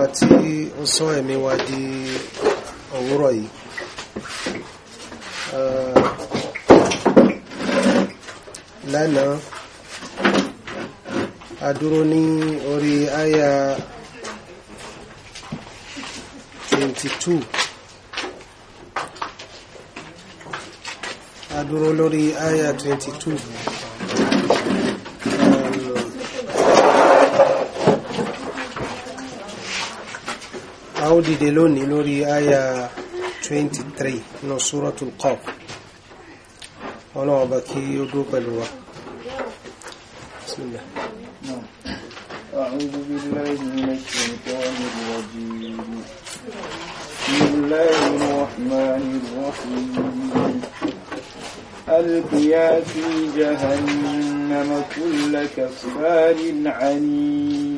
ọba tí ó sọ ẹ̀mí wa di òwúrọ̀ yìí eh, lánàá a ní orí àyà 22 a lórí àyà 22 ó ديلوني lónìí ايه 23 من سوره Qaf ọlọ́run ọba kí ó بسم الله أعوذ بالله من الشيطان الرجيم بسم الله الرحمن الرحيم ألقيا في جهنم كل كفار عنيد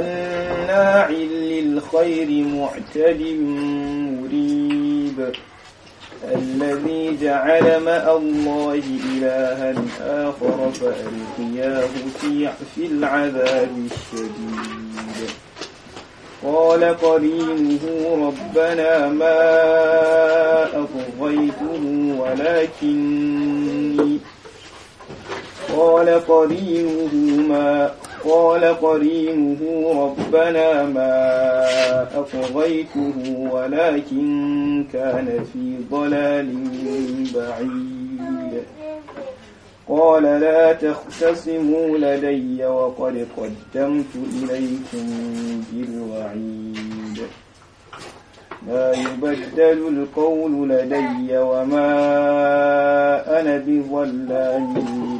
مناع للخير معتد مريب الذي جعل ماء الله إلها آخر فألقياه في, في العذاب الشديد قال قرينه ربنا ما أطغيته ولكني قال قرينه ما قال قرينه ربنا ما أطغيته ولكن كان في ضلال بعيد قال لا تختصموا لدي وقد قدمت إليكم بالوعيد لا يبدل القول لدي وما أنا بظلام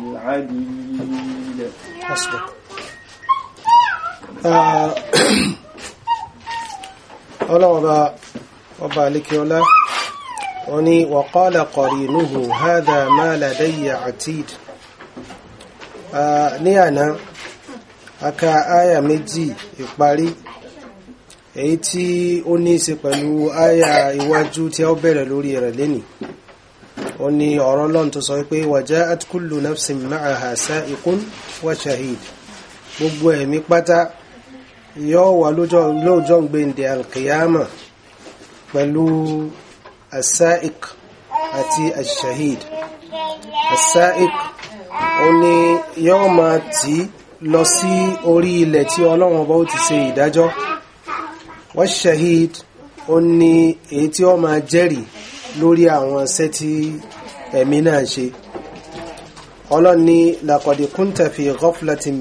للعبيد حسبك ọlọ́ọ̀bá ọba alikiola wọ́n ni waqala qarinuhu hadha ma ladayya atid ní àná aka aya méjì ìparí èyí tí ó ní í ṣe pẹ̀lú aya iwájú tí ó bẹ̀rẹ̀ lórí rẹ̀ lẹ́nìí ó ní ọ̀rọ̀ lọ́n tó sọ pé waja'at kullu nafsin ma'aha sa'iqun wa shahid gbogbo ẹ̀mí pátá yóò wà lóòjọ́ gbẹ̀ndẹ̀ alkiyama pẹ̀lú asa'ik àti ashahid asa'ik ó ní yóò máa tí lọ sí orí ilẹ̀ tí ọlọ́run ọba ó ti ṣe ìdájọ́ washahid ó ní èyí tí ó máa jẹ́rìí lórí àwọn iṣẹ́ tí ẹ̀mí náà ṣe ọlọ́ni laqad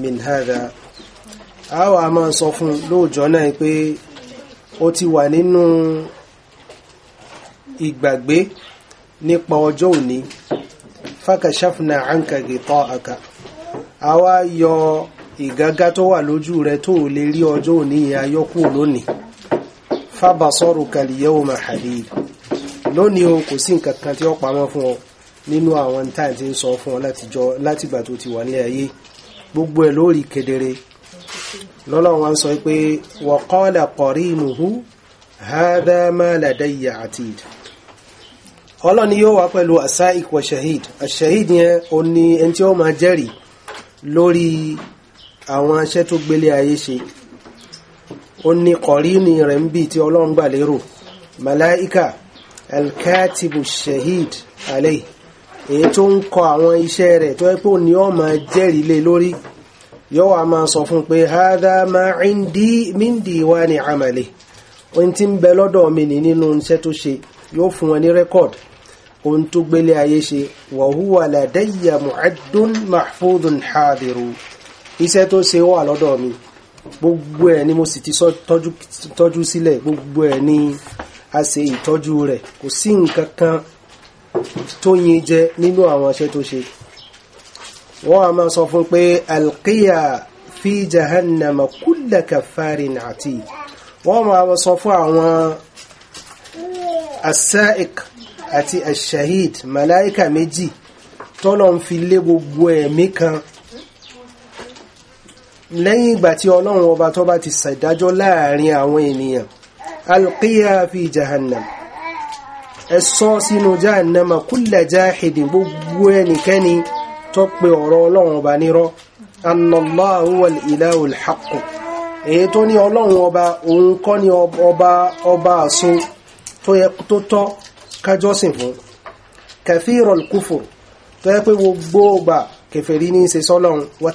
min hadha a wà máa sọ fún lóòjọ́ náà pé ó ti wà nínú ìgbàgbé nípa ọjọ́ òní fákàṣáfìnà àǹkàgì tọ́ àkà a wá yọ ìgágá tó wà lójú rẹ tó lè rí ọjọ́ òní ayọ́kù lónìí fábàsọ́rù kàlìyẹ́ o màhàrí lónìí o kò sí nǹkan kan tí ó pamọ́ fún ọ nínú àwọn táì ń sọ fún ọ látìgbà tó ti wà ní ayé gbogbo ẹ̀ lórí kedere lọ́lọ́run wá ń sọ pé wa qala qarinuhu hadha ma ladayya atid ọlọ́ni yóò wá pẹ̀lú asaik wa shahid ashahid yẹn o ní ẹni tí ó máa jẹ́rìí lórí àwọn aṣẹ́ tó gbélé ayé ṣe ó ní kọ̀rínì rẹ̀ ń bí tí ọlọ́run gbà lérò malaika alkatibu shahid alay èyí tó ń kọ àwọn iṣẹ́ rẹ̀ tó ẹ́ pé ó ní ó máa jẹ́rìí lé lórí yóò wá máa sọ fún pé hádá máa indi min diwani amali ohun tí ń bẹ lọ́dọ̀ mi ní nínú iṣẹ́ tó ṣe yóò fún wọn ní rẹ́kọ̀d ohun tó gbélé ayé ṣe wa huwa ladayya mu'addun mahfudun hadiru iṣẹ́ tó ṣe wà lọ́dọ̀ mi gbogbo ẹ̀ ni mo sì ti tọ́jú sílẹ̀ gbogbo ẹ̀ ni a ṣe ìtọ́jú rẹ̀ kò sí nǹkan kan tó yin jẹ nínú àwọn iṣẹ́ tó ṣe wọ́n a máa sọ fún pé alqiya fi jahannama kulla kafarin àti wọ́n máa sọ fún àwọn asaik àti ashahid malaika méjì tọ́lọ̀ ń fi lé gbogbo ẹ̀mí kan lẹ́yìn ìgbà tí ọlọ́run ọba tó bá ti ṣèdájọ́ láàrin àwọn ènìyàn alqiya fi jahannam ẹ sọ sínú jahannama kulla jahidin gbogbo ẹnikẹ́ni tó pe ọ̀rọ̀ ọlọ́run ọba nírọ́ annallahu huwal ilahul haqq èyí tó ní ọlọ́run ọba òun kọ́ ni ọba ọba àsun tó yẹ tó tọ́ kájọ́sìn fún kathirul kufur tó yẹ pé gbogbo ọgbà kèfèrí ní ṣe sọ́lọ́run wa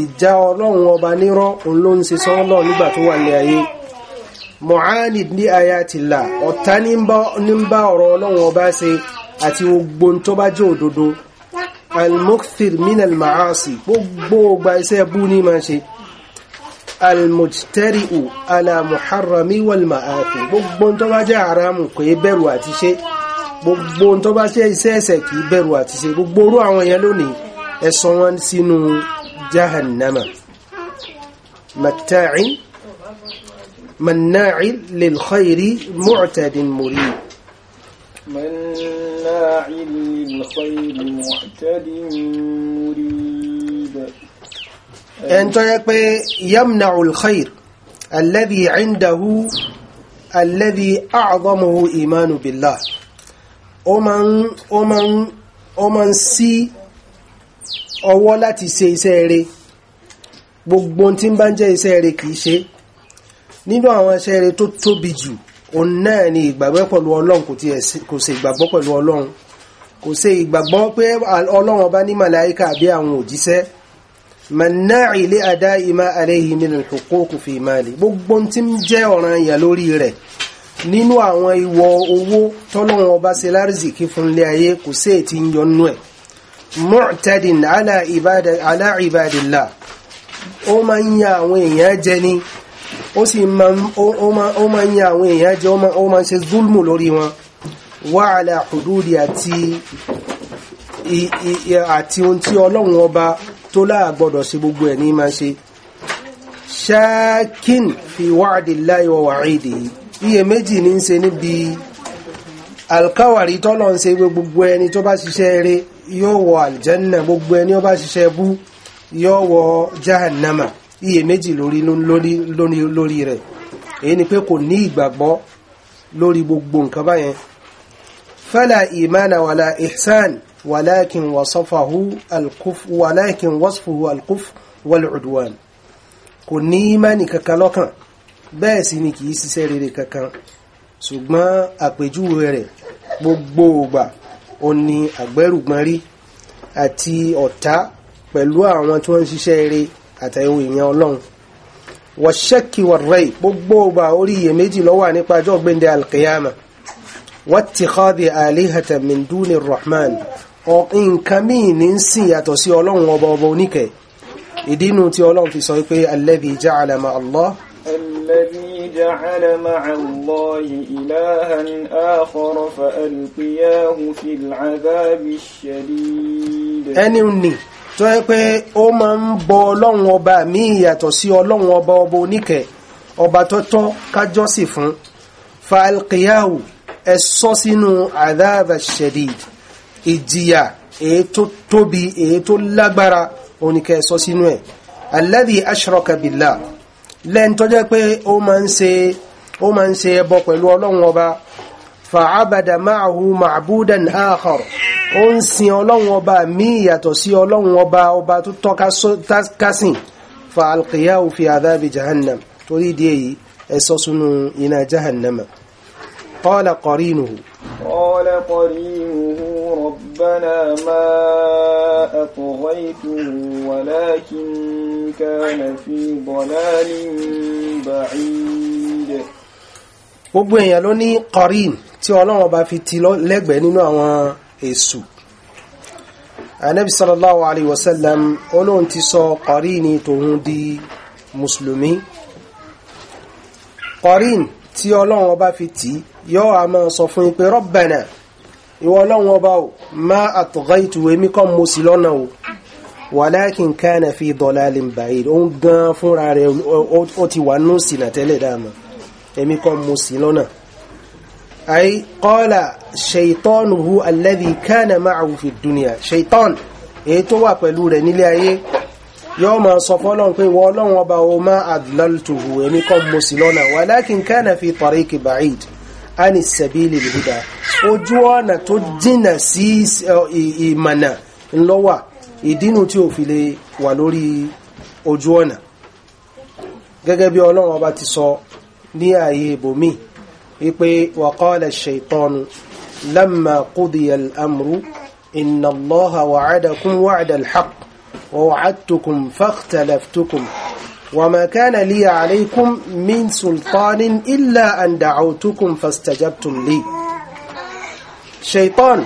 ìjà ọlọ́run ọba nírọ́ òun ló ń ṣe sọ́lọ́run nígbà tó wà ní ayé mu'anid ní ayatillah ọ̀tá ní ń bá ọ̀rọ̀ ọlọ́run ọba ṣe àti gbogbo tó bá jẹ́ òdodo al-mukthir min al-ma'asi gbogbo ọgbà iṣẹ́ bú ní máa ṣe al-mujtari'u ala muharrami wal ma'afi gbogbo tó bá jẹ́ haramu kò yí bẹ̀rù àti ṣe gbogbo tó bá jẹ́ iṣẹ́ ẹ̀ṣẹ̀ kì í bẹ̀rù àti ṣe gbogbo orú àwọn yẹn lónìí ẹ sọ wọ́n jahannama matta'in manna'in lil mu'tadin murid مناع للخير معتد مريب ẹn tó yẹ pé yamna'u al-khayr alladhi 'indahu alladhi a'zamuhu imanu billah ó máa ń ó máa ń ó máa ń sí ọwọ́ láti ṣe iṣẹ́ rẹ̀ gbogbo tí ń bá ń jẹ́ iṣẹ́ rẹ̀ kìí ṣe nínú àwọn iṣẹ́ rẹ̀ tó tóbi jù òun náà ni ìgbàgbọ́ pẹ̀lú ọlọ́run kò tiẹ̀ kò ṣe ìgbàgbọ́ pẹ̀lú ọlọ́run kò ṣe ìgbàgbọ́ pé ọlọ́run ọba ní màláíkà àbí àwọn òjíṣẹ́ mannaa'i li adaa'i ma alayhi min al-huquq fi mali gbogbo tí ń jẹ́ ọ̀ràn èèyàn lórí rẹ̀ nínú àwọn ìwọ owó tọ́lọ́run ọba ṣe lárízìkí fún ilé ayé kò sí ètí ń yọ nú ẹ̀ mu'tadin ala ó máa ń yan àwọn èèyàn jẹ ni ó sì máa ń yan àwọn èèyàn jẹ ó máa ń ṣe zulmù lórí wọn wà àlà hududi àti àti ohun tí ọlọ́run ọba tó láàgbọ́dọ̀ sí gbogbo ẹ̀ ní máa ṣe ṣáàkín fi wa'di Allahi wa wa'idi iye méjì ní ń ṣe níbi alkawari tọ́lọ̀ ń ṣe gbogbo ẹni tó bá ṣiṣẹ́ rere yóò wọ aljanna gbogbo ẹni ó bá ṣiṣẹ́ bú yóò wọ jahannama iyèméjì lórí lórí lórí lórí rẹ̀ èyí ni pé kò ní ìgbàgbọ́ lórí gbogbo nǹkan báyẹn fala imana wala ihsan walakin wasafahu alkuf walakin wasfuhu alkuf wal'udwan kò ní imani kankan lọ́kàn bẹ́ẹ̀ sì ni kìí ṣiṣẹ́ rere kankan ṣùgbọ́n àpèjúwe rẹ̀ gbogbo ògbà ó ní àgbẹ́rùgbọ́n rí àti ọ̀tá pẹ̀lú àwọn tí wọ́n ń ṣiṣẹ́ rere àtẹ̀wò ìyẹn ọlọ́run wọ́ṣẹ́kì wọ̀rẹ́ gbogbo ọba orí iyèméjì ló wà nípa ọjọ́ gbẹ̀ndẹ̀ alkiyama wọ́tìkọ́dì alihata minduni rahman nǹkan míì ní ń sìn yàtọ̀ sí ọlọ́run ọba ọba oníkẹ̀ ìdínú tí ọlọ́run fi sọ pé alladhi ja'ala ma Allah الذي جعل مع الله إلها آخر فألقياه في العذاب الشديد أني tó yẹ pé ó máa ń bọ ọlọ́run ọba mi ìyàtọ̀ sí ọlọ́run ọba ọba oníkẹ̀ ọba tọ́tọ́ kájọ́sì fún falkiyahu ẹ sọ sínú adhaba shadid ìjìyà èyí tó tóbi èyí tó lágbára oníkẹ́ sọ sínú ẹ̀ alladhi ashraka billah lẹ́ni tó jẹ́ pé ó máa ń ṣe ẹbọ pẹ̀lú ọlọ́run ọba fàábàdà máàhù màbúdàn áhọ̀r ó ń sin ọlọ́run ọba míì yàtọ̀ sí ọlọ́run ọba ọba tó tọ́ka sìn fa alqiyahu fi adhabi jahannam torí díẹ̀ yìí ẹ̀sọ́ sínú iná jahannama qala qarinuhu قال قرينه ربنا ما أطغيته ولكن كان في ضلال بعيد gbogbo èèyàn ló ní kọrin tí ọlọ́run ọba fi ti lẹ́gbẹ̀ẹ́ nínú àwọn èṣù anabi sallallahu alayhi wa sallam olóhun ti sọ kọrin tòun di mùsùlùmí kọrin tí ọlọ́run ọba fi tì yóò a máa sọ fún yín pé rabbana ìwọ ọlọ́run ọba o ma atghaytu èmi kọ́ mo sì lọ́nà o walakin kana fi dalalin ba'id òun gan fúnra rẹ̀ ó ti wà nù sínà tẹ́lẹ̀ dáa mọ́ èmi kọ́ mo ṣì lọ́nà ay qala shaytanuhu alladhi kana ma'ahu fi dunya shaytan èyí tó wà pẹ̀lú rẹ̀ nílé ayé yóò máa sọ fọ́lọ́n pé wọ́n ọlọ́run ọba o ma adlaltuhu èmi kọ́ mo ṣì lọ́nà walakin kana fi tariqi ba'id ani sabili al-huda ojú ọ̀nà tó jìnà sí ìmọ̀nà ńlọ́wà ìdínú tí ò fi lè wà lórí ojú ọ̀nà gẹ́gẹ́ bí ọlọ́run ọba ti sọ ní ààyè ibòmí wípé wàkọ́lẹ̀ ṣètọ́nu lámà kúdìyà al'amru inna allaha wa'adakum wa'ada alhaq wa wa'adtukum fakhtalaftukum وما كان لي عليكم من سلطان إلا أن دعوتكم فاستجبتم لي شيطان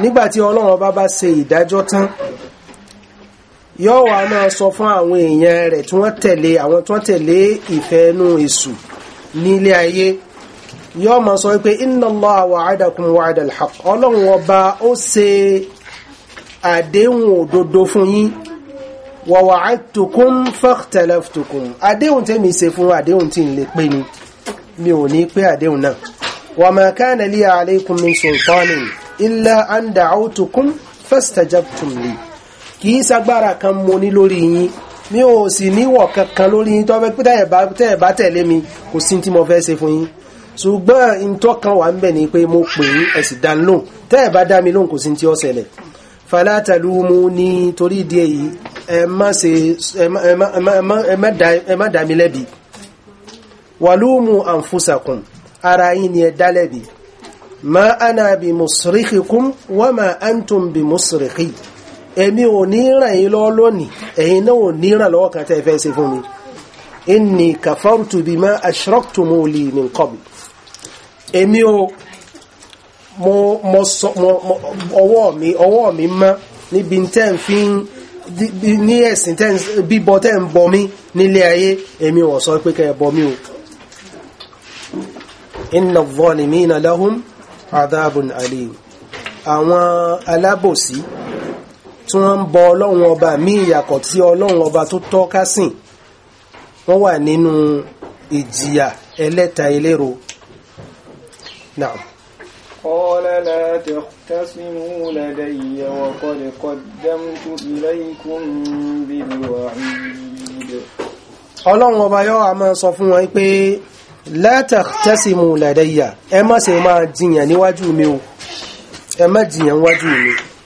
nígbàtí ọlọ́run bá bá ṣe ìdájọ́ tán yóò wá máa sọ fún àwọn èèyàn rẹ̀ tí wọ́n tẹ̀lé ìfẹ́ inú èṣù ní ilé ayé yóò máa sọ wípé inna Allaha wa'adakum wa'dal haqq ọlọ́run ọba ó ṣe àdéhùn òdodo fún yín wa wa'adtukum fakhtalaftukum àdéhùn tẹ́mi ṣe fún àdéhùn tí n lè pé ni mi ò ní pé àdéhùn náà wa ma kana liya mi ò sì níwọ̀ kankan lórí yín tó fẹ́ pé tẹ́ẹ̀ bá tẹ̀lé mi kò sí tí mo fẹ́ ṣe fún yín ṣùgbọ́n ìtọ́kan wà ń bẹ̀ ni pé mo pè é ẹ̀sìn dánlò tẹ́ẹ̀ bá dá mi lóhùn kò sí tí ó ṣẹlẹ̀ falátàlúmú ní torí ìdí èyí ẹ má ṣe ẹ má dá mi lẹ́bi wàlúùmù àǹfùsàkùn ara yín ni ẹ dá lẹ́bi ma ana bi musrikhikum wa ma antum bi musrikhi Emi ò ní ràn yín lọ́wọ́ lónìí ẹ̀yin náà ò ní ràn lọ́wọ́ kan tẹ́ fẹ́ ṣe fún mi inni kafartu bima ashraktumuli min qabl èmi o mo mo sọ mo ọwọ́ mi ọwọ́ mi mọ́ níbi tẹ́ ń fi ní ẹ̀sìn tẹ́ ń bíbọ tẹ́ ń bọ mí nílé ayé èmi ò sọ pé kẹ́ ẹ bọ mí o inna adh-dhalimina lahum adhabun alim àwọn alábòsí tí wọ́n ń bọ ọlọ́run ọba mí ìyàkọ̀ tí ọlọ́run ọba tó tọ́ ká sìn wọ́n wà nínú ìjìyà ẹlẹ́ta eléro náà. قال لا تختصموا لدي وقد قدمت إليكم بالوعيد ọlọ́run ọba yọ́ a máa sọ fún wọn pé la takhtasimu ladayya ẹ má ṣe máa jiyàn níwájú mi o ẹ má jiyàn níwájú mi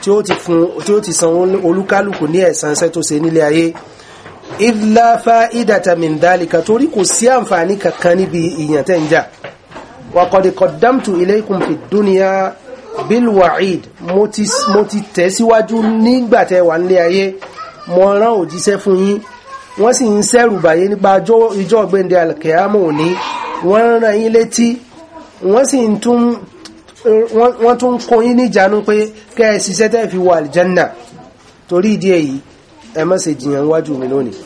tí ó ti fún tí ó ti san olúkálùkù ní ẹ̀san iṣẹ́ tó ṣe nílé ayé idla fa'idata min dhalika torí kò sí àǹfààní kankan níbi ìyàn tẹ́ ń jà wa qad qaddamtu ilaykum fid dunya bil wa'id mo ti mo ti tẹ̀ síwájú nígbà tẹ́ wà nílé ayé mo rán òjíṣẹ́ fún yín wọ́n sì ń sẹ́rù bàyé nípa ìjọ́ ọ̀gbẹ́ndẹ̀ alkiyama òní wọ́n rán yín létí wọ́n sì ń tún wọ́n tún kún yín níjànú pé kẹ́ ẹ ṣiṣẹ́ tẹ́ fi wọ àlìjánà torí ìdí èyí ẹ má ṣe jiyàn wájú mi lónìí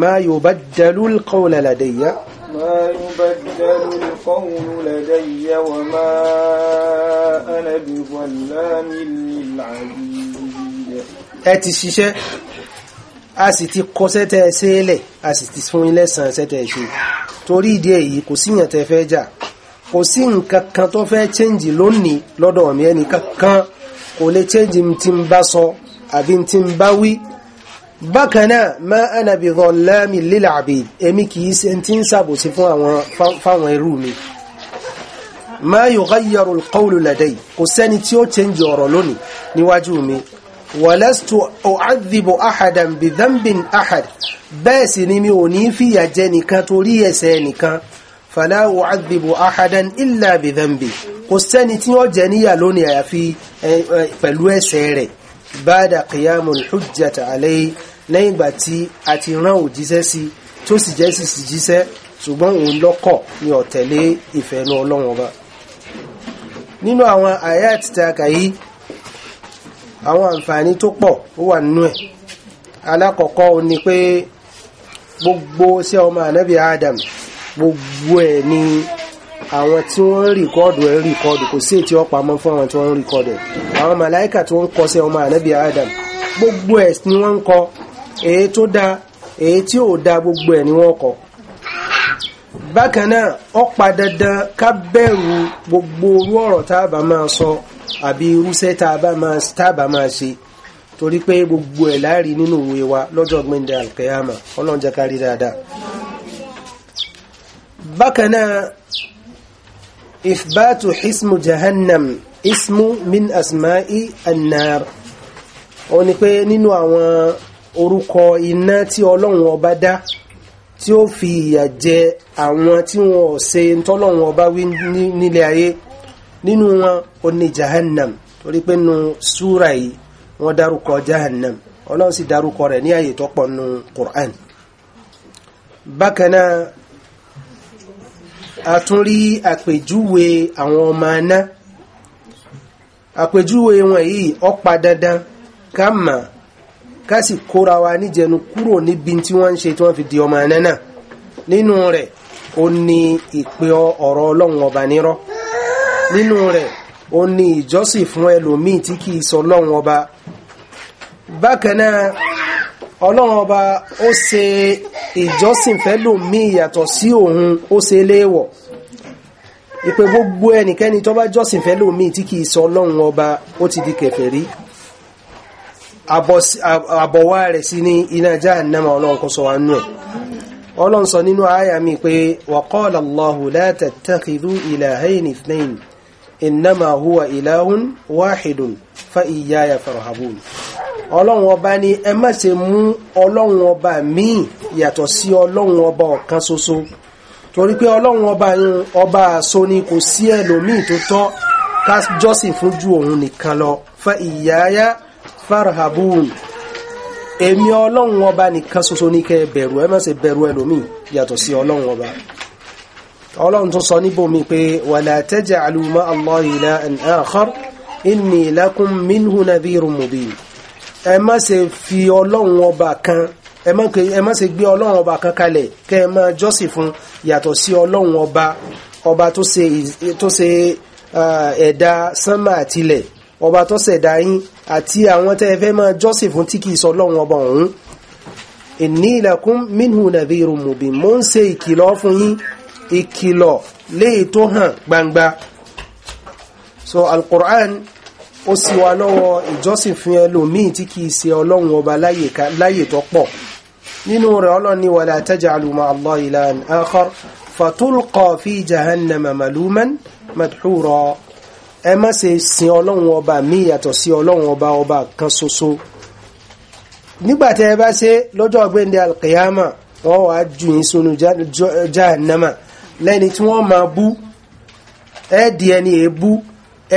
ma yubaddalu al-qawla ladayya ما يبدل القول لدي ẹ ti ṣiṣẹ́ a sì ti kọ sẹ́tẹ̀ ṣẹlẹ̀ a sì ti fún ilẹ̀ sàn sẹ́tẹ̀ ṣe torí ìdí èyí kò síyàn tẹ fẹ́ jà kò sí nǹkan kan tó fẹ́ change lónìí lọ́dọ̀ mi ẹnì kankan kò lè change tí n bá sọ àbí tí n bá wí bákan náà ma ana bi dhallami lil abid èmi kì í ṣe tí ń ṣàbòsí fún àwọn fáwọn ẹrú mi ma yughayyaru al qawlu laday kò sẹ́ni tí ó change ọ̀rọ̀ lónìí níwájú mi walastu u'adhibu ahadan bi dhanbin bẹ́ẹ̀ sì ni mi ò ní fìyà jẹ nìkan torí ẹ̀ṣẹ̀ nìkan fàlá u'adhibu ahadan illa bi dhanbi kò sẹ́ni tí wọ́n jẹ níyà lónìí àyàfi pẹ̀lú ẹ̀ṣẹ̀ rẹ̀ bada qiyamul hujjata alayhi lẹ́yìn ìgbà tí a ti rán òjíṣẹ́ sí tó sì jẹ́ sì sì jíṣẹ́ ṣùgbọ́n òun lọ́kọ̀ ni ọ̀tẹ̀lé ìfẹ́nu ọlọ́run ọba nínú àwọn àyà àtìtàkà yìí àwọn àǹfààní tó pọ̀ ó wà nínú ẹ̀ alákọ̀ọ́kọ́ ni pé gbogbo sí ọmọ ànábì gbogbo ẹ̀ ni àwọn tí wọ́n ń rìkọ́ọ̀dù ẹ̀ ń rìkọ́ọ̀dù kò sí ètí ọ̀pamọ́ fún àwọn tí wọ́n ń rìkọ́ọ̀dù ẹ̀ àwọn màláìkà tí wọ́n ń kọsẹ̀ ọmọ ànábì Adam gbogbo ẹ̀ ni wọ́n ń kọ èyí tó da èyí tí ò da gbogbo ẹ̀ ni wọ́n kọ bákan náà ó pa dandan ká bẹ̀rù gbogbo orú ọ̀rọ̀ tá a bá máa sọ àbí irúṣẹ́ tá a bá máa ṣe torí pé gbogbo ẹ̀ láàrí nínú òwe wa lọ́jọ́ gbẹ̀ndẹ̀ alkeyama ọlọ́njẹ́ kárí dáadáa بكنا إثبات حسم جهنم اسم من أسماء النار ó ní pé nínú àwọn orúkọ iná tí ọlọ́run ọba dá tí ó fi ìyà jẹ àwọn tí wọn ò ṣe tọ́lọ́run ọba wí nílé ayé nínú wọn ó ní jahannam torí pé nu súra yìí wọ́n dárúkọ jahannam ọlọ́run sì dárúkọ rẹ̀ ní àyè tó nu Qur'an bákan náà a tún rí àpèjúwe àwọn ọmọ aná àpèjúwe wọn yìí ó pa dandan ká mà ká sì kóra wa níjẹnu kúrò níbi tí wọ́n ń ṣe tí wọ́n fi di ọmọ aná náà nínú rẹ̀ ó ní ìpè ọ̀rọ̀ ọlọ́run ọba nírọ́ nínú rẹ̀ ó ní ìjọ́sìn fún ẹlòmíì tí kìí sọ ọlọ́run ọba bákan náà ọlọ́run ọba ó ṣe ìjọsìn fẹ́lò mí ìyàtọ̀ sí òun ó ṣe léèwọ̀ ìpè gbogbo ẹnikẹ́ni tó bá jọ́sìn fẹ́lò mí tí kìí sọ ọlọ́run ọba ó ti di kèfèrí àbọ̀wá rẹ̀ sí ní iná jahannama ọlọ́run kó sọ wá nù ẹ̀ ọlọ́run sọ nínú àyà mi pé wa ọlọ́run ọba ni ẹ má ṣe mú ọlọ́run ọba míì yàtọ̀ sí ọlọ́run ọba ọ̀kan ṣoṣo torí pé ọlọ́run ọba yun ọba àṣọ ni kò sí ẹlòmíì tó tọ́ ká jọ́sìn fún ju òun nìkan lọ fa ìyáyá farhabun èmi ọlọ́run ọba nìkan ṣoṣo ní kẹ́ bẹ̀rù ẹ má ṣe bẹ̀rù ẹlòmíì yàtọ̀ sí ọlọ́run ọba ọlọ́run tó sọ níbòmí pé wala taj'alu ma'a Allahi ilahan akhar inni lakum minhu nadhirun mubin ẹ má ṣe fi ọlọ́run ọba kan ẹ má ṣe gbé ọlọ́run ọba kan kalẹ̀ kẹ́ ẹ má jọ́sìn fún yàtọ̀ sí ọlọ́run ọba ọba tó ṣe tó ṣe ẹ̀dá sánmà àtilẹ̀ ọba tó ṣẹ̀dá yín àti àwọn tẹ́ ẹ fẹ́ máa jọ́sìn fún tí kìí sọ ọlọ́run ọba ọ̀hún inni lakum minhu nadhirun mubin mo ń ṣe ìkìlọ̀ fún yín ìkìlọ̀ léyìí tó hàn gbangba so al-Qur'an ó sì wá lọ́wọ́ ìjọsìn fún ẹlòmíì tí kìí ṣe ọlọ́run ọba láyè tó pọ̀ nínú rẹ̀ ọlọ́run ní wala taj'alu ma'a Allahi ilahan akhar fatulqa fi jahannama maluman madhura ẹ má ṣe sin ọlọ́run ọba mi yàtọ̀ sí ọlọ́run ọba ọba kan ṣoṣo nígbàtí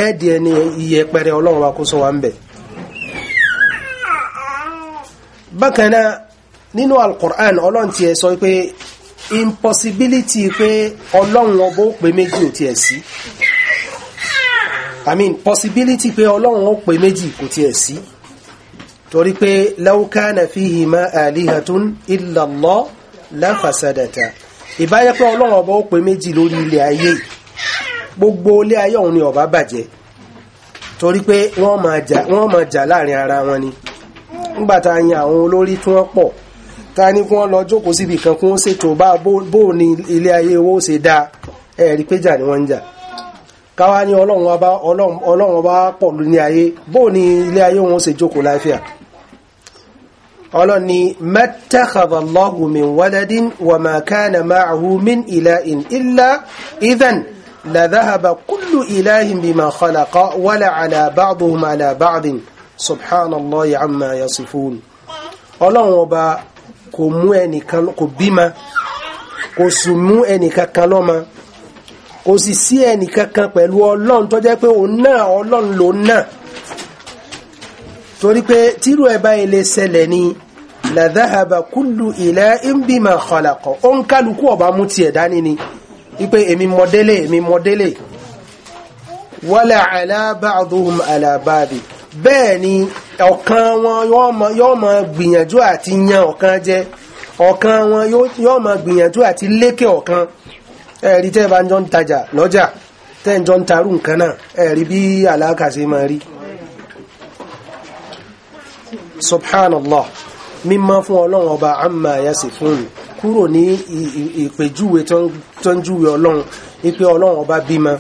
ẹ́ẹ̀dì ẹni iye pẹrẹ ọlọ́run wa kó sọ wa ń bẹ̀ bákan náà nínú alukur'an ọlọ́run tiẹ̀ sọ pé impossibility pé ọlọ́run ọba ó pè méjì ò tiẹ̀ sí i mean possibility pé ọlọ́run ó pè méjì kò tiẹ̀ sí torí pé law kana fihima alihatun illa Allah la fasadata ìbáyẹ pé ọlọ́run ọba ó pè méjì lórí ilẹ̀ ayé yìí gbogbo ilé ayé òun ni ó bá bàjẹ́ torí pé wọ́n máa jà wọ́n máa jà láàrin ara wọn ni nígbà tá a yan àwọn olórí tí wọ́n pọ̀ ta ni kí wọ́n lọ jókòó síbi kan kí wọ́n ṣètò bá bó ni ilé ayé owó ṣe dáa ẹ̀rí pé jà ni wọ́n ń jà káwá ní ọlọ́run ọba ọlọ́run ọba pọ̀ ní ayé bó ni ilé ayé wọn ṣe jókòó láfíà ọlọ́ni mẹ́tẹ́kàbàlọ́gùnmí wàlẹ́dín máa hù mí ìlà ìlà ìdán لذهب كل إله بما خلق ولا على بعضهم على بعض سبحان الله عما يصفون ọlọ́run ọba kò mú ẹnìkan kò bímọ kò sì mú ẹnìkan kan lọ́mọ kò sì sí ẹnìkan kan pẹ̀lú ọlọ́run tó jẹ́ pé òun náà ọlọ́run ló náà torí pé tírú ẹ̀ bá ilé ni la dhahaba kullu ilahin bima khalaqa òun kálukú ọba mú tiẹ̀ dání ni ipe èmi mọ̀délé èmi mọ̀délé wala ala ba'duhum ala ba'di bẹ́ẹ̀ ni ọ̀kan wọn yóò mọ gbìyànjú àti yan ọ̀kan jẹ ọ̀kan wọn yóò mọ gbìyànjú àti lékè ọ̀kan ẹ̀rí tẹ́ bá ń jọ ń tajà lọ́jà tẹ́ ń jọ ń tarú nǹkan náà ẹ̀rí bí aláàkàṣe máa rí subhanallah mímọ́ fún ọlọ́run ọba amma yasifun kúrò ní ìpèjúwe tó ń júwe ọlọ́run wípé ọlọ́run ọba bímọ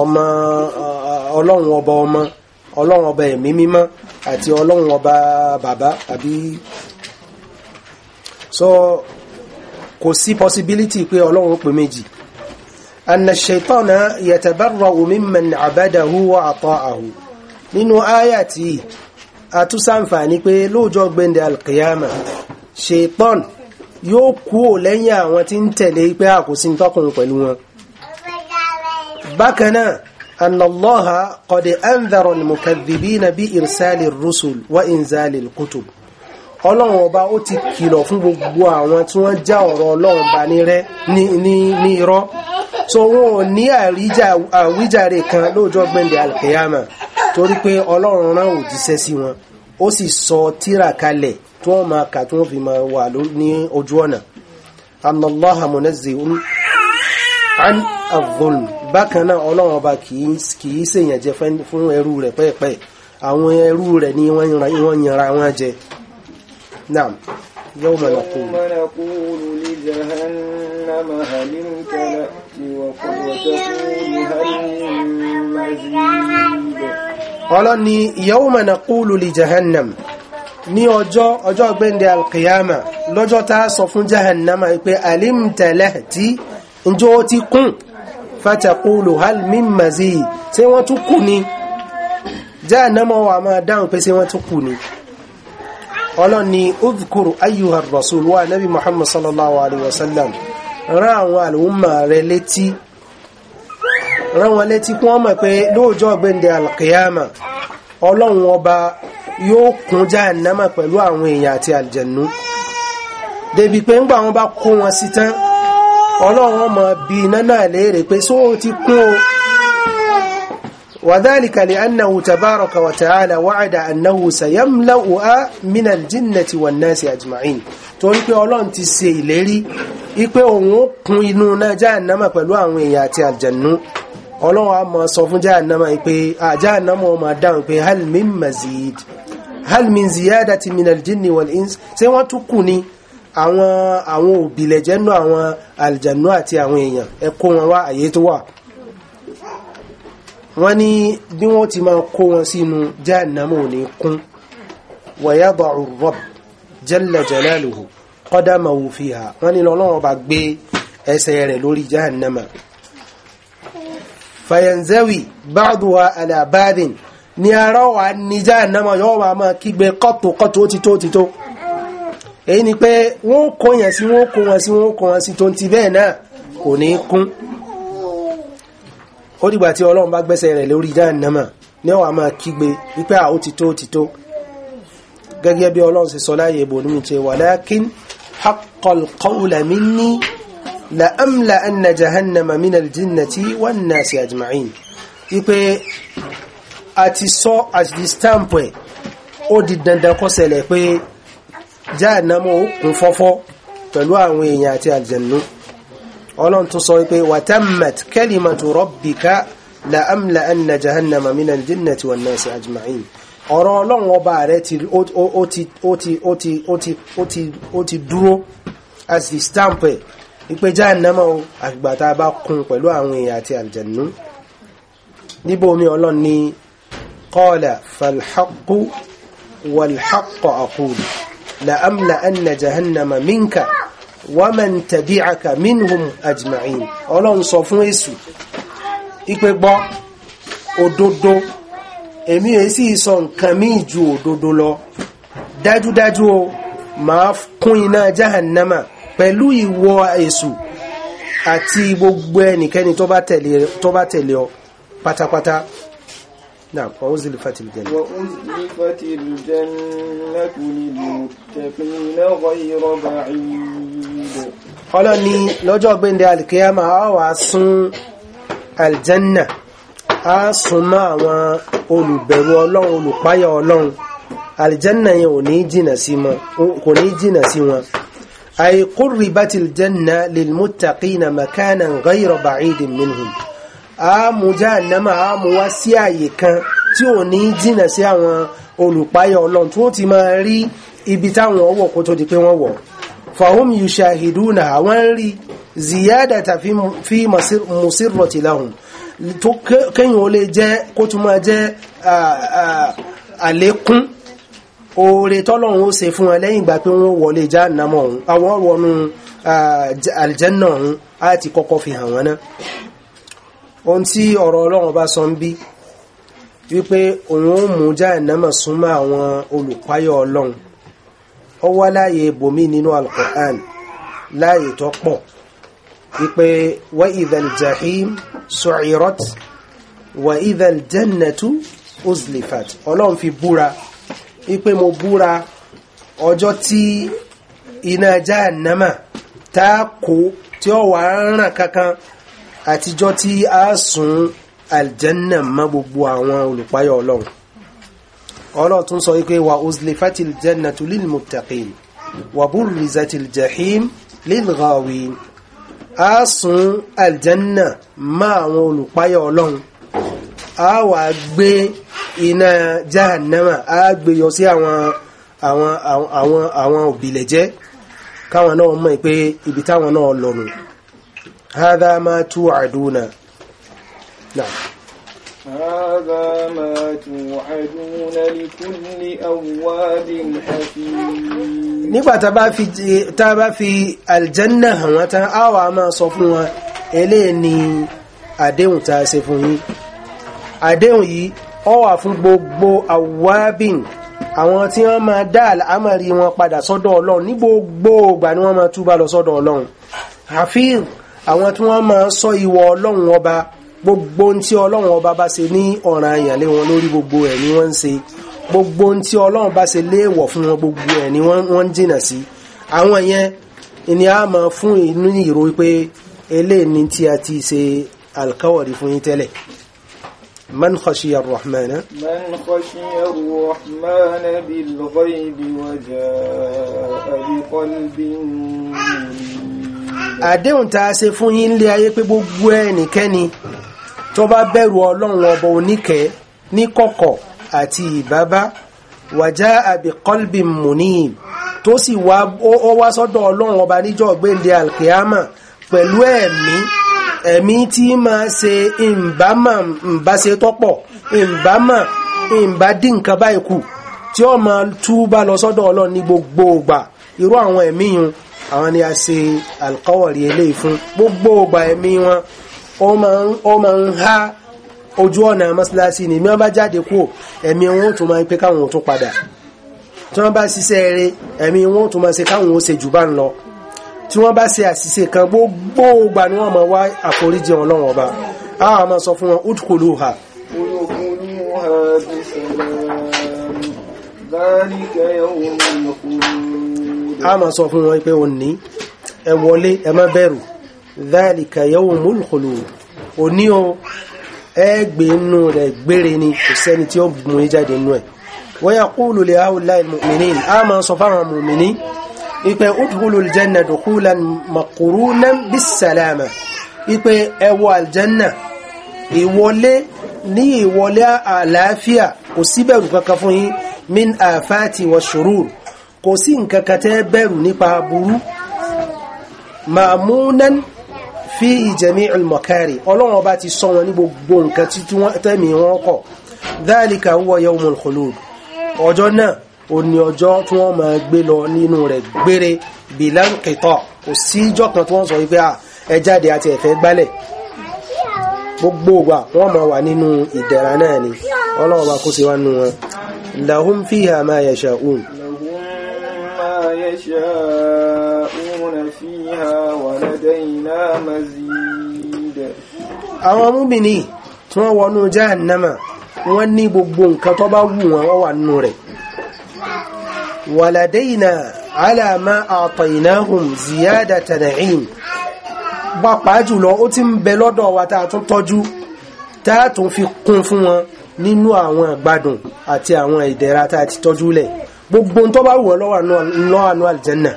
ọmọ uh, ọlọ́run ọba ọmọ ọlọ́run ọba ẹ̀mí mímọ́ àti ọlọ́run ọba bàbá àbí so kò sí possibility pé ọlọ́run pè méjì anna shaitana yatabarra'u mimman abadahu wa ata'ahu nínú ayati àtúnṣàǹfààní pé lóòjọ́ gbẹ̀ndẹ̀ alqiyama shaitan yóò kú ò lẹ́yìn àwọn tí ń tẹ̀lé pé àkòsí tọkùnrin pẹ̀lú wọn bákan náà أن الله قد أنذر المكذبين بإرسال الرسل وإنزال الكتب ọlọ́run ọba ó ti kìlọ̀ fún gbogbo àwọn tí wọ́n já ọ̀rọ̀ ọlọ́run bá ní rẹ́ ní irọ́ so wọn ò ní àwíjàre kan lóòjọ́ gbẹ̀ndẹ̀ alkiyama torí pé ọlọ́run rán òjíṣẹ́ sí wọn ó sì sọ tírà kalẹ̀ tí wọ́n máa kà tí wọ́n fi máa wà ní ojú ọ̀nà anallaha munazzi'un an adh-dhulm bákan náà ọlọ́run ọba kìí ṣèyàn jẹ fún ẹrú rẹ̀ pẹ́ẹ̀pẹ́ àwọn ẹrú rẹ̀ ni wọ́n yanra wọn jẹ naam yawma naqulu li jahannama hal imtalat ní ọjọ́ ọjọ́ gbẹ́ndẹ̀ alkiyama lọ́jọ́ tá a sọ fún jahannama pé alimtẹ̀lẹ̀ tí njó ti kún fatakulu hal min mazid ṣé wọ́n tún kù ni jahannama wà máa dáhùn pé ṣé wọ́n tún kù ni ọlọ́ni udhkur ayyuha rasul wa nabi muhammad sallallahu alaihi wasallam rán àwọn àlùmọ̀ rẹ létí rán wọn létí kí wọ́n pé lóòjọ́ gbẹ́ndẹ̀ alkiyama ọlọ́run ọba yóò kún jahannama pẹ̀lú àwọn èèyàn àti àlìjẹ̀nú débi pé ńgbà wọn bá kó wọn sí tán ọlọ́run ọmọ bí iná náà léèrè pé só ti kún o وذلك لأنه تبارك وتعالى وعد أنه سيملأ من الجنة والناس أجمعين torí pé ọlọ́run ti ṣe ìlérí ipé òun ó kún inú náà jahannama pẹ̀lú àwọn èèyàn àti àlìjẹ̀nú ọlọ́run a máa sọ fún jahannama pé jahannama ó máa dáhùn pé hal min mazid hal min ziyadati min aljinni wal ins ṣé wọ́n tún kù ni àwọn àwọn òbílẹ̀ jẹ́nu àwọn àlìjànú àti àwọn èèyàn ẹ wọn wá àyè tó wà wọ́n ní bí wọ́n ti máa kó wọn sínú jahannama ò ní kún wa yada'u rabb jalla jalaluhu qadamahu fiha wọ́n ní lọ́lọ́run ọba gbé ẹsẹ̀ rẹ̀ lórí jahannama fàyẹ̀nzẹ́wì báàdùwà alábáàdìn ní ara wà ní jahannama yọ́ wà máa kígbe kọ́tò kọ́tò ó ti tó ti tó èyí ni pé wọ́n kó yẹn sí wọ́n kó wọn sí wọ́n kó wọn sí tó ti bẹ́ẹ̀ náà kò ní kún ó dìgbà tí ọlọ́run bá gbẹ́sẹ̀ rẹ̀ lórí jahannama ní wà máa kígbe wípé àwọn ti tó ti tó gẹ́gẹ́ bí ọlọ́run ṣe sọ láyé ibò لأملأن جهنم من الجنة والناس أجمعين ipe àti sọ àti stamp ẹ̀ ó di dandan kó ṣẹlẹ̀ pé jáànámọ́ ó kún fọ́fọ́ pẹ̀lú àwọn èèyàn àti àlùjànnú ọlọ́run tún sọ pé wàtàmàt kẹ́lìmàtù rọ́bìká làámlà ẹnna jahannama mina jinnati wan nasi ajma'in ọ̀rọ̀ ọlọ́run ọba rẹ̀ ó ti dúró àti stamp ẹ̀ ìpè jahannama o àgbà tá a bá kún pẹ̀lú àwọn èèyàn àti àlùjànnú níbo mi ọlọ́run ní qala falhaqqu walhaqqa aqulu la'amla anna jahannama minka waman tabi'aka minhum ajma'in ọlọ́run sọ fún èṣù ìpè gbọ́ òdodo èmi èyí sì sọ nǹkan míì ju òdodo lọ dájúdájú o kún iná jahannama pẹ̀lú ìwọ èṣù àti gbogbo ẹnikẹ́ni tó bá tẹ̀lé ọ pátápátá náà wọ́n zìlì fàtìlì jẹ́ ọlọ́ ni lọ́jọ́ gbẹ́ndẹ̀ alìkíyàmà a wà sún aljanna a sún mọ́ àwọn olùbẹ̀rù ọlọ́run olùpáyà ọlọ́run aljanna yẹn ò ní jìnà sí wọn أي قربت الجنة للمتقين مكانا غير بعيد منهم آمو جهنم آمو وسيايكا tí ò ní jìnà sí àwọn olùpáyọ ọlọ́run tí wọ́n ti máa rí ibi táwọn ọwọ́ kó tó di pé wọ́n wọ̀ fahum yushahiduna àwọn ń rí ziyadata fi musirrati lahum tó kéyìn ó lè jẹ́ kó tún máa jẹ́ àlékún oore tọ́lọ́run ó ṣe fún wọn lẹ́yìn ìgbà pé wọ́n wọlé jahannama ọ̀hún àwọn wọnú aljanna ọ̀hún á ti kọ́kọ́ fi hàn wọ́n náà ohun tí ọ̀rọ̀ ọlọ́run bá sọ ń bí wípé òun ó mú jahannama súnmọ́ àwọn olùpáyọ̀ ọlọ́run ó wá láàyè bòmí nínú al láàyè tó pọ̀ wípé wa idhal jahim su'irat wa idhal jannatu uzlifat ọlọ́run fi búra ipe mo búra ọjọ́ tí iná jahannama tá a kó tí ó wà ràn kankan àtijọ́ tí a sùn aljanna mọ́ gbogbo àwọn olùpáyọ̀ ọlọ́run ọlọ́run tún sọ wípé wa uzlifatil jannatu lil muttaqin wa burrizatil jahim lil ghawin a sùn aljanna mọ́ àwọn olùpáyọ̀ ọlọ́run a wà gbé iná jahannama a gbé yọ sí àwọn àwọn àwọn àwọn òbílẹ̀ jẹ́ káwọn náà mọ̀ pé ibi táwọn náà lọ́nu hadha ma tu'aduna náà هذا ما توعدون لكل أواب حفيظ nígbà tá bá fi tá bá fi aljanna hàn wọ́n tán á wá máa sọ fún wọn eléyìí ni àdéhùn tá ṣe fún yín àdéhùn yìí ó wà fún gbogbo awabin àwọn tí wọ́n máa dá àmàrí wọn padà sọ́dọ̀ ọlọ́run ní gbogbo ìgbà ni wọ́n máa túbà lọ sọ́dọ̀ ọlọ́run hafiz àwọn tí wọ́n máa sọ ìwọ ọlọ́run ọba gbogbo ohun tí ọlọ́run ọba bá ṣe ní ọ̀ràn àyànlé wọn lórí gbogbo ẹ̀ ni wọ́n ń ṣe gbogbo ohun tí ọlọ́run bá ṣe léèwọ̀ fún wọn gbogbo ẹ̀ ni wọ́n ń jìnà sí àwọn yẹn ni a máa fún inú ìró pé eléyìí ni tí a ti ṣe alkawari fún yín tẹ́lẹ̀ من خشي الرحمن من خشي الرحمن بالغيب وجاء بقلب àdéhùn tá a ṣe fún yín lé ayé pé gbogbo ẹnikẹ́ni tó bá bẹ̀rù ọlọ́run ọba oníkẹ́ ní kọ̀kọ̀ àti ìbábá wàjá àbíkọ́lbì munib tó sì wá ó wá sọ́dọ̀ ọlọ́run ọba níjọ́ gbéǹde alkiyama pẹ̀lú ẹ̀mí ẹ̀mí tí máa ṣe ìbámà ìbáṣe tọ́pọ̀ ìbámà ìbádínkà báyìí kù tí ó máa túbà lọ sọ́dọ̀ ọlọ́run ní gbogbo ìgbà irú àwọn ẹ̀mí yun àwọn ni a ṣe alkawari eléyìí fún gbogbo ìgbà ẹ̀mí wọn ó máa ń há ojú ọ̀nà mọ́sálásí ni mìíràn bá jáde kúrò ẹ̀mí wọn ó tún máa ń pé káwọn ó tún padà tí wọ́n bá ṣiṣẹ́ eré ẹ̀mí wọn ó tún máa ṣe káwọn ó ṣe jù bá ń lọ tí wọ́n bá ṣe àṣìṣe kan gbogbo ìgbà ni wọ́n máa wá àforíjì ọlọ́run ọba a wà máa sọ fún wọn udkhuluha. a máa sọ fún wọn pé òní ẹ wọlé ẹ má bẹ̀rù dhalika yawmul khulud òní o ẹ gbé inú rẹ̀ gbére ni kò sẹ́ni tí ó mú jáde inú ẹ̀ wa yaqulu li ha'ula'i al-mu'minin a máa sọ fáwọn mùmìnì ipe udhulu aljanna dukhulan maqrunan bisalama ipe ẹ wọ aljanna ìwọlé ní ìwọlé àlàáfíà kò sí bẹ̀rù kankan fún yín min àfáàtì wa shurur kò sí nǹkan kan tẹ́ bẹ̀rù nípa burú ma'munan fi jami'il makari ọlọ́run ọba ti sọ wọn ní gbogbo nǹkan títí tẹ́mi wọn kọ̀ dhalika huwa yawmul khulud ọjọ́ náà òní ọjọ́ tí wọ́n máa gbé lọ nínú rẹ̀ gbére bìlánkìtọ̀ kò sí ìjọ kan tí wọ́n sọ wípé ẹ jáde àti ẹ̀fẹ́ gbálẹ̀ gbogbo wa wọ́n máa wà nínú ìdẹ̀ra náà ni ọlọ́run bá kó sí wá nù wọn lahum fiha ma yasha'un àwọn múbìnì tí wọ́n wọnú jahannama wọ́n ní gbogbo nǹkan tó bá wù wọn wọ́n wà nínú rẹ̀ ولدينا على ما أعطيناهم زيادة نعيم pàápàá jùlọ ó ti ń bẹ lọ́dọ̀ wa tá a tún tọ́jú tá a tún fi kún fún wọn nínú àwọn àgbàdùn àti àwọn ìdẹ̀ra tá a ti tọ́jú gbogbo tó bá wọ̀ lọ́wọ́ àánú àlìjẹ́nà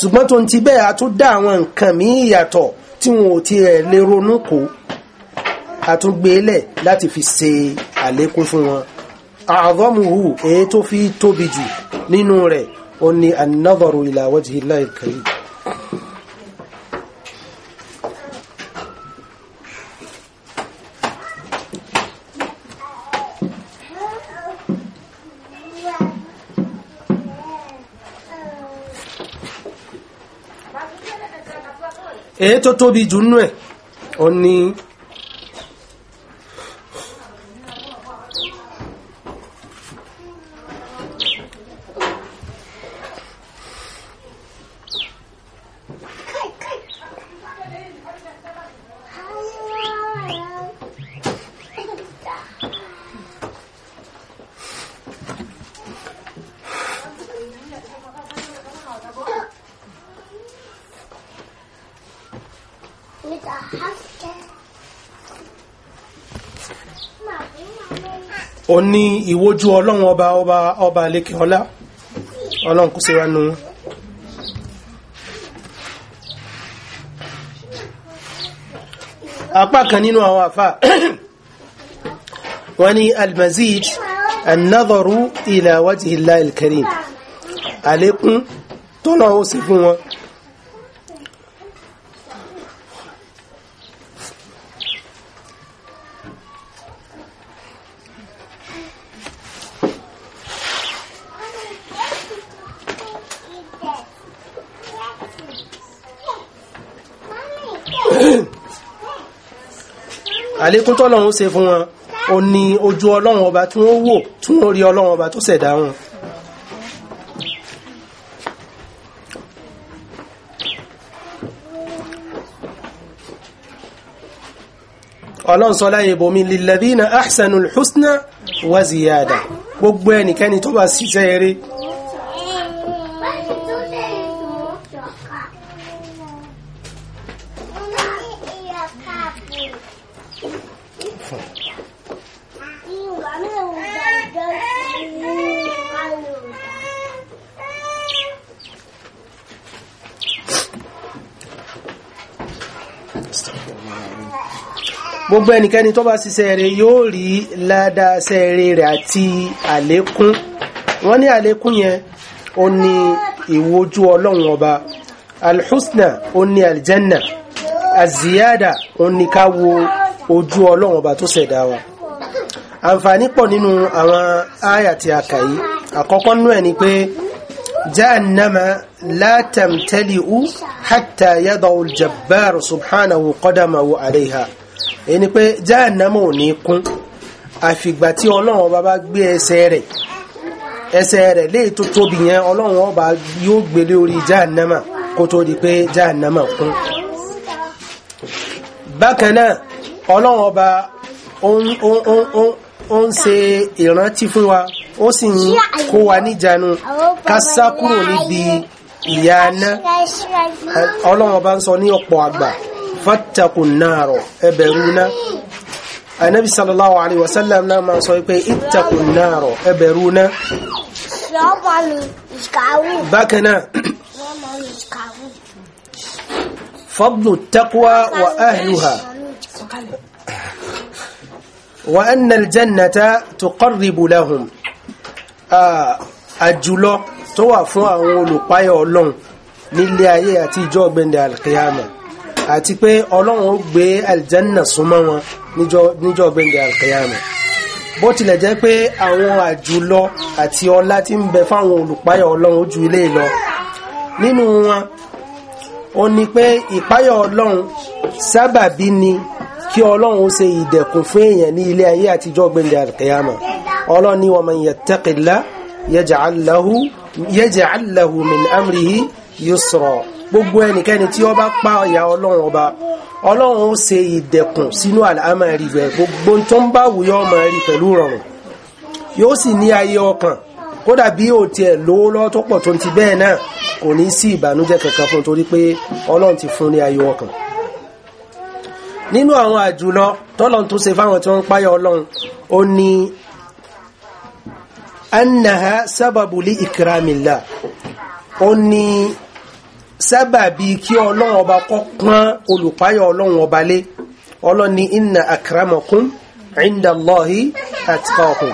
ṣùgbọ́n tó ń ti bẹ́ẹ̀ a àwọn nǹkan míì yàtọ̀ tí wọn ò ti rẹ̀ lè ronú kó a e láti fi ṣe àlékún fún wọn a'dhamuhu èyí tó fi tóbi jù nínú rẹ̀ ó ní an-nadharu ila wajhi Allahil èyí tó tóbi jù nínú ẹ̀ ó ní ìwójú ọlọ́run ọba ọba ọba lékè ọlá ọlọ́run kò síra nù apá kan nínú àwọn àfà wọ́n ní almazid annadharu ila wajhi llahi alkarim àlékún tó náà ó sì fún wọn àlékún tọ́lọ́run ṣe fún wọn ó ní ojú ọlọ́run ọba tí wọ́n wò tí wọ́n rí ọlọ́run ọba tó ṣẹ̀dá wọn ọlọ́run sọ láyé bomi lilladhina ahsanul husna wa ziyada gbogbo ẹnikẹ́ni tó bá ṣiṣẹ́ eré gbogbo ẹnikẹ́ni tó bá ṣiṣẹ́ rẹ̀ yóò rí ládàáṣẹ́ rẹ̀ àti àlékún wọ́n ní àlékún yẹn ó ní ìwojú ọlọ́run ọba alhusna ó ní aljanna aziyada ó ní ká wo ojú ọlọ́run ọba tó ṣẹ̀dá wa àǹfààní pọ̀ nínú àwọn áyà tí a yìí àkọ́kọ́ nú ẹ̀ ni pé jahannama la tamtali'u hatta yadau aljabbar subhanahu qadamahu alayha. ẹni pé jáànámà ò ní kún àfìgbà tí ọlọ́run ọba bá gbé ẹsẹ̀ rẹ̀ ẹsẹ̀ rẹ̀ lè tó tóbi yẹn ọlọ́run ọba yóò gbélé orí jáànámà kó tó di pé jáànámà kún bákan náà ọlọ́run ọba ó ń ṣe ìrántí fún wa ó sì ń kó wa níjànú ká sá kúrò níbi ìyà aná ọlọ́run ọba ń sọ ní ọ̀pọ̀ àgbà fattakun naaro ẹ bẹ̀rù iná anabi sallallahu alayhi wa sallam náà máa sọ pé ittakun naaro ẹ bẹ̀rù iná. bákan náà fadlu taqwa wa ahluha wa anna aljannata tuqarribu lahum àjùlọ tó wà fún àwọn olùpáyọ̀ ọlọ́run nílé ayé àti ìjọ́ ọ̀gbẹ̀ndẹ̀ alkiyama àti pé ọlọ́run ó gbé aljanna súnmọ́ wọn níjọ́ gbẹ̀ngẹ̀ alkiyama bó tilẹ̀ jẹ́ pé àwọn àjùlọ àti ọlá tí ń bẹ fáwọn olùpáyọ̀ ọlọ́run ó ju ilé lọ nínú wọn ó ní pé ìpáyọ̀ ọlọ́run sábàbí ni kí ọlọ́run ó ṣe ìdẹ̀kùn fún èèyàn ní ilé ayé àtijọ́ gbẹ̀ngẹ̀ alkiyama ọlọ́run ní wa man yattaqillah yaj'al lahu yaj'al lahu min amrihi yusra gbogbo ẹnikẹ́ni tí ọba bá pa ìyà ọlọrun ọba ọlọ́run ó ṣe ìdẹ̀kùn sínú àlámọ̀rí rẹ̀ gbogbo tó ń bá wùyọ́ ọmọ rí pẹ̀lú rọrùn yóò sì ní ayé ọkàn kódà bí ò tiẹ̀ lówó lọ́wọ́ tó pọ̀ tó ti bẹ́ẹ̀ náà kò ní sí ìbànújẹ́ kankan fún torí pé ọlọrun ti fún ní ayé ọkàn nínú àwọn àjùlọ tọ́lọ́n tó ṣe fáwọn tí wọ́n ń páyà ọlọ́run ó ní annaha sábàbù li ikramillah ó ní sábàbí kí ọlọ́run ọba kọ́ pọ́n olùpáyọ̀ ọlọ́run ọba lé ọlọ́run ní inna akramakum inda Allahi atqakum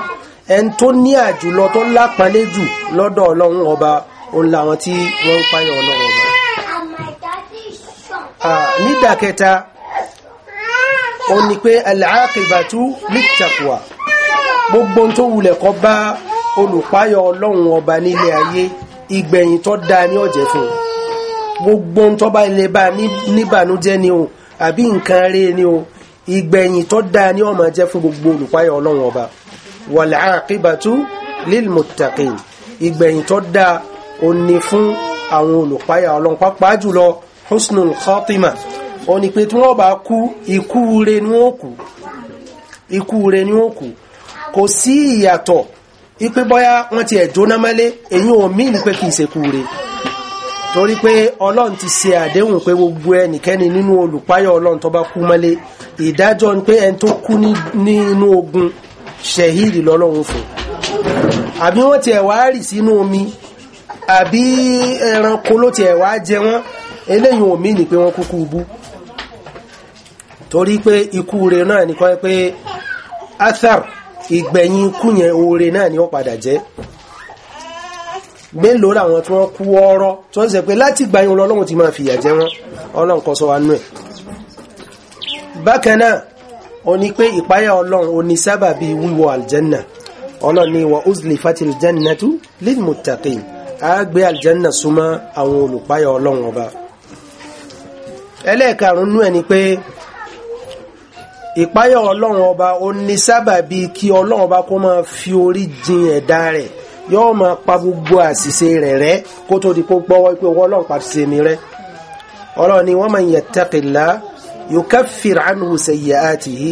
ẹn tó ní àjùlọ tó lápalẹ́ jù lọ́dọ̀ ọlọ́run ọba òun làwọn tí wọ́n ń páyọ̀ ọlọ́run ọba. nídàkẹta ó ní pé al-aqibatu gbogbo tó wulẹ̀ kọ́ bá olùpáyọ̀ ọlọ́run ọba nílé ayé ìgbẹ̀yìn tó dáa ní ọ̀jẹ̀ fún un gbogbo ń tọ́ba ilé bá níbànújẹ́ ni o àbí nǹkan rí ni o ìgbẹ̀yìn tó dáa ní ó máa jẹ́ fún gbogbo olùpáyọ̀ ọlọ́run ọba wal aqibatu lil muttaqin ìgbẹ̀yìn tó dáa ó ní fún àwọn olùpáyọ̀ ọlọ́run pàápàá jùlọ husnul khatima ó ní pé tí wọ́n bá kú ikú re ni wọ́n kú ikú re ni wọ́n kò sí ìyàtọ̀ ipe bọ́yá wọ́n ti ẹ̀ jóná mọ́lé èyí ò mí ní pé kì í ṣe kú re torí pé ọlọ́run ti ṣe àdéhùn pé gbogbo ẹnikẹ́ni nínú olùpáyọ̀ ọlọ́run tó bá kú mọ́lé ìdájọ́ ni pé ẹni tó kú nínú ogun ṣẹ̀hídì lọ́lọ́run fún àbí wọ́n ti ẹ̀wà rì sínú omi àbí ẹranko ló ti ẹ̀wà jẹ wọ́n eléyìí omi ni pé wọ́n kúkú bú torí pé ikú rẹ̀ náà ni kọ́ pé athar ìgbẹ̀yìn ikú yẹn oore náà ni ó padà jẹ́ mélòó làwọn tí wọ́n kú ọ̀rọ̀ tí wọ́n sẹ pé láti gba yín ọlọ́run ti máa fìyà jẹ wọn ọlọ́run kọ́ sọ wa nú ẹ̀ bákan náà ó ní pé ìpáyà ọlọ́run ó ní sábàbí wíwọ aljanna ọlọ́run ní wa uzlifatil jannatu lilmuttaqin a gbé aljanna súnmọ́ àwọn olùpáyà ọlọ́run ọba ẹlẹ́ẹ̀karùn-ún nú ẹ̀ ni pé ìpáyà ọlọ́run ọba ó ní sábàbí kí ọlọ́run ọba kó máa fi orí jin ẹ̀dá rẹ̀ yóò máa pa gbogbo àṣìṣe rẹ̀ rẹ́ kó tó di púpọ̀ wípé owó ọlọ́run pa ṣe mi rẹ́ ọlọ́run ni waman yattaqilla yukaffir anhu sayyi'atihi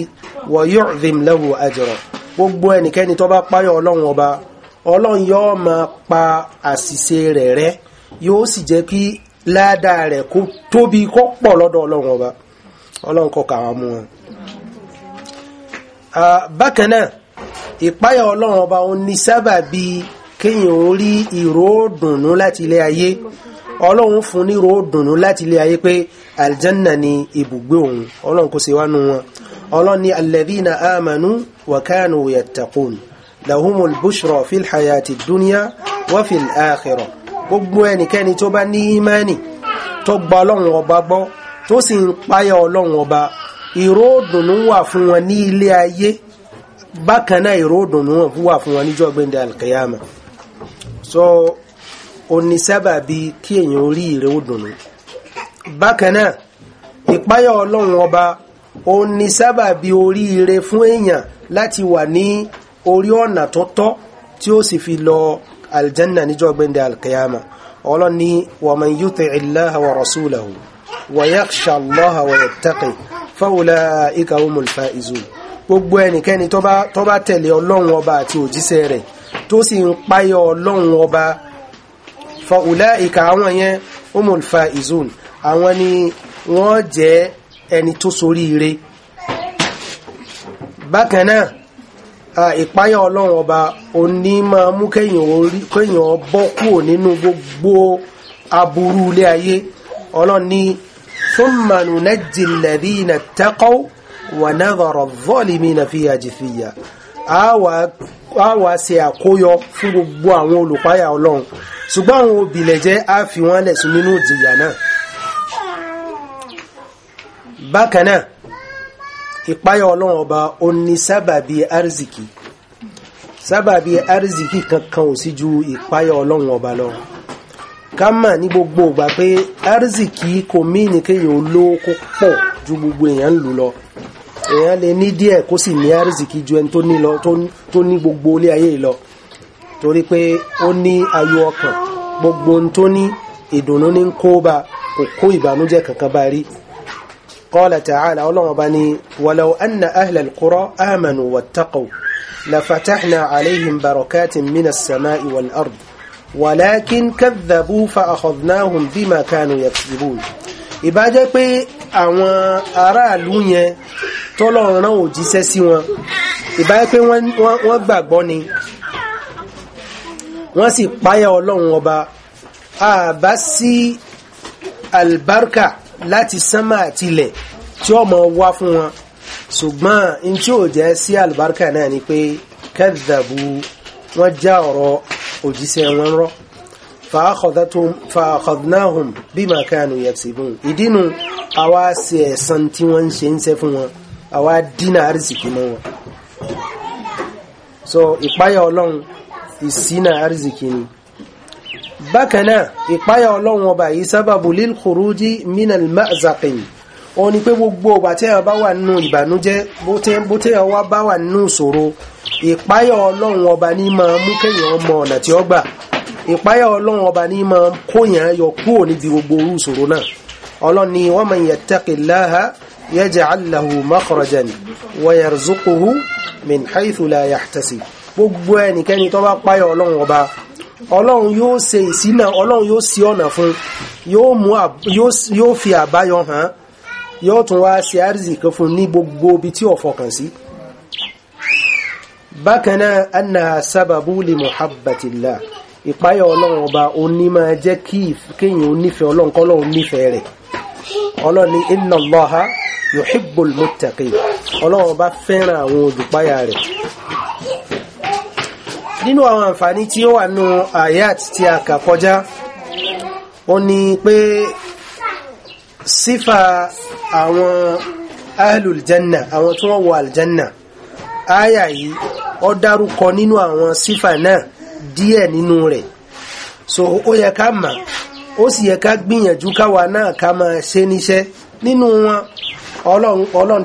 wa yu'dhim lahu ajra gbogbo ẹnikẹ́ni tó bá páyọ̀ ọlọ́run ọba ọlọ́run yóò máa pa àṣìṣe rẹ̀ rẹ́ yóò sì jẹ́ kí ládàá rẹ̀ kó tóbi kó pọ̀ lọ́dọ̀ ọlọ́run ọba ọlọ́run kọ kàwá mú wọn. Ah, bákan náà ìpáyà ọlọ́run ọba òun ni sábà bíi kéèyàn ó rí ìró dùnnú láti ilé ayé ọlọ́run fún ní ìró dùnnú láti ilé ayé pé aljanna ni ibùgbé òun ọlọ́run kò ṣe wá nu wọn ọlọ́run ni alladhina amanu wa kanu yattaqun lahumul bushra fil hayati dunya wa fil akhirah gbogbo ẹnikẹ́ni tó bá ní ìmánì tó gba ọlọ́run ọba gbọ́ tó sì ń páyà ọlọ́run ọba ìró dùnnú wà fún wọn ní ilé ayé bákan náà ìró dùnnú wà fún wọn níjọ́ gbẹ̀ndẹ̀ alkiyama so onísábàbí kí èèyàn orí rẹ̀ ó dùnú bákan náà ìpáyà ọlọ́run ọba onísábàbí oríire fún èèyàn láti wà ní orí ọ̀nà tó tọ́ tí ó sì fi lọ aljanna níjọ́ gbẹ̀ndẹ̀ alkiyama ọlọ́ni wa man yuti' illaha wa rasulahu wa yakhsha allaha wa yattaqi fa ulaika humul faizun gbogbo ẹnikẹ́ni tó bá tẹ̀lé ọlọ́run ọba àti òjíṣẹ́ rẹ̀ tó sì ń páyọ ọlọ́run ọba fa ulaika àwọn yẹn umul faizun àwọn ni wọ́n jẹ́ ẹni tó soríire bákan náà ìpáyà ọlọ́run ọba òní máa mú kéèyàn bọ́ kúrò nínú gbogbo aburú ilé ayé ọlọ́run ní thumma nunajji alladhina ttaqaw wa nadharu adh-dhalimina fiha jithiya a wá ṣe àkóyọ fún gbogbo àwọn olùpáyà ọlọ́run ṣùgbọ́n àwọn òbílẹ̀ jẹ́ a fi wọ́n lẹ̀ sùn nínú ìjìyà náà bákan náà ìpáyà ọlọ́run ọba ó ní sábàbí arziki sábàbí arziki kankan ò sí ju ìpáyà ọlọ́run ọba lọ ká mà ní gbogbo ìgbà pé arziki kò mí nìkéyìn olówó kó pọ̀ ju gbogbo èèyàn lù lọ èèyàn lè ní díẹ̀ kó sì ní àrísìkí ju ẹni tó ní lọ tó ní gbogbo ilé ayé lọ torí pé ó ní ayọ̀ ọkàn gbogbo ohun tó ní ìdùnnú ní ń kò kó ìbànújẹ́ kankan bá rí qala ta'ala ọlọ́run bá ní walau anna ahlal qura amanu wattaqaw lafatahna alayhim barakatin minas sama'i wal ard walakin kadhabu fa akhadnahum bima kanu yaksibun ìbá pé àwọn aráàlú yẹn tọ́lọ́run náà ò jíṣẹ́ sí wọn ìbáyé pé wọ́n gbàgbọ́ ni wọ́n sì páyà ọlọ́run ọba àbá sí albarka láti sánmà àtilẹ̀ tí ó mọ wá fún wọn ṣùgbọ́n in tí ò jẹ́ sí albarka náà ni pé kẹ́dàbù wọ́n já ọ̀rọ̀ òjíṣẹ́ wọn rọ́ fàákọ̀dnáhùn bima kanu yaksibun ìdínú àwa sí ẹ̀san tí wọ́n ń ṣe ń ṣe fún wọn àwa dínà àrísìkí mọ́ wọn so ìpáyà ọlọ́run ìsínà àrísìkí ni bákan náà ìpáyà ọlọ́run ọba yìí sábàbù lil khuruji minal ma'zaqin ó ní pé gbogbo ọba tí a bá wà nínú ìbànújẹ́ bó tí a wá bá wà nínú ìṣòro ìpáyà ọlọ́run ọba ní máa mú kéèyàn mọ ọ̀nà tí ó gbà ìpáyà ọlọ́run ọba ní máa kóyàn yọ kúrò níbi gbogbo orú ìṣòro náà ọlọ́run ni wa man yattaqillaha يجعل له مخرجا ويرزقه من حيث لا يحتسب gbogbo ẹnikẹ́ni tó bá páyọ̀ ọlọ́run ọba ọlọ́run yóò ṣe ìsínà ọlọ́run yóò ṣí ọ̀nà fún yóò fi àbáyọ hàn yóò tún wá ṣe àrísìkí fún ní gbogbo ibi tí ó fọkàn sí bákanáà annaha sábàbú li muhabbatillah ìpáyọ̀ ọlọ́run ọba onímọ̀ jẹ́ kí kéèyàn onífẹ́ ọlọ́run kọ́lọ́run nífẹ̀ẹ́ rẹ̀ ọlọ́run ní inna Allaha yuhibbul muttaqin ọlọ́run bá fẹ́ràn àwọn olùpáyà rẹ̀ nínú àwọn àǹfààní tí ó wà nù ayat tí a kà kọjá ó ní pé sífà àwọn ahlul àwọn tí wọ aljanna aya yìí ó dárúkọ nínú àwọn sífà náà díẹ̀ nínú rẹ̀ so ó yẹ ká mà ó sì yẹ ká gbìyànjú káwa náà ká máa ṣe níṣẹ nínú wọn ọlọ́run ọlọ́run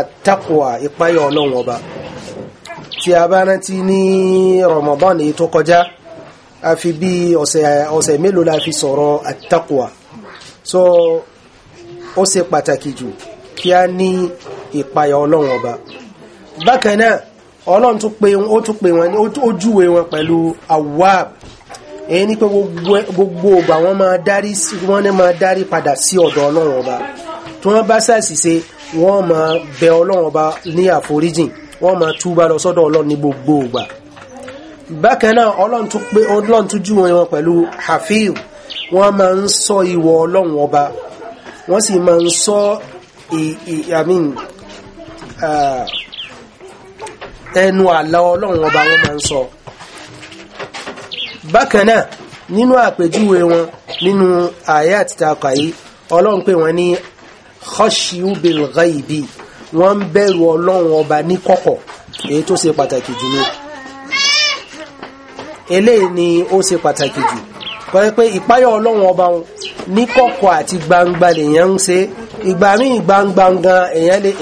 àtàkùwà ọba tí a bá rántí ní Ramadan èyí tó kọjá a fi bí ọ̀sẹ̀ mélòó la fi sọ̀rọ̀ àtàkùwà so ó ṣe pàtàkì jù kí a ní ọba bákan náà tún ó júwe wọn awab èyí ni pé gbogbo ọgbà wọn máa darí wọn ní máa darí padà sí ọ̀dọ̀ ọlọ́run ọba tí wọ́n bá ṣàṣìṣe wọ́n máa bẹ ọlọ́run ọba ní àforíjìn wọ́n máa túbà lọ sọ́dọ̀ ọlọ́run ní gbogbo ọgbà bákan náà ọlọ́run tún pé ọlọ́run tún jù wọn pẹ̀lú hafiu wọ́n máa ń sọ ìwọ ọlọ́run ọba wọ́n sì máa ń sọ àmín uh, ẹnu àlá ọlọ́run ọba wọ́n máa ń sọ bákan náà nínú àpèjúwe wọn nínú àyà àtìtakà yìí ọlọ́run pé wọ́n ní khashiyu bil ghaibi wọ́n ń bẹ̀rù ọlọ́run ọba ní kọ̀kọ̀ èyí tó ṣe pàtàkì jù ní eléyìí ni ó ṣe pàtàkì jù kọ́ pé ìpáyọ̀ ọlọ́run ọba ní kọ̀kọ̀ àti gbangba lèèyàn ń ṣe ìgbà gbangba gan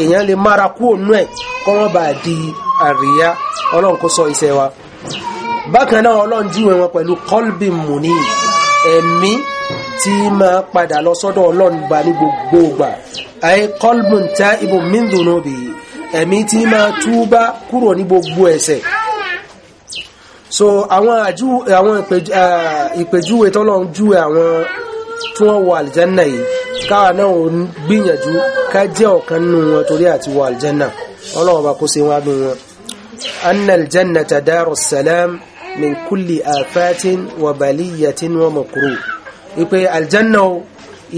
èèyàn lè mára kúrò nú ẹ̀ kọ́ wọ́n bá di àríyá ọlọ́run kó sọ iṣẹ́ wa bákan náà ọlọ́run jíwẹ̀ wọn pẹ̀lú kọ́lbì múni ẹ̀mí tí máa padà lọ sọ́dọ̀ ọlọ́run gbà ní gbogbo ìgbà ayé kọ́lbì tá ibò míndùnú bì í ẹ̀mí tí máa túbá kúrò ní gbogbo ẹ̀ṣẹ̀ so àwọn àjú àwọn ìpèjúwe tọ́lọ́run júwe àwọn tí wọ́n wọ àlìjánná yìí káà náà gbìyànjú ká jẹ́ ọ̀kan nínú wọn torí àti wọ àlìjánná ọlọ́run bá kó ṣe wọn á bí wọn. أن الجنة دار السلام min kulli afatin wa baliyatin wa makuru ipe aljanna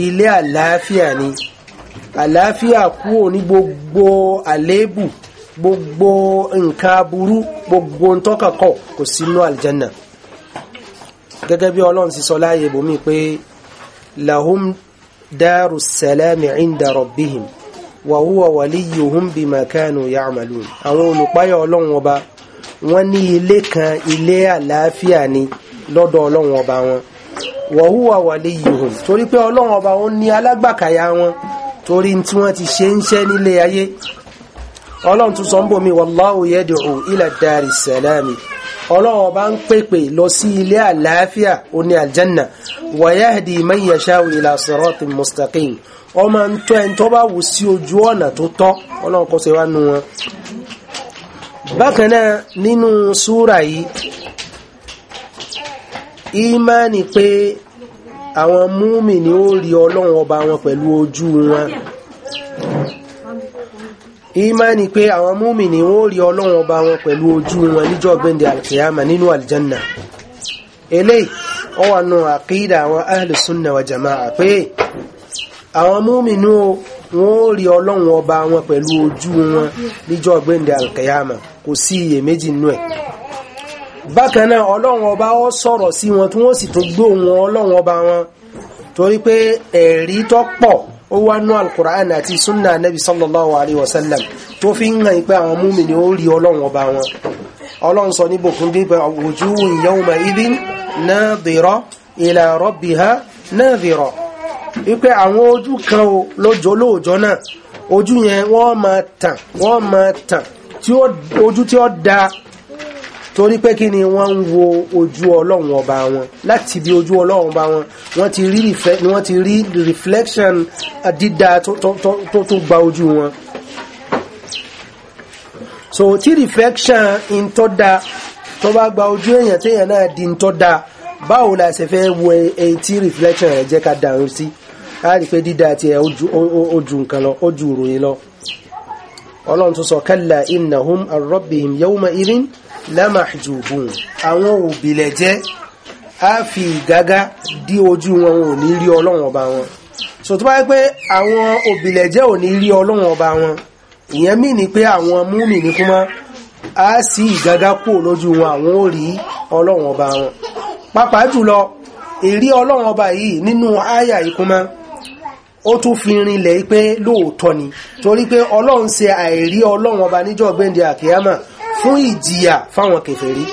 ilé àlàáfíà ni àlàáfíà kúrò ní gbogbo àléébù gbogbo nǹkan aburú gbogbo ntọ́kàkọ̀ kò sínú aljanna gẹ́gẹ́ bí ọlọ́run sì sọ láàyè bòmí pé lahum daru salami inda rabbihim wa huwa waliyuhum bima kanu ya'malun àwọn olùpáyọ̀ ọlọ́run ọba wọ́n ní ilé kan ilé àlàáfíà ni lọ́dọ̀ ọlọ́run ọba wọn wọ̀húwà waliyuhum torí pé ọlọ́run ọba wọn ní alágbàkàyà wọn torí tí wọ́n ti ṣe ń ṣẹ́ nílé ayé ọlọ́run tún sọ ń bòmí wallahu yad'u ila dari salami ọlọ́run ọba ń pèpè lọ sí ilé àlàáfíà oní aljanna wa yahdi man yasha'u ila siratin mustaqim ọmọ ń ẹni tó bá wù sí ojú ọ̀nà tó tọ́ ọlọ́run kó ṣe wá wọn bákan náà nínú súrà yìí ìmánì pé àwọn múmi ni ó rí ọlọ́run ọba wọn pẹ̀lú ojú wọn ìmánì pé àwọn múmi ni ó rí ọlọ́run ọba wọn pẹ̀lú ojú wọn níjọ́ gbẹ̀ndẹ̀ alkiyama nínú aljanna eléyìí ó nù àkídà àwọn ahlus sunna wa jama'a pé àwọn múmìnú wọn ó rí ọlọ́run ọba wọn pẹ̀lú ojú wọn níjọ́ gbẹ̀ndẹ̀ alkiyama kò sí iyèméjì nú ẹ̀ bákan náà ọlọ́run ọba ó sọ̀rọ̀ sí wọn tí wọ́n sì tún gbóhùn ọlọ́run ọba wọn torí pé ẹ̀rí tó pọ̀ ó wá nú alukur'an àti sunna anabi sallallahu alayhi wa sallam tó fi ń hàn pé àwọn múmìnú ó rí ọlọ́run ọba wọn ọlọ́run sọ níbò fún bíbẹ̀ wujuhun yawma idhin nadira ila rabbiha nadira wípé àwọn ojú kan o lọ́jọ́ lóòjọ́ náà ojú yẹn wọ́n máa tàn wọ́n máa tàn tí ó ojú tí ó da torí pé kí ni wọ́n ń wo ojú ọlọ́run ọba wọn láti ibi ojú ọlọ́run ọba wọn wọ́n ti rí wọ́n ti rí reflection dídá tó tó gba ojú wọn so tí reflection in tó da tó bá gba ojú èèyàn téèyàn náà di in da báwo la ṣe fẹ́ wo èyí tí reflection rẹ̀ jẹ́ ká dàrú sí. Si a rí pé dídá ti ẹ̀ ó ju nǹkan lọ ó ju ìròyìn lọ ọlọ́run tó sọ kalla innahum arrobihim yawma irin lamahjubun àwọn òbílẹ̀ jẹ́ a fi ìgágá dí ojú wọn ò ní rí ọlọ́run ọba wọn so tó bá yẹ pé àwọn òbílẹ̀ jẹ́ ò ní rí ọlọ́run ọba wọn ìyẹn mí ni pé àwọn múmi ní kúmọ́ a sì ìgágá kúrò lójú wọn àwọn ò rí ọlọ́run ọba wọn pàápàá jùlọ ìrí ọlọ́run ọba yìí nínú àyà ìkúmọ́ ó tún fi rinlẹ̀ pé lóòótọ́ ni torí pé ọlọ́run ṣe àìrí ọlọ́run ọba níjọ́ gbẹ́ndẹ̀ àkíyàmà fún ìjìyà fáwọn kèfèrí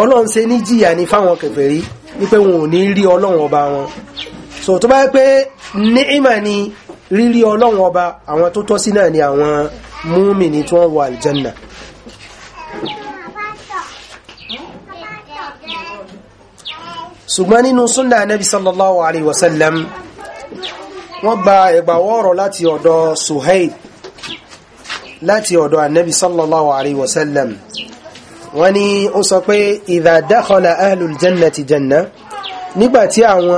ọlọ́run ṣe ní jìyà ni fáwọn kèfèrí wípé wọn ò ní rí ọlọ́run ọba wọn so tó bá yẹ pé níìmà ni rírí ọlọ́run ọba àwọn tó tọ́ sí náà ni àwọn múmìnì tí wọ́n wọ àlìjánà ṣùgbọ́n nínú súnà anábì sallallahu alayhi wa sallam wọ́n gba ẹ̀gbàwọ́ ọ̀rọ̀ láti ọ̀dọ̀ Suhaib láti ọ̀dọ̀ annabi sallallahu alaihi wasallam wọ́n ní ó sọ pé idha dakhala ahlul jannati janna nígbàtí àwọn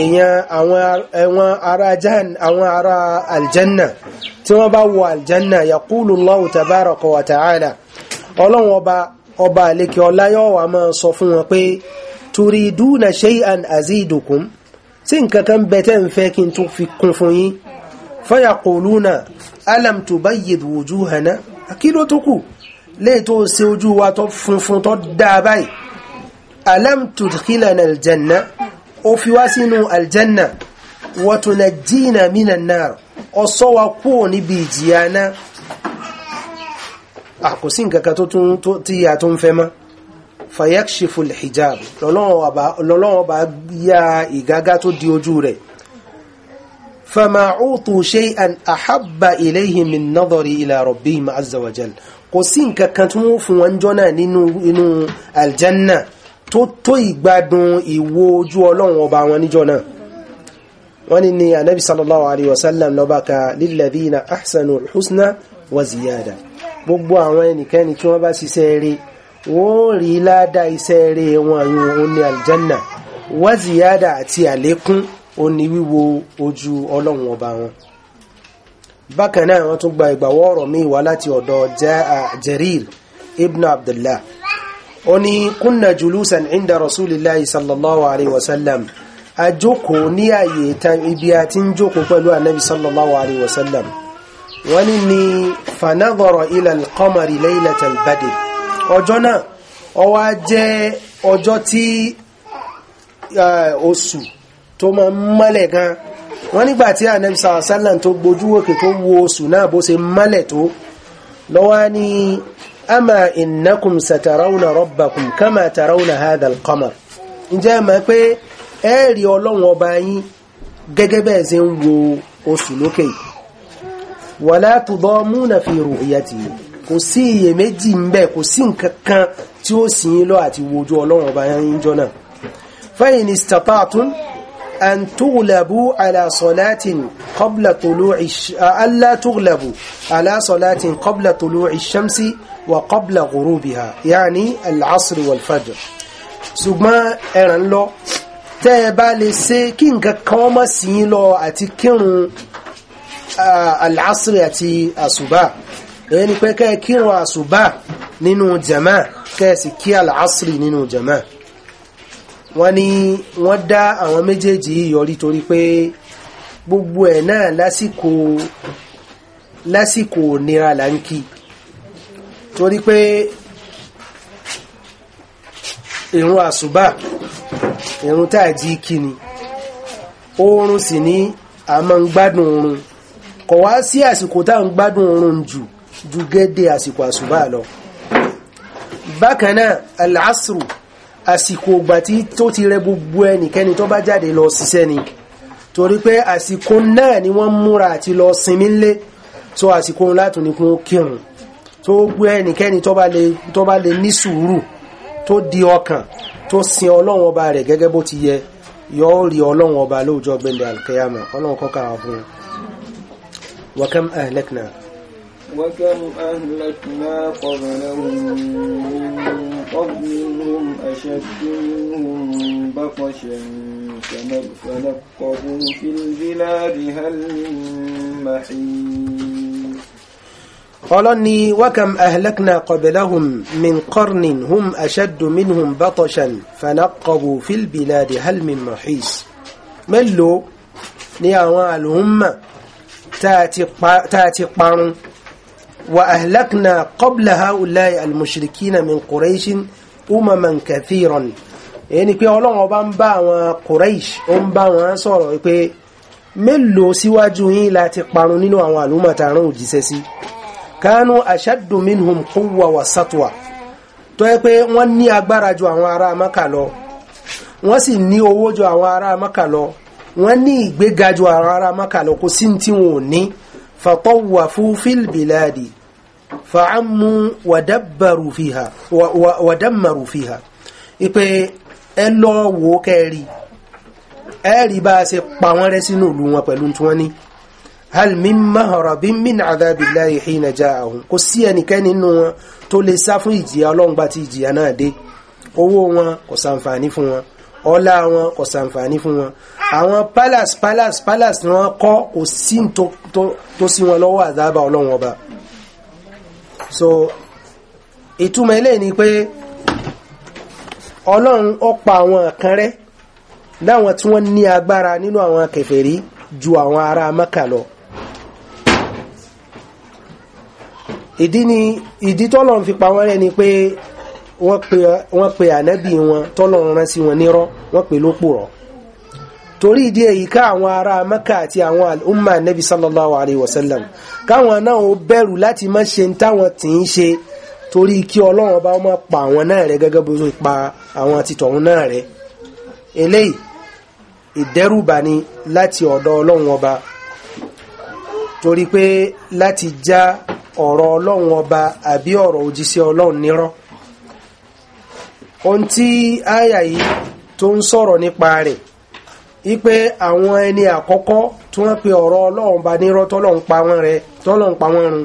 èèyàn àwọn ará jahan àwọn ará aljanna tí wọ́n bá wọ aljanna yaqulu Allahu tabaraka wa ta'ala ọlọ́run ọba ọba àlekè ọláyọ̀wà máa sọ fún wọn pé turiduna shay'an azidukum sí nǹkan kan bẹ tẹ́ ń fẹ́ kí n tún fi kún fún yín fayaquluna alam tubayyid wujuhana kí ló tó kù léè tó ṣe ojú wa tó funfun tó dáa báyìí alam tudkhilana aljanna ó fi wá sínú aljanna wa tunajjina minan nar ọ̀sọ́ wa kúrò níbi ìjìyà náà àkòsí nǹkan kan tó tún tí tó ń fẹ́ mọ́ fayakshifu alhijab lọ́lọ́wọ́ bá ya ìgágá tó di ojú rẹ̀ fama utu shay'an ahabba ilayhi min nadhari ila rabbihim azza wa jal kò sí nǹkan kan tí wọ́n fún wọn jọ́nà nínú inú aljanna tó tó ìgbádùn ìwo ojú ọlọ́run ọba wọn níjọ́ náà wọ́n ni ni anabi sallallahu alayhi wa sallam lọ́ba ka lilladhina ahsanu alhusna wa ziyada gbogbo àwọn ẹnikẹ́ni tí wọ́n bá ṣiṣẹ́ rere wọ́n rí ládá iṣẹ́ rẹ̀ wọn yún òun ní aljanna wá ziyada àti àlékún òun ní wíwo ojú ọlọ́run ọba wọn bákan náà wọ́n tún gba ìgbàwọ́ ọ̀rọ̀ míì wá láti ọ̀dọ̀ jarir ibn abdullah ó ní kunna julusan inda rasulillahi sallallahu alaihi wasallam a jókòó ní àyè ibi a ń jókòó pẹ̀lú anabi sallallahu alaihi wasallam wọ́n ní ni fanadọ̀rọ̀ ila al-qamari laylatal badr ọjọ́ náà ó wá jẹ́ ọjọ́ tí eh, oṣù tó máa ń mọ́lẹ̀ gan wọ́n nígbà tí Ànábì sàlám tó gbójú òkè tó wo oṣù náà bó ṣe mọ́lẹ̀ tó ló wá ní ama innakum satarawna rabbakum kama tarawna hadha al-qamar pé ẹ rí ọlọ́run yín gẹ́gẹ́ bẹ́ẹ̀ ṣe ń wo oṣù lókè wala tudamuna fi ru'yatihi kò sí iyèméjì ń bẹ kò sí nǹkan kan tí ó sì yín lọ àti wojú ọlọ́run ọba yín jọ náà fa in istata'tum an tughlabu ala salatin qabla tulu'i alla tughlabu ala salatin qabla tulu'i shamsi wa qabla ghurubiha yani al wal-fajr ṣùgbọ́n ẹ̀ràn lọ tẹ́ ẹ bá lè ṣe kí nǹkan kan ọmọ sí lọ àti kírun al àti àṣùbà èyí ni pé kẹ́ kírun àṣùbà nínú jama kẹ́ sì kí àlàásìrì nínú jama wọ́n ní wọ́n dá àwọn méjèèjì yọrí torí pé gbogbo ẹ̀ náà lásìkò nira là torí pé ìrun àṣùbà ìrun tá a ni oorun sì ni a máa ń gbádùn oorun kò wá sí àsìkò tá à ń gbádùn oorun jù ju gẹ́dẹ̀ àsìkò àsùbá lọ bákanáà alasru asru àsìkò ògbà tí tó ti rẹ gbogbo ẹnikẹ́ni tó bá jáde lọ ṣiṣẹ́ ni torí pé àsìkò náà ni wọ́n múra àti lọ sinmi lé so àsìkò látùn ní kún kírun tó gbé ẹnikẹ́ni tó bá lè ní sùúrù tó di ọkàn tó sin ọlọ́run ọba rẹ̀ gẹ́gẹ́ bó ti yẹ yóò rí ọlọ́run ọba lóòjọ́ gbẹ̀ndẹ̀ alkiyama ọlọ́run kọ́kà ọ̀hún wa kam ahlakna وكم أهلكنا قبلهم من قبل هم أشد منهم بطشا فنقبوا في البلاد هل من محيص قال أني وكم أهلكنا قبلهم من قرن هم أشد منهم بطشا فنقبوا في البلاد هل من محيص ملو ni àwọn àlùmọ̀ tá a ti parun وأهلكنا قبل هؤلاء المشركين من قريش أمما كثيرا يعني pé Ọlọ́run ọba ń bá àwọn Quraysh ó ń bá wọn sọ̀rọ̀ pé mélòó síwájú yín láti parun nínú àwọn àlùmọ̀ tààrùn òjíṣẹ́ sí kánú ashaddu minhum quwwa wa satwa tó yẹ pé wọ́n ní agbára ju àwọn ará Mákà lọ wọ́n sì ní owó ju àwọn ará Mákà lọ wọ́n ní ìgbéga ju àwọn ará Mákà lọ kò sí tí wọn ò ní fatawwafu fil biladi fa'ammu wadabbaru fiha wadammaru fiha ipe ẹ lọ wo kẹrì ẹ rí bá a ṣe pa wọ́n rẹ́ sínú ìlú wọn pẹ̀lú tí wọ́n ní hal min maharabin min adhabillahi hina ja'ahum kò sí ẹnikẹ́ni nínú wọn tó lè sá fún ìjìyà ọlọ́ngbà tí ìjìyà náà dé owó wọn kò sàǹfààní fún wọn ọlá wọn kò sàǹfààní fún wọn àwọn palace palace palace ni wọ́n kọ́ kò sí tó sí wọn lọ́wọ́ àdábà ọlọ́wọ́n ọba so ìtumọ̀ eléyìí ni pé ọlọ́run ó pa àwọn kan rẹ́ láwọn tí wọ́n ní agbára nínú àwọn kèfèrí ju àwọn ará Mẹ́kà lọ ìdí ni ìdí tọ́lọ́run fi pa wọ́n rẹ́ ni pé wọ́n pe ànábì wọn tọ́lọ́run rán sí wọn nírọ́ wọ́n pe lópùrọ́ torí ìdí èyí ká àwọn ará Mẹ́kà àti àwọn al'umma nabi sallallahu alaihi wasallam káwọn náà ó bẹ̀rù láti má ṣe táwọn tí ń ṣe torí kí ọlọ́run bá má pa àwọn náà rẹ gẹ́gẹ́ bó ṣe pa àwọn titọ̀hún náà rẹ eléyìí ìdẹ́rùbà ni láti ọ̀dọ̀ ọlọ́run ọba torí pé láti já ọ̀rọ̀ ọlọ́run ọba àbí ọ̀rọ̀ òjíṣẹ́ ọlọ́run nírọ́ ohun tí áyà yìí tó ń sọ̀rọ̀ nípa rẹ̀ ipe àwọn ẹni àkọ́kọ́ tí wọ́n pe ọ̀rọ̀ ọlọ́run bá nírọ́ tọ́lọ́run pa wọ́n rẹ́ tọ́lọ́run pa wọ́n run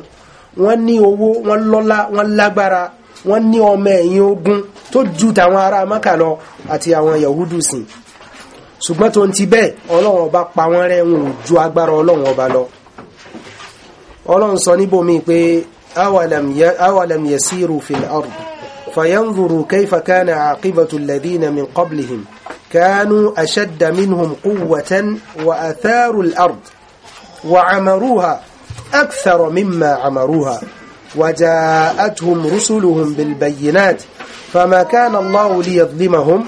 wọ́n ní owó wọ́n lọ́lá wọ́n lágbára wọ́n ní ọmọ ẹ̀yìn ogun tó ju tàwọn ará Mákà lọ àti àwọn Yahudu sìn ṣùgbọ́n tó ń ti bẹ́ẹ̀ ọlọ́run ọba pa wọ́n rẹ́ wọn ju agbára ọlọ́run ọba lọ ọlọ́run sọ níbòmí pé awalam yasiru fil ard fayanzuru kayfa kana aqibatu alladhina min qablihim كانوا أشد منهم قوة وأثاروا الأرض وعمروها أكثر مما عمروها وجاءتهم رسلهم بالبينات فما كان الله ليظلمهم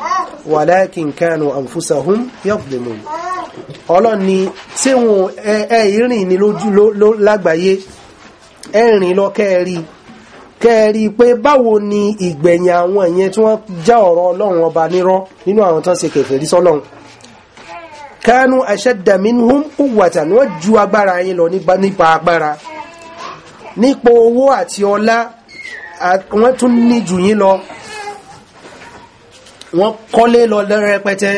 ولكن كانوا أنفسهم يظلمون ọlọ́run ni tí wọn ẹ ìrìn ní lágbàáyé ẹ̀rìn lọ́kẹ́ rí kẹ́ẹ̀rí pé báwo ni ìgbẹ̀yìn àwọn ìyẹn tí wọ́n já ọ̀rọ̀ ọlọ́run ọba nírọ́ nínú àwọn tán ṣe kèfèrí sọ́lọ́run kánú ashadda minhum quwwatan wọ́n ju agbára yín lọ nípa agbára nípa owó àti ọlá wọ́n tún ní jù yín lọ wọ́n kọ́lé lọ rẹpẹtẹ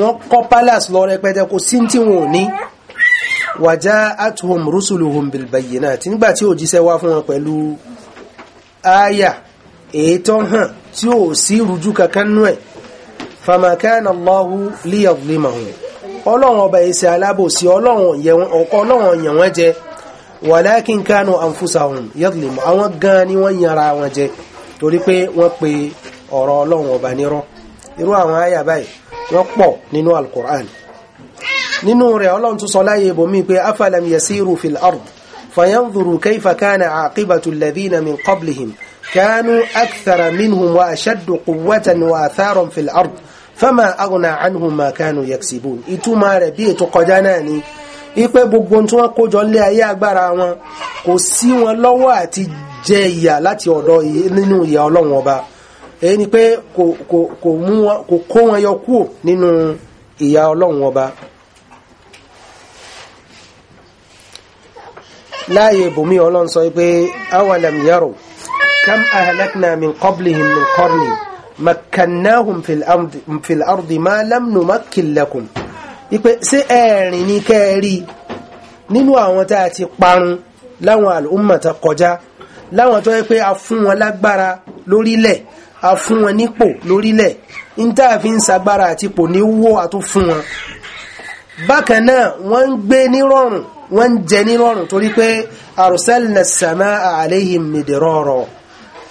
wọ́n kọ́ palace lọ rẹpẹtẹ kò sí tí wọn ò ní wàjá atuhum rusuluhum bilbayyinati nígbà tí òjíṣẹ́ wá fún wọn pẹ̀lú aya èyí tó hàn tí ó sí rújú kankan nú ẹ̀ fama kana Allahu liyadhlimahum ọlọ́run ọba èsì alábòsí ọlọ́run yẹ̀ wọ́n jẹ walakin kanu anfusahum yadhlimu àwọn gan ni wọ́n yẹra wọn jẹ torí pé wọ́n pe ọ̀rọ̀ ọlọ́run ọba nírọ́ irú àwọn àyà báyìí wọ́n pọ̀ nínú al nínú rẹ̀ ọlọ́run tún sọ láyé ibòmí pé afalam yasiru fil ard فينظروا كيف كان عاقبة الذين من قبلهم كانوا أكثر منهم وأشد قوة وآثارا في الأرض فما أغنى عنهم ما كانوا يكسبون ìtumọ̀ rẹ̀ bí ipe gbogbo tí wọ́n kó jọ lé ayé agbára wọn kò sí wọn lọ́wọ́ àti jẹ ìyà láti ọ̀dọ̀ nínú ìyà Ọlọ́run ọba èyí ni pé kò kó wọn yọ kúò nínú ìyà Ọlọ́run ọba láàyè bùnmí ọlọ́run sọ pé awalam yaro kam ahlakna min qablihim min qarni makkannahum fil ardi ma lam numakkin lakum ipe ṣé ẹ̀rìn ni kẹ́ẹ̀rí nínú àwọn tá a ti parun láwọn àlùmọ̀ta kọjá láwọn tó yẹ pé a fún wọn lágbára lórílẹ̀ a fún wọn nípò lórílẹ̀ ń tá fi ń sagbára àtipò ní wó a tó fún wọn bákan náà wọ́n ń gbé wọ́n ń jẹ nínú ọ̀rùn torí pé arsalna samaa alayhim midrara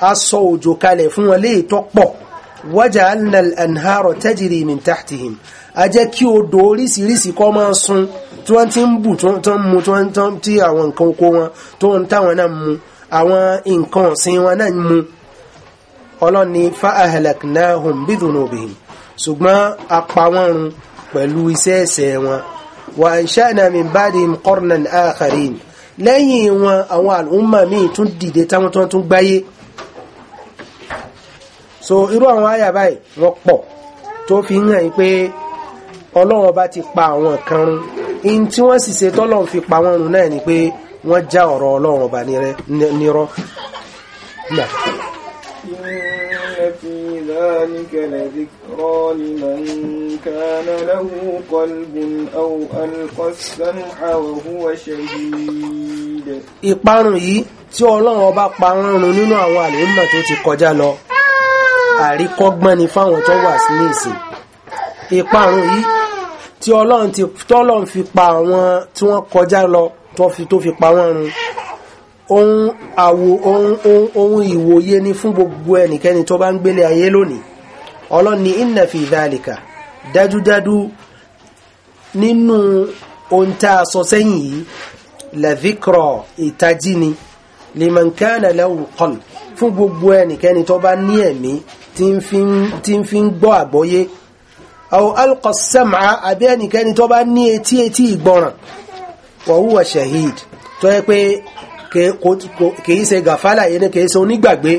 a sọ òjò kalẹ̀ fún wọn léè tó pọ̀ waja'alna al-anhara tajri min tahtihim a jẹ́ kí odò oríṣiríṣi kọ́ máa sun tí wọ́n ti ń bù tí àwọn nǹkan oko wọn tó ń táwọn náà mu àwọn nǹkan ọ̀sìn wọn náà mu ọlọ́ni fa ahlaknahum bidhunubihim ṣùgbọ́n a pa run pẹ̀lú iṣẹ́ ẹ̀ṣẹ̀ wọn وأنشأنا من بعدهم قرنا آخرين lẹ́yìn wọn àwọn àlùmọ̀ míì tún dìde táwọn tó so irú àwọn àyà báyìí wọ́n pọ̀ tó fi ń hàn pé ọlọ́run ọba ti pa àwọn kan run in tí wọ́n sì ṣe tọ́lọ́run fi pa wọ́n run náà ni pé wọ́n já ọ̀rọ̀ ọlọ́run ọba nírọ́. إن في ذلك لذكر الذكرى لمن كان له قلب أو ألقى السمع وهو شهيد ìparun yìí tí ọlọ́run ọba parun nínú àwọn àlèémà tó ti kọjá lọ àríkọ́gbọ́n ni fáwọn tó wà sí ìsìn ìparun yìí tí ọlọ́run ti tọ́lọ́run fi pa àwọn tí wọ́n kọjá lọ tó fi tó fi pa wọ́n run ohun àwò ohun ìwòye ni fún gbogbo ẹnikẹ́ni tó bá ń gbélé ayé lónìí ọlọ́run ní inna fi dhalika dájúdájú nínú ohun tá a sọ sẹ́yìn yìí la dhikra ìtají ni liman kana lahu qalb fún gbogbo ẹnikẹ́ni tó bá ní ẹ̀mí tí ń fi ń gbọ́ àgbọ́yé aw alqa sam'a àbí ẹnikẹ́ni tó bá ní etí etí ìgbọ́ràn wa shahid tó yẹ pé kìí ṣe gàfálà yẹn kìí ṣe onígbàgbé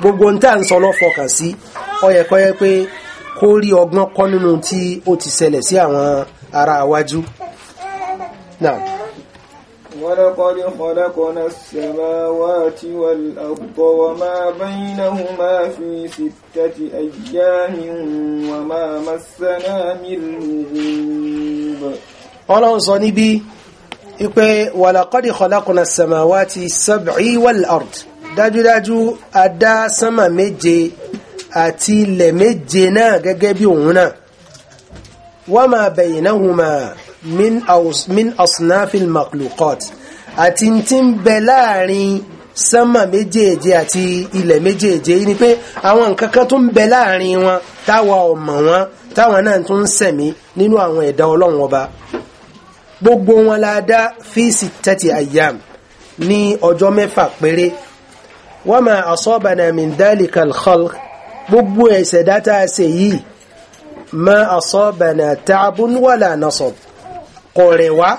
gbogbo ń tà ń sọ lọ́fọkàn sí. Si ó yẹ kó yẹ pé kó rí ọgbọ́n kọ́ nínú tí ó ti ṣẹlẹ̀ sí àwọn ará iwájú náà. ولقد خلقنا السماوات والأرض وما بينهما في ستة أيام وما مسنا من لغوب ọlọ́run sọ níbí wípé wàlàkọ́dì kọlákùnà sàmàwá ti sàbí wàl'ard dájúdájú adá sánmà méje àti ilẹ̀ méje náà gẹ́gẹ́ bí òun náà wa ma baynahuma min asnafil makhluqat àti tí ń bẹ láàrin sánmà méjèèje àti ilẹ̀ méjèèje ni pé àwọn nǹkan kan tó ń bẹ láàrin wọn táwa ọmọ wọn táwọn náà tún ń sẹ̀mí nínú àwọn ẹ̀dá ọlọ́run ọba gbogbo wọn la dá fi sittati ayyam ní ọjọ́ mẹ́fà péré wa ma asabana min gbogbo ẹ̀ṣẹ̀ dáta ṣe yìí ma asabana ta'bun wala nasab kò rẹ̀ wá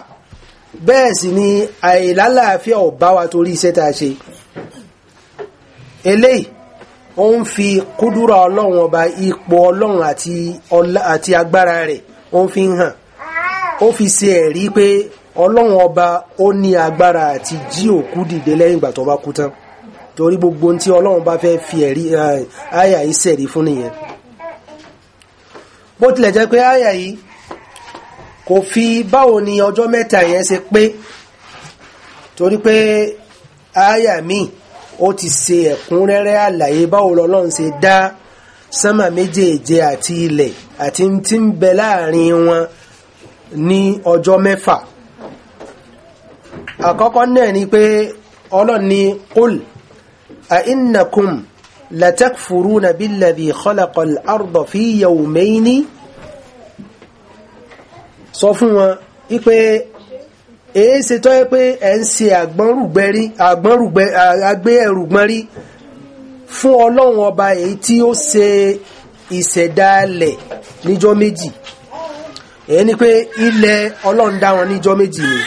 bẹ́ẹ̀ sì ni àìlálàáfíà ò bá wa torí iṣẹ́ tá a ṣe eléyìí ó ń fi kúdúrà ọlọ́run ọba ipò ọlọ́run àti agbára rẹ̀ ó ń fi hàn ó fi ṣe ẹ̀rí pé ọlọ́run ọba ó ní agbára àti jí òkú dìde lẹ́yìn ìgbà tó bá kú tán torí gbogbo tí ọlọ́run bá fẹ́ fi ẹ̀rí àyà yìí sẹ̀rí fún nìyẹn bó tilẹ̀ jẹ́ pé àyà yìí kò fi báwo ni ọjọ́ mẹ́ta yẹn ṣe pé torí pé àyà míì ó ti ṣe ẹ̀kúnrẹ́rẹ́ àlàyé báwo lọ́lọ́run ṣe dá sánmà méjèèje àti ilẹ̀ àti tí ń bẹ láàrin wọn ní ọjọ́ mẹ́fà àkọ́kọ́ náà ni pé ọlọ́run ní أئنكم لتكفرون بالذي خلق الأرض في يومين صفوا إيه èé ṣe tọ́ yẹ pé ẹ̀ ń ṣe àgbọ́nrùgbẹ́rí àgbọ́nrùgbẹ́ àgbé ẹ̀rùgbọ́nrí fún ọlọ́run ọba èyí tí ó ṣe ìṣẹ̀dálẹ̀ níjọ́ méjì èyí ni pé ilẹ̀ ọlọ́run dá wọn níjọ́ méjì ni.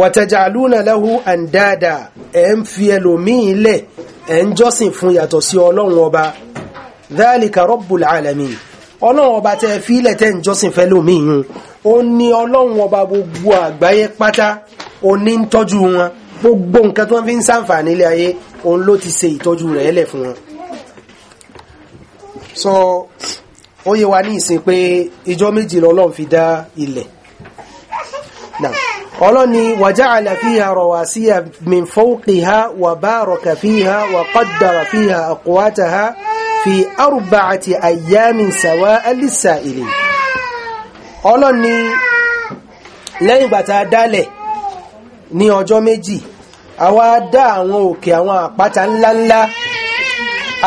wàtẹ̀jàlúnà lẹ́hu àndáàdà ẹ̀ ń fi ẹlòmíì lẹ̀ ẹ̀ ń jọ́sìn fún yàtọ̀ sí ọlọ́run ọba dhalika rabbul alamin ọlọ́run ọba tẹ́ fi ilẹ̀ tẹ́ gbogbo àgbáyé pátá ó ní ń tọ́jú wọn gbogbo nǹkan tó ń fi ń sàǹfààní ilé ayé òun ló ti ṣe ìtọ́jú rẹ̀ fún wọn so ó yẹ wa ní ìsìn pé ìjọ méjì lọ́lọ́run fi dá ilẹ̀ ọlọ́ni wàjáàlá fíhà rọwàsíyà min fawqiha wà bárọkà fíhà wà qaddara fíhà aqwataha fi arba'ati ayyamin sawa'an lis-sa'ilin ọlọ́ni lẹ́yìn gbàtà dálẹ̀ ní ọjọ́ méjì àwa dá àwọn òkè àwọn àpáta ńláńlá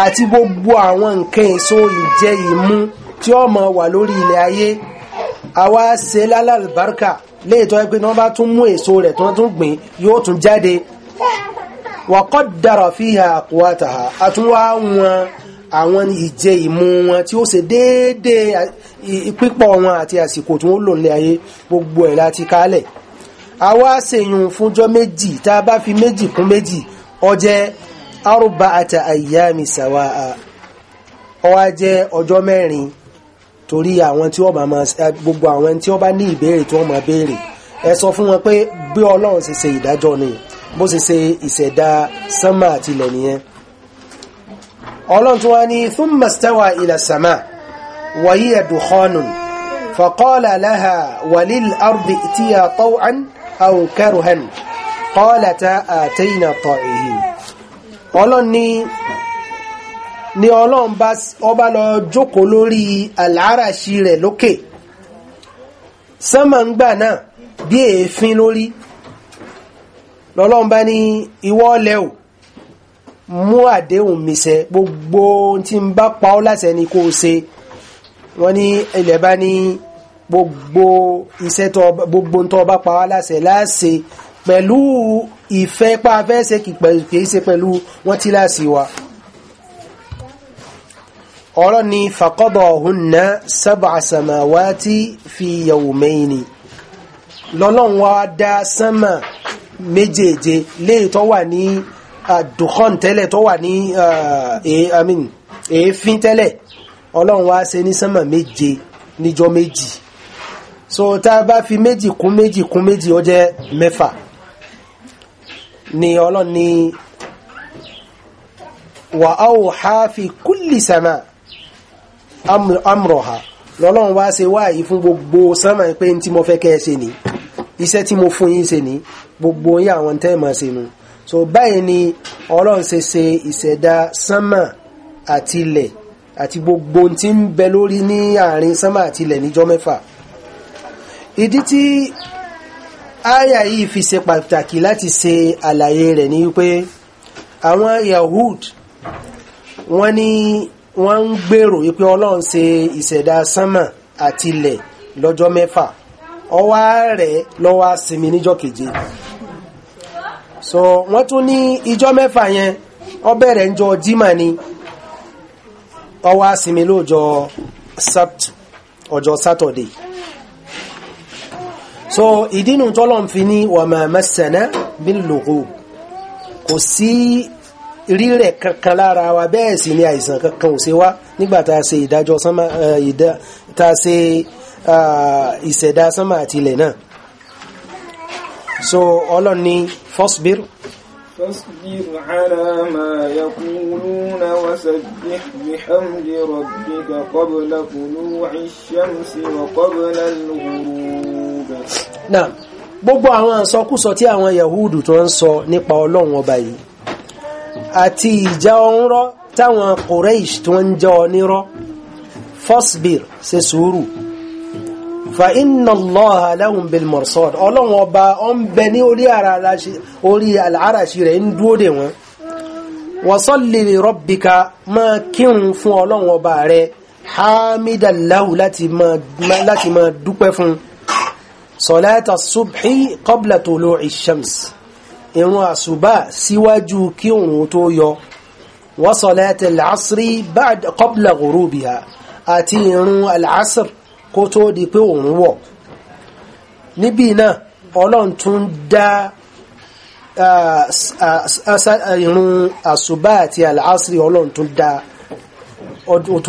àti gbogbo àwọn nǹkan èso ìjẹ ìmu tí ó wà lórí ilẹ̀ ayé àwa ṣe lálàlùbáríkà léètọ́ pé wọ́n bá tún mú èso rẹ̀ tí wọ́n tún gbìn yóò tún jáde wa qaddara fiha aqwataha àtúnwá wọn àwọn ìjẹ ìmu wọn tí ó ṣe déédéé pípọ̀ wọn àti àsìkò tí wọ́n lò nílé ayé gbogbo ẹ̀ láti kálẹ̀ àwa ṣèyùn fúnjọ́ méjì tá a bá fi méjì kún méjì ó jẹ́ arba'ata ayyami sawa'a ó wá jẹ́ ọjọ́ mẹ́rin torí àwọn tí wọ́n bá máa gbogbo àwọn tí wọ́n bá ní ìbéèrè tí wọ́n máa béèrè ẹ sọ fún wọn pé bí ọlọ́run ṣe ṣe ìdájọ́ ni bó ṣe ṣe ìṣẹ̀dá sánmà àti ilẹ̀ nìyẹn ọlọ́run tí wọ́n ní thumma stawa ila sama wa hiya dukhanun faqala laha walil ardi itiya taw'an aw karhan qalata atayna ta'ihin ọlọ́run ní ni ọlọ́run ọba lọ jókòó lórí àlàáràṣí rẹ̀ lókè sánmà ń gbà náà bí èéfín lórí lọ́lọ́run bá ní ìwọ ọlẹ́ ò mú àdéhùn míṣẹ gbogbo tí ń bá pa ọ́ láṣẹ ni kó ṣe wọ́n ní ilẹ̀ bá ní gbogbo iṣẹ́ tó gbogbo tó bá pa wá láṣẹ láṣẹ pẹ̀lú ìfẹ́ pa afẹ́ ṣe kìí ṣe pẹ̀lú wọ́n ti láṣẹ wa ọ̀rọ̀ ni faqadahunna sab'a samawati fi yawmayni lọ́lọ́run wá dá sánmà méjèèje léyìí tó wà ní dùkọ́n tẹ́lẹ̀ tó wà ní èéfín tẹ́lẹ̀ ọlọ́run wá ṣe ní sánmà méje níjọ́ méjì so tá a bá fi méjì kún méjì kún méjì ó jẹ́ mẹ́fà ni ọlọ́run ni wa awha fi kulli sama' amroha lọ́lọ́run wá ṣe wáyé fún gbogbo sánmà pé tí mo fẹ́ kẹ́ ẹ ṣe ni iṣẹ́ tí mo fún yín ṣe ni gbogbo yín àwọn tẹ́ máa ṣe nu so báyìí ni ọlọ́run ṣe ṣe ìṣẹ̀dá sánmà àti ilẹ̀ àti gbogbo tí ń bẹ lórí ní àárín sánmà àti ilẹ̀ níjọ́ mẹ́fà ìdí tí àyà yìí fi ṣe pàtàkì láti ṣe àlàyé rẹ̀ ni wípé àwọn Yahud wọ́n ní wọ́n ń gbèrò wípé ọlọ́run ṣe ìṣẹ̀dá sánmà àti ilẹ̀ lọ́jọ́ mẹ́fà ọwá rẹ̀ lọ́wọ́ sinmi níjọ́ keje so wọ́n tún ní ijọ́ mẹ́fà yẹn ó bẹ̀rẹ̀ níjọ́ jímà ni ọwá sinmi lọ́jọ́ sabt ọjọ́ saturday so ìdínú tọ́lọ̀ fi ní wàmà mẹ́sànán bí lòkó kò sí rírẹ̀ kankan lára wa bẹ́ẹ̀ sì ni àìsàn kankan ò ṣe wá nígbà tá a ṣe ìdájọ́ sánmà ìdá tá a ṣe ìṣẹ̀dá sánmà àti ilẹ̀ náà so ọlọ́run ni fọ́sbírù. فاصبر على ما يقولون وسبح بحمد ربك قبل طلوع الشمس وقبل الغروب نعم gbogbo àwọn àsọkúsọ tí àwọn yahudu tó ń sọ nípa ọlọ́run ọba yìí àti ìjà ọ̀nrọ́ táwọn Quraysh tí wọ́n ń jẹ́ onírọ́ fasbir ṣe sùúrù fa inna allaha lahum bil mursad ọlọ́run ọba ọ ń bẹ ní orí àlàáràṣí rẹ̀ ń dúó dè wọ́n wasalli li rabbika máa kírun fún ọlọ́run ọba rẹ̀ hamidalahu láti máa dúpẹ́ fún salata subhi qabla tulu'i shams ìrun àṣùbà síwájú kí òòrùn tó yọ wa salatul asri ba'da qabla ghurubiha àti ìrun al-asr kó tó di pé òòrùn wọ̀ níbí náà ọlọ́run tún dá ìrun àṣùbà àti al-asri tún dá ó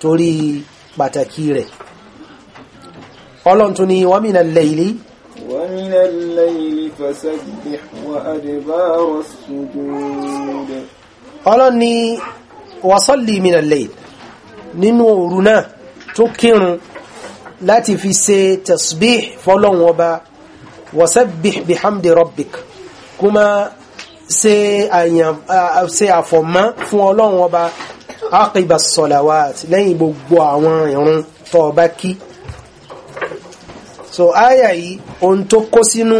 torí pàtàkì rẹ̀ ọlọ́run tún ní wa mina al-layli. ومن الليل فسبح وأدبار السجود قال أني وصلي من الليل ننو رنا تكن láti fi ṣe tasbih fọ́lọ́wọ́n ọba wasabbih bihamdi rabbik kuma ṣe àfọ̀mọ́ fún ọlọ́wọ́n ọba aqiba salawat lẹ́yìn gbogbo àwọn ìrun tó kí so aya yìí ohun tó kó sínú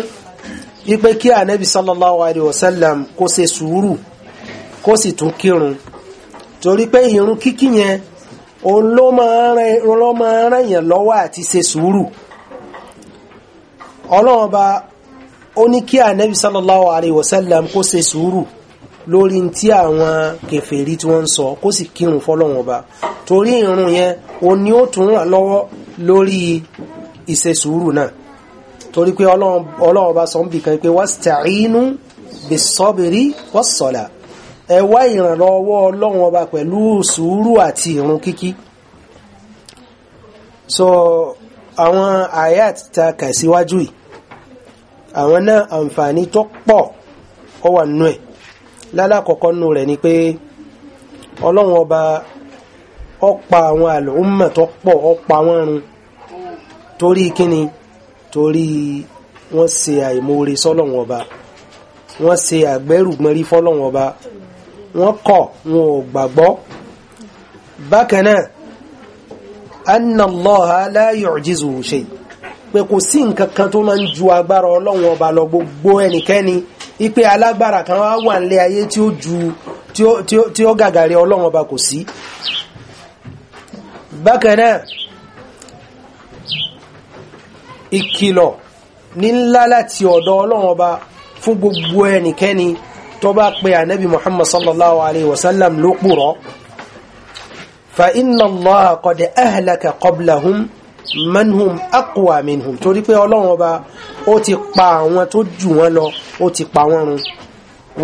wípé kí ànábì sallallahu alayhi wa sallam kó ṣe sùúrù kó sì tún kírun torí pé irun kíkí yẹn òun ló máa ràn yàn lọ́wọ́ àti ṣe sùúrù ọlọ́run ọba ó ní kí ànábì sallallahu alayhi wa sallam kó ṣe sùúrù lórí tí àwọn kèfèrí tí wọ́n ń sọ kó sì kírun fọ́lọ́run ọba torí irun yẹn òun ni ó tún ràn lọ́wọ́ lórí iṣẹ́ sùúrù náà torí pé ọlọ́run ọba sọ ń bì kan pé wasta'inu bis-sabri was-salah ẹ wá ìrànlọ́wọ́ ọlọ́run ọba pẹ̀lú sùúrù àti ìrun kíkí so àwọn ayat ta kà síwájú yìí àwọn náà àǹfààní tó pọ̀ ó wà nú ẹ̀ lálàkọ̀ọ́kọ́ nú rẹ̀ ni pé ọlọ́run ọba ó pa àwọn àlùmọ̀ tó pọ̀ ó pa wọ́n run torí kíni torí wọ́n ṣe àìmoore sọ́lọ́wọ́n ọba wọ́n ṣe àgbẹ́rùgbẹ́rí fọ́lọ́wọ́n ọba wọ́n kọ̀ wọn ò gbàgbọ́ bákan náà anna Allaha la yu'jizuhu shay pé kò sí nǹkan kan tó máa ń ju agbára ọlọ́wọ́n ọba lọ gbogbo ẹnikẹ́ni ipe alágbára kan wá wà nílé ayé tí ó ju tí ó gàgàrí ọlọ́wọ́n ọba kò sí bákan náà ìkìlọ̀ ní ńlá láti ọ̀dọ̀ ọlọ́run ọba fún gbogbo ẹnikẹ́ni tó bá pe ànábì muhammad sallallahu alayhi wa sallam ló purọ́ fa inna allaha qad ahlaka qablahum manhum aqwa minhum torí pé ọlọ́run ọba ó ti pa àwọn tó jù wọ́n lọ ó ti pa wọ́n run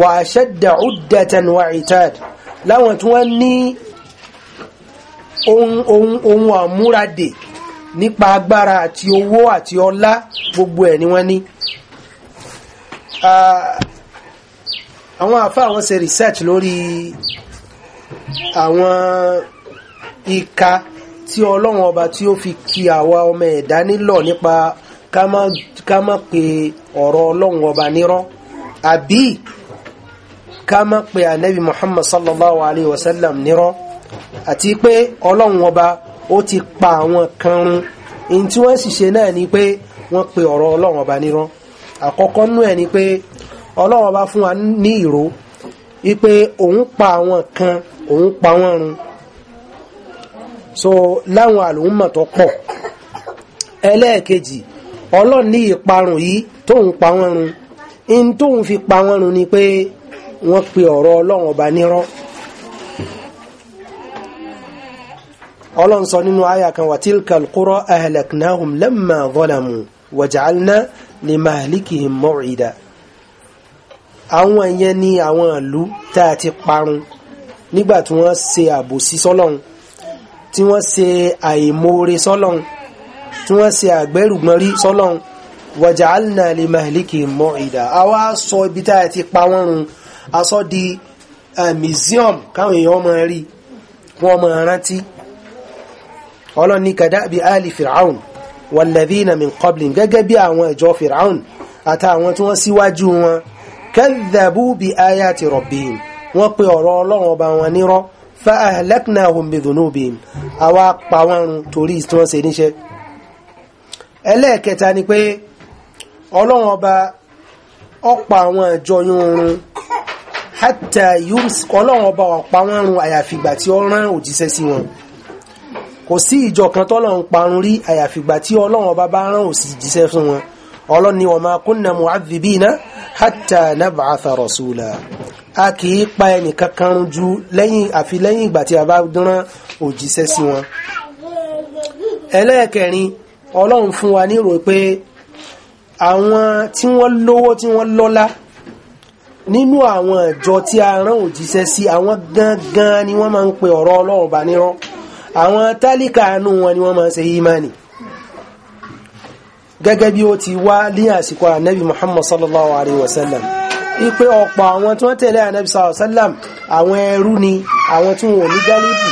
wa ashadda uddatan wa itad láwọn tí wọ́n ní ohun àmúradè nípa agbára àti owó àti ọlá gbogbo ẹ̀ ni wọ́n ní àwọn àfa àwọn ṣe research lórí àwọn ìka tí ọlọ́run ọba tí ó fi kì àwa ọmọ ẹ̀dá nílọ̀ nípa ká má pe ọ̀rọ̀ ọlọ́run ọba nírọ́ àbí ká má pe ànábì Muhammad sallallahu alayhi wa sallam nírọ́ àti pé ọlọ́run ọba ó ti pa àwọn kan run in tí wọ́n sì ṣe náà ni pé wọ́n pe ọ̀rọ̀ ọlọ́run ọba nírọ́ àkọ́kọ́ nú ẹ̀ ni pé ọlọ́run ọba fún wa ní ìró wípé òun pa àwọn kan òun pa wọ́n run so láwọn àlòmọ̀ tó pọ̀ ẹlẹ́ẹ̀kejì ọlọ́run ní ìparun yìí tóun pa wọ́n run in tóun fi pa wọ́n run ni pé wọ́n pe ọ̀rọ̀ ọlọ́run ọba nírọ́ ọlọ́run sọ nínú àyà kan wà tilkal qura ahlaknahum lamma zalamu wàjàlná li mahlikihim maw'ida àwọn yẹn ni àwọn ìlú tá a ti parun nígbà tí wọ́n ṣe àbòsí sọ́lọ́run tí wọ́n ṣe àìmoore sọ́lọ́run tí wọ́n ṣe àgbẹ́rùgbọ́nrí sọ́lọ́run wàjàlná li mahlikihim maw'ida àwa sọ ibi tá a ti pa wọ́n run a di eh, museum káwọn èèyàn máa rí wọ́n máa rántí ọlọ́run ní kadabi ali fir'aun walladhina min qablin gẹ́gẹ́ bí àwọn ìjọ fir'aun àtàwọn tí wọ́n síwájú wọn kadhabu bi ayati rabbihim wọ́n pe ọ̀rọ̀ ọlọ́run ọba wọn nírọ́ fa ahlaknahum bi dhunubihim àwa pa wọ́n run torí tí wọ́n ṣe níṣẹ́ ẹlẹ́ẹ̀kẹta ni pé ọlọ́run ọba ọ̀pọ̀ àwọn ìjọ yún run yums ọlọ́run ọba ọ̀pọ̀ àwọn run àyàfìgbà tí ó rán òjíṣẹ́ sí wọn kò sí ìjọ kan tọ́lọ́run parun rí àyàfi ìgbà tí ọlọ́run ọba bá rán òsì jíṣẹ́ fún wọn ọlọ́run ni wa ma kunna mu'adhibina hatta nab'atha rasula a kì í pa ẹnìkan kan ju lẹ́yìn àfi lẹ́yìn ìgbà tí a bá rán òjíṣẹ́ sí wọn ẹlẹ́ẹ̀kẹrin ọlọ́run fún wa nírò pé àwọn tí wọ́n lówó tí wọ́n lọ́lá nínú àwọn ìjọ tí a rán òjíṣẹ́ sí àwọn gangan ni wọ́n máa ń pe ọ̀rọ̀ ọlọ́run bá nírọ́ àwọn tálíkà àánú wọn ni wọ́n máa ṣe ìmáni gẹ́gẹ́ bí ó ti wá ní àsìkò ànábì muhammad sallallahu alayhi wa sallam ipe ọ̀pọ̀ àwọn tí wọ́n tẹ̀lé ànábì sallallahu alayhi wa sallam àwọn ẹrú ni àwọn tí wọn ní gálíbù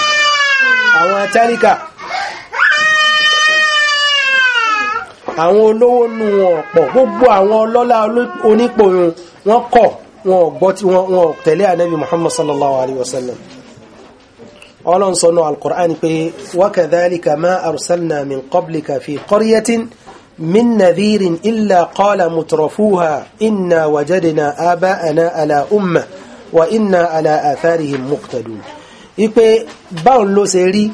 àwọn tálíkà àwọn olówó nu wọn ọ̀pọ̀ gbogbo àwọn ọlọ́lá onípòyun wọn kọ̀ wọn ò tí wọn tẹ̀lé ànábì muhammad sallallahu alayhi wa ọlọ́n sọ́nà alkùrán pé wákàdálíkà má arsalna min qablika fi qaryatin min nadhirin illa qala mutrafuha inna wajadna aba'ana ala umma wa inna ala atharihim muqtadun ipe báwọn ló ṣe rí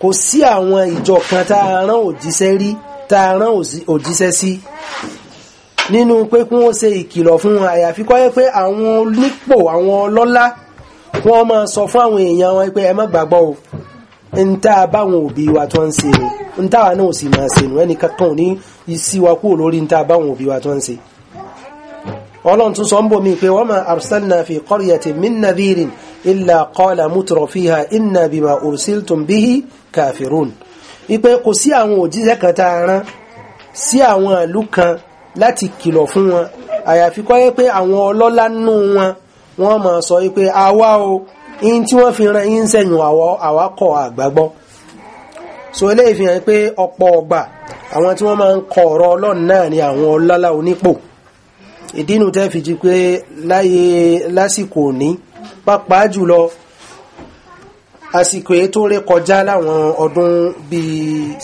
kò sí àwọn ìjọ kan tá a rán òjíṣẹ́ rí tá a rán òjíṣẹ́ sí nínú pé kí wọ́n ṣe ìkìlọ̀ fún àyàfi kó pé àwọn onípò àwọn ọlọ́lá wọ́n máa sọ fún àwọn èèyàn wọn pé ẹ má gbàgbọ́ o ń tá a báwọn òbí wa tó ń ṣe o ń táwa náà sì máa ṣe nù ẹnì kankan ò ní sí wa kúrò lórí ń tá báwọn òbí wa tó ń ṣe. ọlọ́run tún sọ ń bò mí pé wa ma arsalna fi qaryatin min nadhirin illa qala mutrafiha inna bima ursiltum bihi kafirun wípé kò sí àwọn òjíṣẹ́ kan tá a rán sí àwọn ìlú kan láti kìlọ̀ fún wọn àyàfi kọ́ yẹ pé àwọn ọlọ́lá nù wọn wọ́n máa sọ wípé àwa o in tí wọ́n fi ran in sẹ́yìn àwọ̀ àwa kọ̀ àgbàgbọ́ so eléyìí fi pé ọ̀pọ̀ ọgbà àwọn tí wọ́n máa ń kọ ọ̀rọ̀ ọlọ́run náà ni àwọn ọlọ́lá onípò ìdínú tẹ́ fi jí pé láyé lásìkò òní pàápàá jùlọ àsìkò èyí tó ré kọjá láwọn ọdún bíi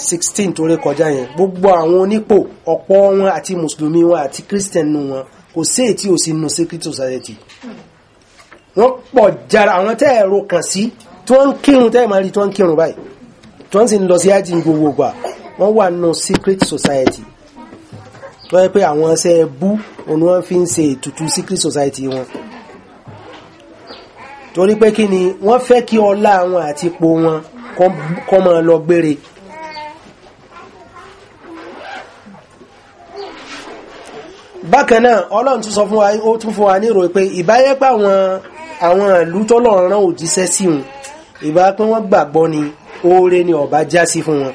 sixteen tó ré kọjá yẹn gbogbo àwọn onípò ọ̀pọ̀ wọn àti mùsùlùmí wọn àti kírísítẹ̀nù wọn kò sí èyí tí ò sí nù secret society wọ́n pọ̀ jara àwọn tẹ́ ẹ̀rọ kàn sí tí wọ́n ń kírun tẹ́ ẹ̀ máa rí tí wọ́n ń kírun báyìí tí wọ́n sì ń lọ sí ájì gbogbo gbà wọ́n wà nù secret society tó yẹ pé àwọn ẹsẹ̀ bú òun wọ́n fi ń ṣe ètùtù secret society wọn torí pé kí ni wọ́n fẹ́ kí ọlá wọn àti ipò wọn kọ́ máa lọ gbére. bákan náà ọlọ́run tún sọ fún wa ó tún fún wa ní ìròyìn pé ìbáyẹ́pẹ́ àwọn àwọn ìlú tọ́lọ́run rán òjíṣẹ́ sí wọn ìbá pé wọ́n gbàgbọ́ ni oore ni ọba já sí fún wọn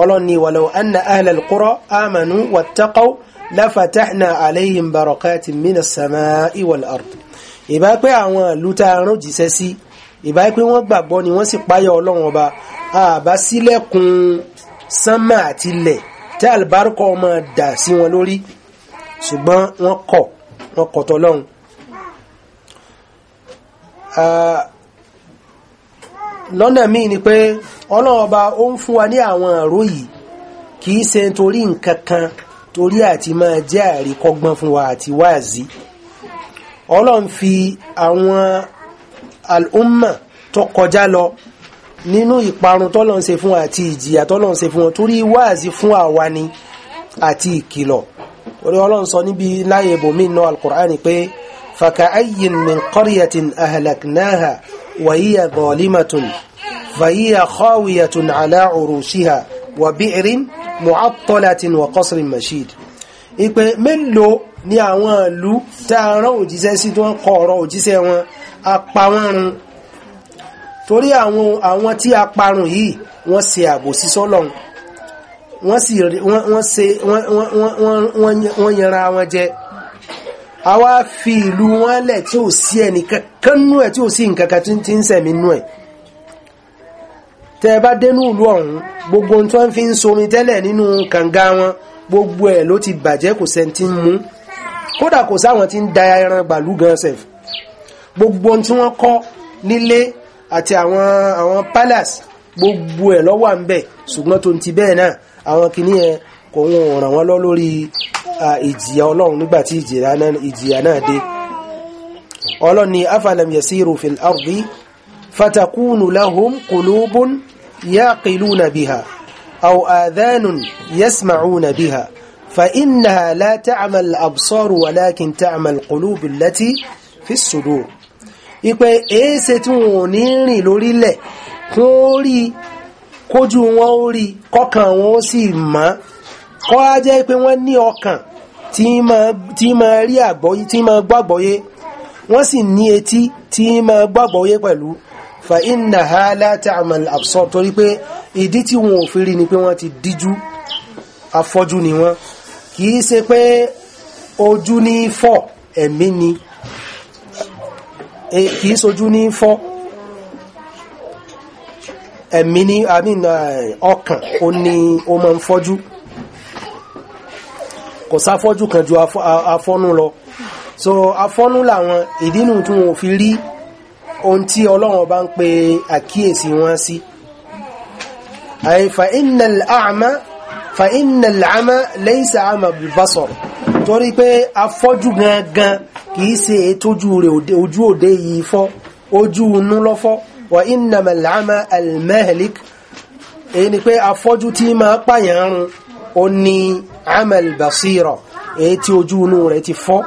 ọlọ́ni walau anna ahlal qura amanu wattaqaw lafatahna alayhim barakatin minas samaa'i wal ard ìbá pé àwọn ìlú tá a rán òjíṣẹ́ sí ìbá pé wọ́n gbàgbọ́ ni wọ́n sì páyà ọlọ́run ọba àbá sílẹ̀kùn sánmà àti ilẹ̀ tí àlùbáríkọ ọmọ dà sí wọn lórí ṣùgbọ́n wọ́n kọ̀ wọ́n kọ̀ tọ́lọ́run Eh, lọ́nà míì ni pé ọlọ́ọba ó ń fún wa ní àwọn àró yìí kì í ṣe torí nǹkan kan torí àti máa jẹ́ àríkọ́gbọ́n fún wa àti wáàzí ọlọ́run fi àwọn al'umma tó kọjá lọ nínú ìparun tọ́lọ́n ṣe fún àti ìjìyà tọ́lọ́n ṣe fún wọn torí wáàzí fún àwa ni àti ìkìlọ̀ orí ọlọ́run sọ níbi láyé ibòmí náà al pé فكأي من قرية أهلكناها وهي ظالمة فهي خاوية على عروشها وبئر معطلة وقصر مشيد ìpè mélòó ni àwọn ìlú tá a rán òjíṣẹ́ sí tí wọ́n kọ ọ̀rọ̀ òjíṣẹ́ wọn apawọ́run torí àwọn àwọn tí a parun yìí wọ́n ṣe àbòsí sọ́lọ́run wọ́n sì wọ́n ṣe wọ́n yanra wọn jẹ àwa fi ìlú wọn lẹ̀ tí ò sí ẹnì kankan nú ẹ̀ tí ò sí nǹkan kan tí ń sẹ̀mí nú ẹ̀ tẹ́ ẹ bá dénú ìlú ọ̀hún gbogbo tí wọ́n fi ń somi tẹ́lẹ̀ nínú kànga wọn gbogbo ẹ̀ ló ti bàjẹ́ kò sẹ́ni mú kódà kò sáwọn tí ń da ẹran gbàlú gan sẹ̀f gbogbo tí wọ́n kọ́ nílé àti àwọn àwọn palace gbogbo ẹ̀ lọ́wọ́ à ń bẹ̀ ṣùgbọ́n tó ń ti bẹ́ẹ̀ náà àwọn kìnìyẹn kò ń ràn wọ́n lọ lórí ìjìyà ọlọ́run nígbà tí ìjìyà náà dé ọlọ́run ni afalam yasiru fil ardi fatakunu lahum qulubun yaqiluna biha aw adhanun yasma'una biha فإنها لا تعمى الأبصار ولكن تعمى القلوب التي في الصدور ipe èése tí wọn ò ní rìn lórílẹ̀ kún rí kójú wọn ó rí kọ́kàn wọn ó sì mọ́ kọ́ á jẹ́ pé wọ́n ní ọkàn tí máa rí àgbọ́yé tí máa gbọ́ àgbọ́yé wọ́n sì ní etí tí máa gbọ́ àgbọ́yé pẹ̀lú fa inna ha la ta'mal absar torí pé ìdí tí wọn ò fi rí ni pé wọ́n ti díjú afọ́jú ni wọ́n kì í ṣe pé ojú ní fọ́ ẹ̀mí ni e, kì í ṣojú ní fọ́ ẹ̀mí ni i uh, ọkàn ó ní ó máa ń fọ́jú kò sáfọ́jú kan ju afọ́nú lọ so afọ́nú làwọn ìdínú tí wọn fi rí ohun tí ọlọ́run bá ń pe àkíyèsí wọn sí àyè fa innal a'ma fa innal 'ama laysa 'ama bil basar torí pé afọ́jú gangan kìí ṣe ètójú rẹ̀ ojú òde yìí fọ́ ojú inú lọ́fọ́ wa innamal 'ama al èyí ni pé afọ́jú tí máa pààyàn run ó ní amal basira èyí tí ojú inú rẹ̀ ti fọ́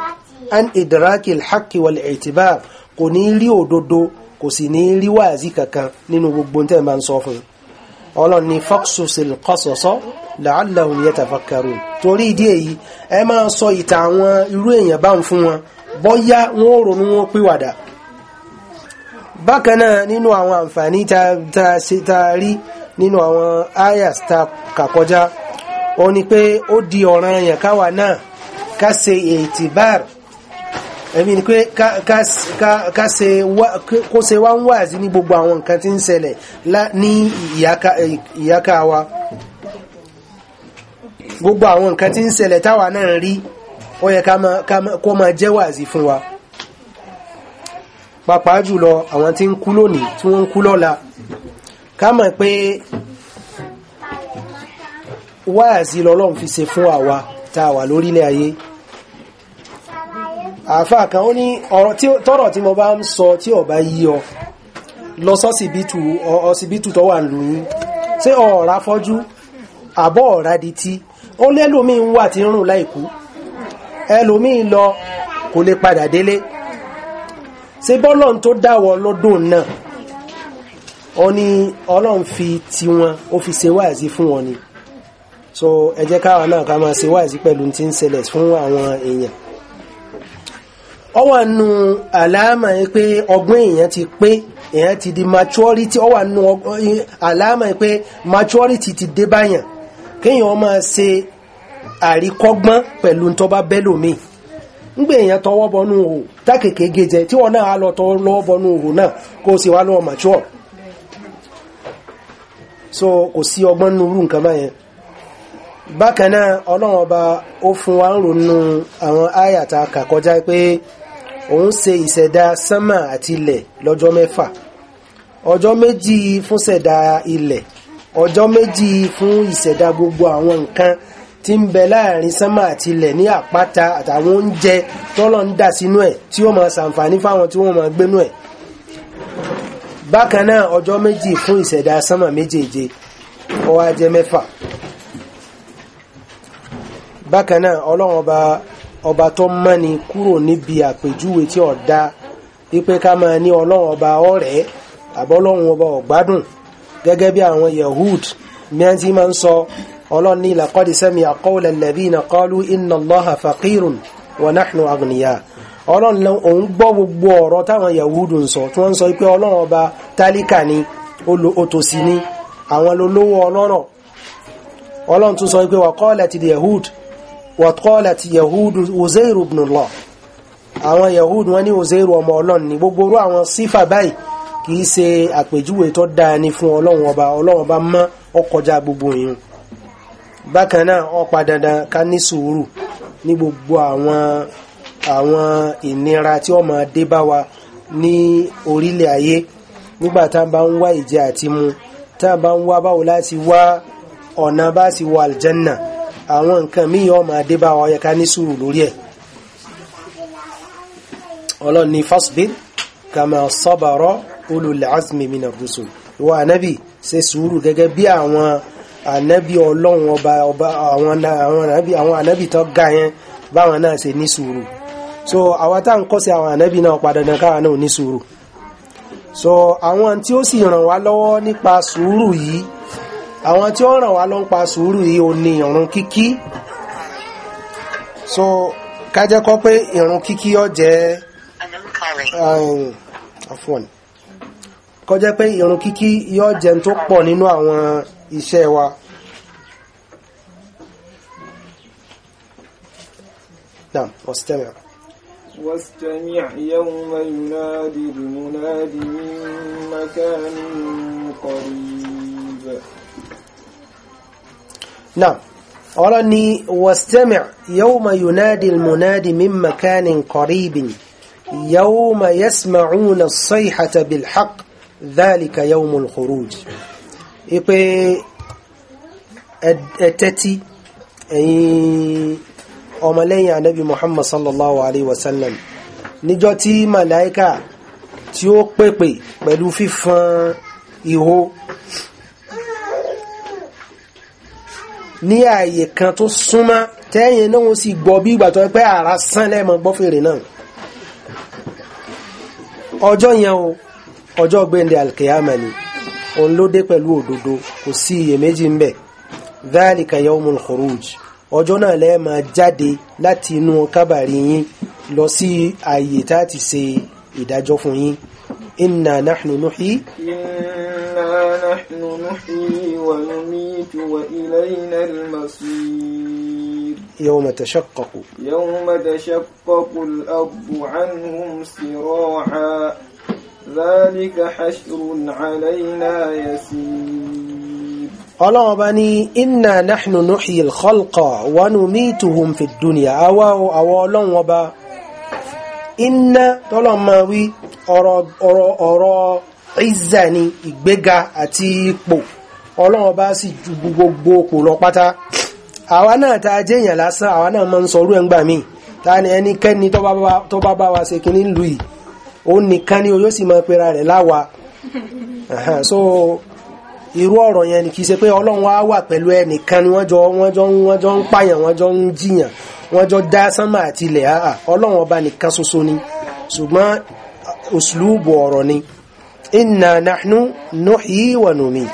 an idraki alhaki wal itibar kò ní rí òdodo kò sì ní rí wáàzí kankan nínú gbogbo tẹ́ máa ń sọ fún ọlọ́run ni faqsusil qasasa la'allahum yatafakkarun torí ìdí èyí ẹ máa sọ ìtàn àwọn irú èèyàn bá ń fún wọn bọ́yá wọn ò ronú wọn pìwàdà bákan náà nínú àwọn àǹfààní ta rí nínú àwọn ayas ta kàkọjá ó ní pé ó di ọ̀ràn yẹn káwa náà ká ṣe ètìbáàr ẹ̀mí ni pé ká ṣe kó ṣe wá ń wàásí ní gbogbo àwọn nǹkan tí ń ṣẹlẹ̀ ní ìyáká wa gbogbo àwọn nǹkan tí ń ṣẹlẹ̀ táwa náà rí ó yẹ kó máa jẹ́ wàásí fún wa pàápàá jùlọ àwọn tí ń kú lónìí tí wọ́n ń kú lọ́la ká mọ̀ pé wáàsí lọ́lọ́run fi ṣe fún àwa tá a wà lórílẹ̀ ayé àáfà kan ó ní ọ̀rọ̀ tọ́rọ̀ tí mo bá ń sọ tí ó bá yí ọ lọ sọ́sibítù ọsibítù tó wà lóyún ṣé ọ̀rá fọ́jú àbọ̀ ọ̀rá di tí ó lẹ́lòmíín wà tí ń rùn láìkú ẹlòmíín lọ kò lè padà délé ṣé bọ́lọ́n tó dáwọ́ lọ́dún náà ó ní ọlọ́run fi tiwọn ó fi ṣe wáàsí fún wọn ni so ẹ jẹ káwa náà ká máa ṣe wáìsí pẹ̀lú tí ń ṣẹlẹ̀ fún àwọn èèyàn ọ wà nù àlàámà yìí pé ọgbọ́n èèyàn ti pé èèyàn ti di maturity ọ wà nù àlàámà yìí pé maturity ti dé báyàn kéèyàn máa ṣe àríkọ́gbọ́n pẹ̀lú tó bá bẹ́ lómi ngbe èèyàn tọwọ́ bọnú òhò tákèké gejẹ tí wọn náà á lọ tọwọ́ bọnú òhò o sì wá mature so kò sí ọgbọ́n nínú irú nǹkan báyẹn bákanáà ọlọ́run ọba ó fún wa ń ronú àwọn àyàtà kà kọjá pé òun ṣe ìṣẹ̀dá sánmà àti ilẹ̀ lọ́jọ́ mẹ́fà ọjọ́ méjì fún ṣẹ̀dá ilẹ̀ ọjọ́ méjì fún ìṣẹ̀dá gbogbo àwọn nǹkan tí ń bẹ láàrin sánmà àti ilẹ̀ ní àpáta àtàwọn oúnjẹ tọ́lọ̀ ń dà sínú ẹ̀ tí ó máa ṣàǹfààní fáwọn tí wọ́n máa gbénú ẹ̀ bákan náà ọjọ́ méjì fún ìṣẹ̀dá sánmà méjèèje ó wá mẹ́fà bákan náà ọlọ́run ọba ọba tó mọ́ni kúrò níbi àpèjúwe tí ó dá wípé ká máa ní ọlọ́run ọba ọ̀rẹ́ àbọ́lọ́run ọba ọ̀gbádùn gẹ́gẹ́ bí àwọn yahud mìíràn tí máa ń sọ ọlọ́run ní laqad sami'a qawla alladhina qalu inna allaha faqirun wa nahnu aghniya ọlọ́run lọ òun gbọ́ gbogbo ọ̀rọ̀ táwọn yahudu ń sọ tí wọ́n ń sọ pé ọlọ́run ọba tálíkà ni òtòsí ni àwọn olówó ọlọ́rọ̀ ọlọ́run tún sọ pé wa qalat al yahud وقالت يهود وزير بن الله àwọn yahood wọ́n ní òzèrò ọmọ ọlọ́run ní gbogbo orú àwọn sífà báyìí kì í ṣe àpèjúwe tó dáa ní fún ọlọ́run ọba ọlọ́run ọba mọ́ ọkọjá gbogbo èèyàn bákan náà ó pa dandan ká ní sùúrù ní gbogbo àwọn àwọn ìnira tí ó máa dé bá wa ní orílẹ̀ ayé nígbà tá a bá ń wá ìjẹ àti mu tá a bá ń wá báwo láti wá ọ̀nà bá sì wọ àlìjẹ́nnà àwọn nǹkan míì ọmọ adébá wa yẹ ká ní sùúrù lórí ẹ̀ ọlọ́run ní fasbir kama sabara ulul azmi minar rusul ìwọ ànábì ṣe sùúrù gẹ́gẹ́ bí àwọn ànábì ọlọ́run ọba ọba àwọn ànábì tó ga yẹn báwọn náà ṣe ní sùúrù so àwọn tá à ń kọ́ sí àwọn ànábì náà padà dán káwọn náà ní sùúrù so àwọn tí ó sì ràn wá lọ́wọ́ nípa sùúrù yìí àwọn tí ó ràn wá ló ń pa sùúrù yìí ò ní ìrun kíkí so kájẹ́ kọ́ pé ìrun kíkí ó jẹ́ afọ́n kọjẹ́ pé ìrun kíkí yóò jẹ́ um, tó pọ̀ nínú àwọn iṣẹ́ wa واستمع واستمع يوم ينادي المنادي من مكان قريب náà ọ̀rọ̀ ni wastami' yawma yunadi al-munadi min makanin qaribin yawma yasma'una as-sayhata bil-haqq dhalika yawmul khuruj ipe ẹ̀tẹ́tí ẹ̀yin ọmọlẹ́yìn anabi muhammad sallallahu alayhi wa sallam níjọ́ tí màláíkà tí ó pèpè pẹ̀lú fífan ìhó ní ààyè kan tó súnmọ́ tẹ́yìn náà wọ́n sì gbọ́ bí ìgbà tó pẹ́ ara sán lẹ́mọ̀ gbọ́ fèrè náà ọjọ́ yẹn o ọjọ́ gbẹ̀ndẹ̀ alkiyama ni òun ló dé pẹ̀lú òdodo kò sí iyèméjì ń bẹ̀ dhalika yawmul khuruj ọjọ́ náà lẹ́ẹ̀ máa jáde láti inú kábàrí yín lọ sí ààyè tá a ti ṣe ìdájọ́ fún yín inna nahnu nuhi. inna nahnu nuhi. ونميت وإلينا المصير يوم تشقق يوم تشقق الأرض عنهم سراعا ذلك حشر علينا يسير قال بني إنا نحن نحيي الخلق ونميتهم في الدنيا أوا أو وبا إن طلماوي أرى أرى أرى عزاني إبقى أتيبو ọlọ́run bá sì ju gbogbo òpò lọ pátá àwa náà tá a jẹ́yàn lásán àwa náà máa ń sọ orú ẹ̀ ń gbà míì ta ni ẹnikẹ́ni tó bá bá wa ṣe kínní lù yìí ó nìkan ni yóò sì máa pera rẹ̀ láwa so irú ọ̀rọ̀ yẹn ni kì í ṣe pé ọlọ́run wá wà pẹ̀lú ẹnìkan ni wọ́n jọ wọ́n jọ wọ́n jọ ń pààyàn wọ́n jọ ń jiyàn wọ́n jọ dá sánmà àti ilẹ̀ àà ọlọ́run ọba nìkan ṣoṣo ni ṣùgbọ́n òṣùlùbù ọ̀rọ̀ ni inna nahnu nuhyi wa numit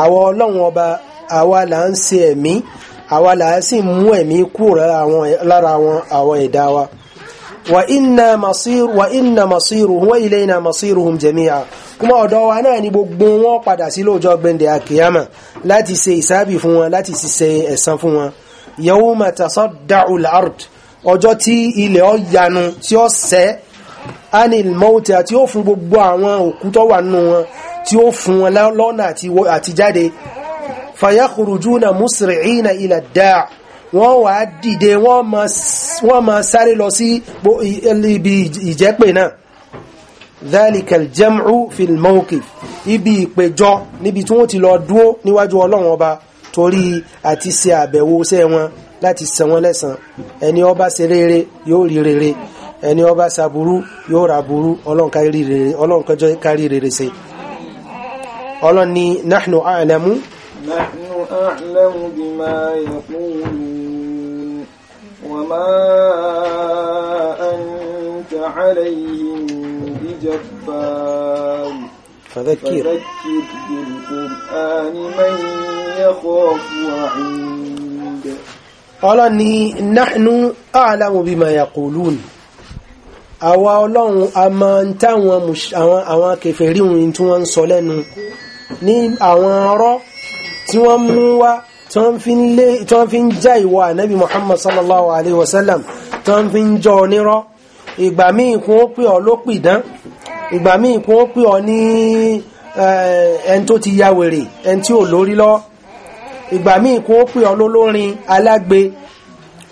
àwa ọlọ́run ọba àwa là ń ṣe ẹ̀mí àwa là á sì mú ẹ̀mí kúrò lára àwọn àwọn ẹ̀dá wa wa inna masir wa inna masiruhum wa ilayna masiruhum jami'a kuma ọ̀dọ̀ wa náà ni gbogbo wọn padà sí lọ́jọ́ gbẹ̀ndẹ̀ àkìyàmà láti ṣe ìsáàbì fún wọn láti ṣe ẹ̀san fún wọn yawma tasadda'u al-ard ọjọ́ tí ilẹ̀ ó yanu tí ó sẹ́ anil mawta tí ó fún gbogbo àwọn òkú wà nínú wọn tí ó fún wọn lọ́nà àti jáde fayakurujuna musri'ina ila da' wọ́n wà dìde wọ́n ma sáré lọ sí ibi ìjẹ́pè náà dhalika aljam'u fil mawqif ibi ìpèjọ níbi tí wọ́n ti lọ dúó níwájú ọlọ́run ọba torí àti ṣe àbẹ̀wò ṣẹ́ wọn láti san wọ́n lẹ́san ẹni ó bá rere yóò rí rere ẹni ó bá yóò raburú ọlọ́run kárí rere ọlọ́run kẹjọ kárí rere ṣe ọlọ́ni nahnu a'lamu nahnu a'lamu bima yaqulun wa ma anta alayhim bijabbar فذكر فذكر بالقرآن من يخاف وعيد ọlọ́ni nahnu a'lamu bima yaqulun àwa ọlọ́run a máa ń táwọn àwọn kèfèrí ohun tí wọ́n ń sọ lẹ́nu ní àwọn ọ̀rọ̀ tí wọ́n mú wá tí wọ́n fi ń já ìwọ ànábì Muhammad sallallahu alayhi wa sallam tí wọ́n fi ń jọ onírọ́ ìgbà míì kún ó pè ọ́ ló pìdán ìgbà míì kún ó pè ọ́ ní ẹni tó ti ya wèrè ẹni tí ò lórí lọ ìgbà míì ó pè ọ́ lólórin alágbe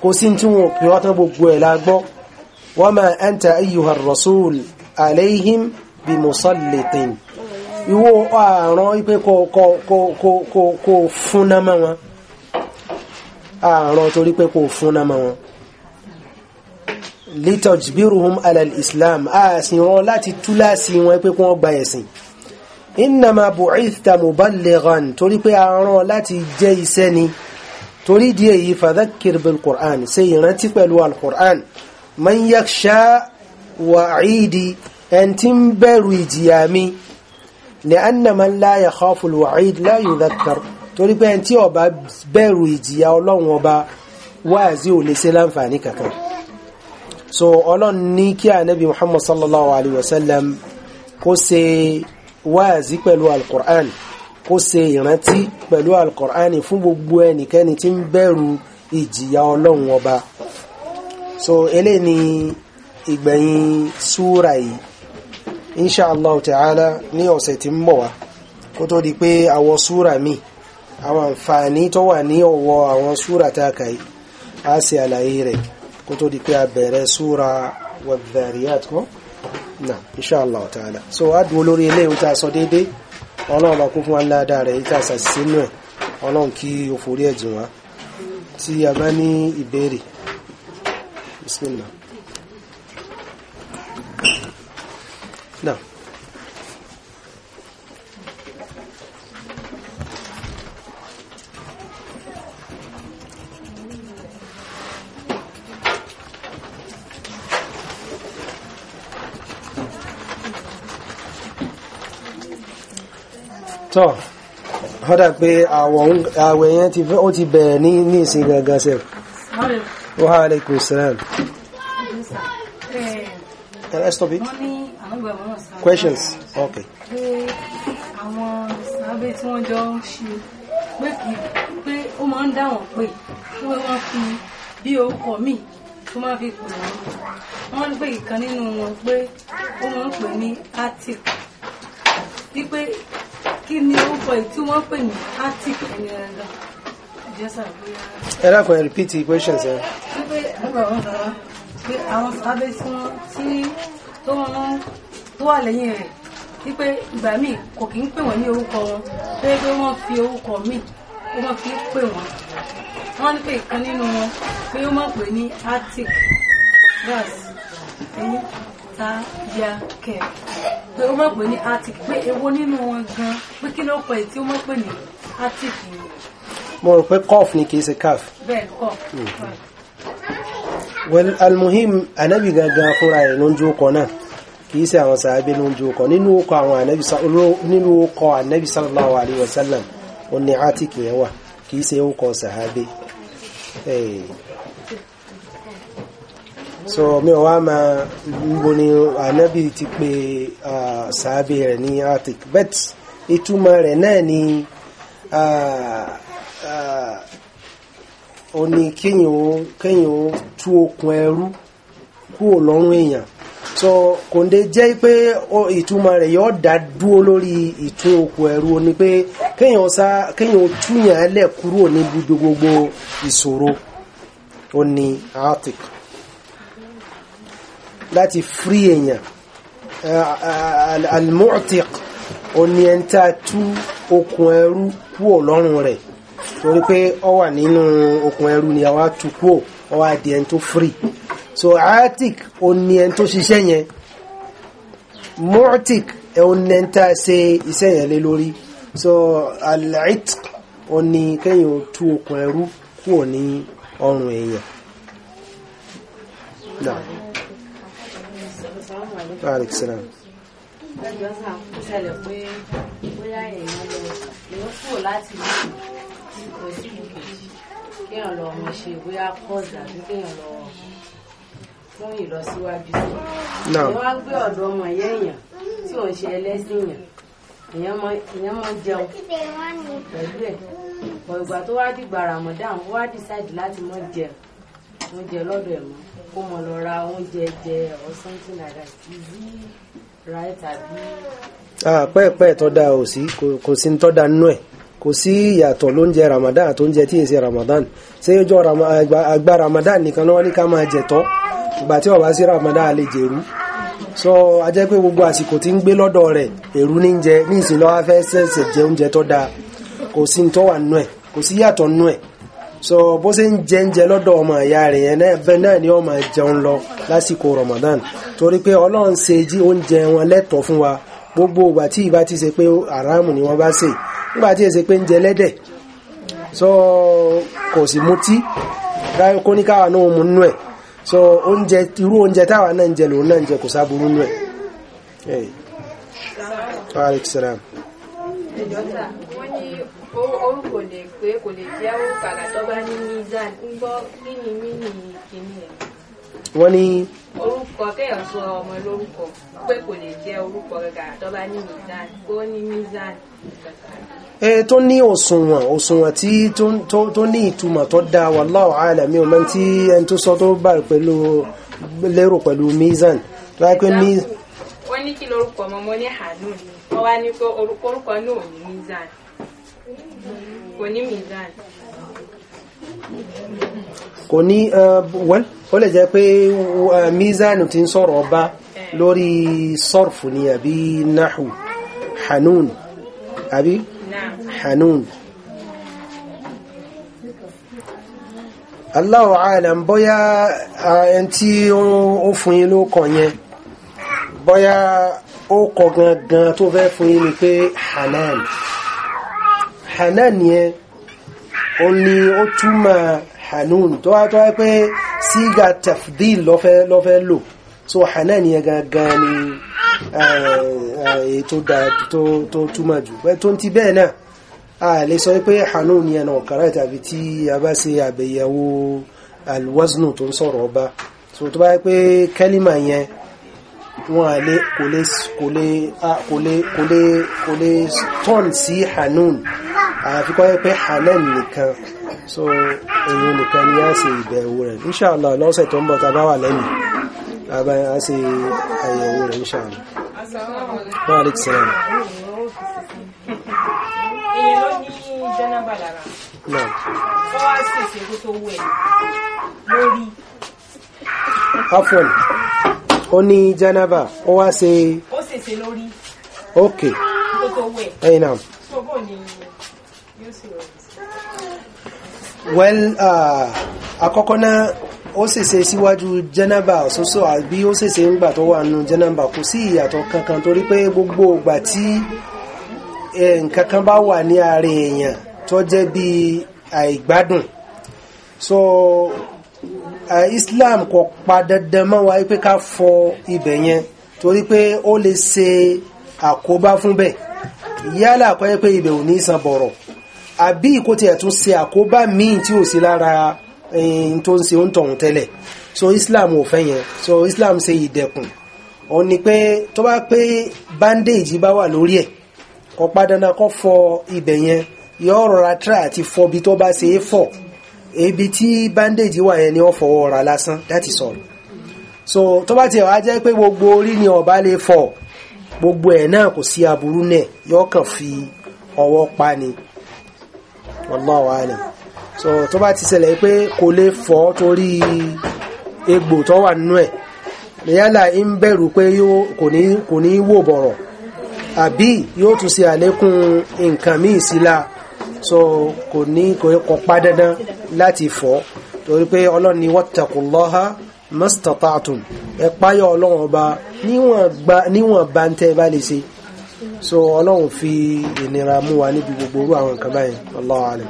kò sí tí wọn ò pè ọ́ tán gbogbo ẹ̀ la gbọ́ wa ma anta ayyuhar rasul alayhim bimusallitin ìwọ àrán ipé kò kò kò kò kò kò fúnná mọ́ wọn àrán torí pé kò fúnná mọ́ wọn litajbiruhum ala al-islam a sì rán láti túláàsì wọn pé kí wọ́n gba ẹ̀sìn innama bu'ithta muballighan torí pé a rán láti jẹ́ iṣẹ́ ni torí díẹ̀ yìí fadhakkir bil qur'an ṣe ìrántí pẹ̀lú man yakhsha wa'idi ẹni tí ń bẹ̀rù لأن من لا يخاف الوعيد لا يذكر torí pé ẹni tí ó bá bẹ̀rù ìjìyà ọlọ́run ọba wáàzí ò lè ṣe láǹfààní kankan so ọlọ́run ní kí ànábì muhammad sallallahu alaihi wasallam kó ṣe wáàzí pẹ̀lú alkur'an kó ṣe ìrántí pẹ̀lú alkur'an fún gbogbo ẹnikẹ́ni tí ń bẹ̀rù ìjìyà ọlọ́run ọba so eléyìí ni ìgbẹ̀yìn súra yìí insha allah ta'ala ní ọ̀sẹ̀ tí ń bọ̀ wá kó tó di pé àwọn súra mi àwọn àǹfààní tó wà ní ọwọ́ àwọn súra tá a kà yìí a ṣe àlàyé rẹ̀ kó tó di pé a bẹ̀rẹ̀ súra wadh-dhariyat kọ́ náà insha allah ta'ala ní ìbéèrè bismillah. نعم tọ́ ọ́dá pé àwẹ̀ yẹn ti bẹ̀ẹ̀ ní ìsìn gangan sẹ́f wa alaikum salam Can I stop it? Questions? Okay. bí orúkọ míì tó máa fi pè wọ́n. Wọ́n ń ìkan nínú wọn pé ó máa ń pè ní Arctic. Wípé kí ni orúkọ yìí tí wọ́n pè ní Arctic ẹni ẹ̀rọ? Ẹ dákun ẹ repeat the questions ẹ. Wípé ẹgbẹ̀rún kan pé àwọn sábẹ́ tí wọ́n tí tó wọ́n tó wà lẹ́yìn rẹ̀ wípé ìgbà míì kò kí ń pè wọ́n ní orúkọ wọn pé pé wọ́n fi orúkọ míì ó máa fi pè wọ́n wọ́n ní pé ìkan nínú wọn pé ó máa pè ní arctic gas ẹni ta ya kẹ pé ó máa pè ní arctic pé èwo nínú wọn gan pé kí ló pẹ̀ tí ó máa pè ní arctic mo rò pé cough ni kì í ṣe calf. bẹ́ẹ̀ cough. Hmm almuhim anabi gangan fúnra ẹ̀ ló ń jó kọ náà kìí ṣe àwọn sàábé ló ń jó kọ nínú ọkọ̀ àwọn anabi nínú ọkọ̀ anabi sallallahu alayhi wa sallam ó ní átíkì yẹn kìí ṣe ọkọ̀ sàábé so mi ò wá máa ń bo ni anabi ti pe sàábé rẹ̀ ní átíkì bẹ́ẹ̀ ìtumọ̀ rẹ̀ náà ni ó ní kéèyàn ó kéèyàn ó tú okùn ẹrú kúrò lọ́rùn èèyàn so kò ń dé jẹ́ pé ìtumọ̀ rẹ̀ yóò dá dúró lórí ìtún okùn ẹrú ó ní pé kéèyàn sá kéèyàn ó túyàn lẹ̀ kúrò níbi gbogbo ìṣòro ó ní arctic láti free èèyàn al-mu'tiq ó ní ẹni tá a tú okùn ẹrú kúrò lọ́rùn rẹ̀ torí pé ọ wà nínú okùn ẹrú ni àwa tú kúò ọ wà di ẹni tó free so atik ò ní ẹni tó ṣiṣẹ́ yẹn mu'tik ẹ ò ní ẹni tá a ṣe iṣẹ́ yẹn lé lórí so al-itq ò ní kẹ́yìn tú okùn ẹrú kúò ní ọrùn èèyàn. Naam. Aleykum salaam lẹ́yìn ọ̀sán àkókò ṣẹlẹ̀ pé bóyá èèyàn lọ èèyàn kúrò láti ìlú kéèyàn lọ ọmọ ṣe bóyá pọ́ọ̀sì àti kéèyàn lọ fún ìlọsíwájú sí i ìyẹn wá gbé ọ̀dọ̀ ọmọ ìyá èèyàn tí òun ṣe ẹlẹ́sìn èèyàn èèyàn mọ jẹun pẹ̀lú ẹ̀ ọ̀ ìgbà tó wá dìgbà ramadan ó wá dìsáìdì láti mọ jẹ oúnjẹ lọ́dọ̀ ẹ̀ mọ́ kó mọ lọ ra oúnjẹ jẹ or something like that easy right tàbí. Ah, pẹ́ẹ̀pẹ́ẹ̀ tọ́ da ò kò sí ní tọ́ da nínú ẹ̀ kò sí ìyàtọ̀ lóúnjẹ ramadan àtóúnjẹ tí èsì ramadan ṣé ọjọ́ àgbà ramadan nìkan náà ní ká máa jẹ̀tọ́ ìgbà tí ó sí ramadan a jẹ̀rú so a jẹ́ pé gbogbo àsìkò tí ń gbé lọ́dọ̀ rẹ̀ èrú ní jẹ ní ìsìn lọ́wọ́ fẹ́ ṣẹ̀ṣẹ̀ jẹ oúnjẹ tó dáa kò sí tó wà nú ẹ̀ kò sí yàtọ̀ nú ẹ̀ so bó ṣe ń jẹ oúnjẹ lọ́dọ̀ ọmọ ìyá rẹ̀ yẹn bẹ́ẹ̀ náà ni ó máa jẹun lọ lásìkò ramadan torí pé ọlọ́run ṣe jí oúnjẹ wọn lẹ́tọ̀ọ́ fún wa gbogbo ìgbà tí ìbá ti ṣe pé àràmù ni wọ́n bá ṣe nígbà tí èsè pé ń jẹ lẹ́dẹ̀ so kò sì mutí kó ní káwa náà mú nú ẹ̀ so oúnjẹ irú oúnjẹ táwa náà ń jẹ lòun náà ń jẹ kò sáburú nú ẹ̀ ẹ̀ alexander orúkọ lè pé kò lè jẹ́ òkàlà tó bá ní mizan ń gbọ́ kí ni mí nìyí kìíní ẹ̀ wọ́n ní. orúkọ kéèyàn sọ ọmọ lórúkọ pé kò lè jẹ́ orúkọ gàgà tó bá ní mizan kó ní mizan ẹ tó ní òṣùwọ̀n òṣùwọ̀n tí tó ní ìtumọ̀ tó dáa mi ò mọ̀ tí ẹni tó sọ tó bá pẹ̀lú lérò pẹ̀lú mizan tó wọ́n ní ọmọ ní hanun wọ́n wá ní mizan kò mizan. kò ní wẹ́l ó lè jẹ́ pé mizanu ti ń sọ̀rọ̀ ọba lórí sọ́rfù ni àbí nahu hanun àbí hanun Allahu alam bóyá ẹn tí ó fún yín ló kọ̀ yẹn bóyá ó kọ gangan tó fẹ́ fún yín ni pé hanan hanan yẹn ó ní ó túmọ̀ hanun tó wá tó wá pé síga tafdil lọ́fẹ́ lò so hanan yẹn gangan ni èyí tó da tó túmọ̀ jù pé tó ń ti bẹ́ẹ̀ náà a lè sọ pé hanun yẹn náà kàrà tàbí tí a bá ṣe àbẹ̀yẹ̀wò alwaznu tó ń sọ̀rọ̀ ọba so tó bá yẹ pé kẹ́límà yẹn wọn lè kò lè kò lè kò lè kò lè kò lè tọ́n sí hanun àyàfi kọ́ pé hanan nìkan so èyàn nìkan ni a ṣe ìbẹ̀wò rẹ̀ inṣàlá lọ́sẹ̀ tó ń bọ̀ tàbá wà lẹ́nu àbá a ṣe àyẹ̀wò rẹ̀ inṣàlá wọ́n alẹ́ ti sẹ́yìn. èyàn ló ní ó ní janaba ó wá ṣe. ó ṣèṣe lórí. ok. kó tó wẹ̀. ẹyin náà. tó bò yóò ṣe rẹ̀. well àkọ́kọ́ uh, náà ó ṣèṣe síwájú janaba ṣoṣo àbí ó ṣèṣe ńgbà tó wà nù janaba kò sí ìyàtọ̀ kankan torí pé gbogbo ìgbà tí nǹkan kan bá wà ní ààrẹ èèyàn tó jẹ́ bí àìgbádùn so Islam kò pa dandan mọ́ wa pé ká fọ ibẹ̀ yẹn torí pé ó lè ṣe àkóbá fún bẹ́ẹ̀ yálà kò yẹ pé ibẹ̀ ò ní san bọ̀rọ̀ àbí kò tiẹ̀ tún ṣe àkóbá míì tí ò sí lára tó ń ṣe ń tọ̀hún tẹ́lẹ̀ so Islam ò fẹ́ yẹn so Islam ṣe ìdẹ̀kùn òun ni pé tó bá pé bandage bá wà lórí ẹ̀ kò pa dandan kó fọ ibẹ̀ yẹn yọ rọra tra àti fọ tó bá ṣe é fọ ebi tí bandage wà yẹn ni wọ́n fọwọ́ ra lásán that is all so tó bá tiẹ̀ wá jẹ́ pé gbogbo orí ni ọba lè fọ gbogbo ẹ̀ náà kò sí aburú náà yóò kàn fi ọwọ́ pa ni wallahu alam so tó bá ti ṣẹlẹ̀ pé kò lè fọ torí egbò tó wà nínú ẹ̀ yálà ń bẹ̀rù pé kò ní wò bọ̀rọ̀ àbí yóò tún ṣe àlékún nǹkan míì sí la so kò ní kò pa dandan láti fọ̀ torí pé ọlọ́run ni wattaqullaha mastata'tum ẹ páyọ̀ ọlọ́run ọba níwọ̀n bá ń tẹ́ bá lè ṣe so ọlọ́run fi ìnira mú wa níbi gbogbo orú àwọn nǹkan báyìí Allahu alam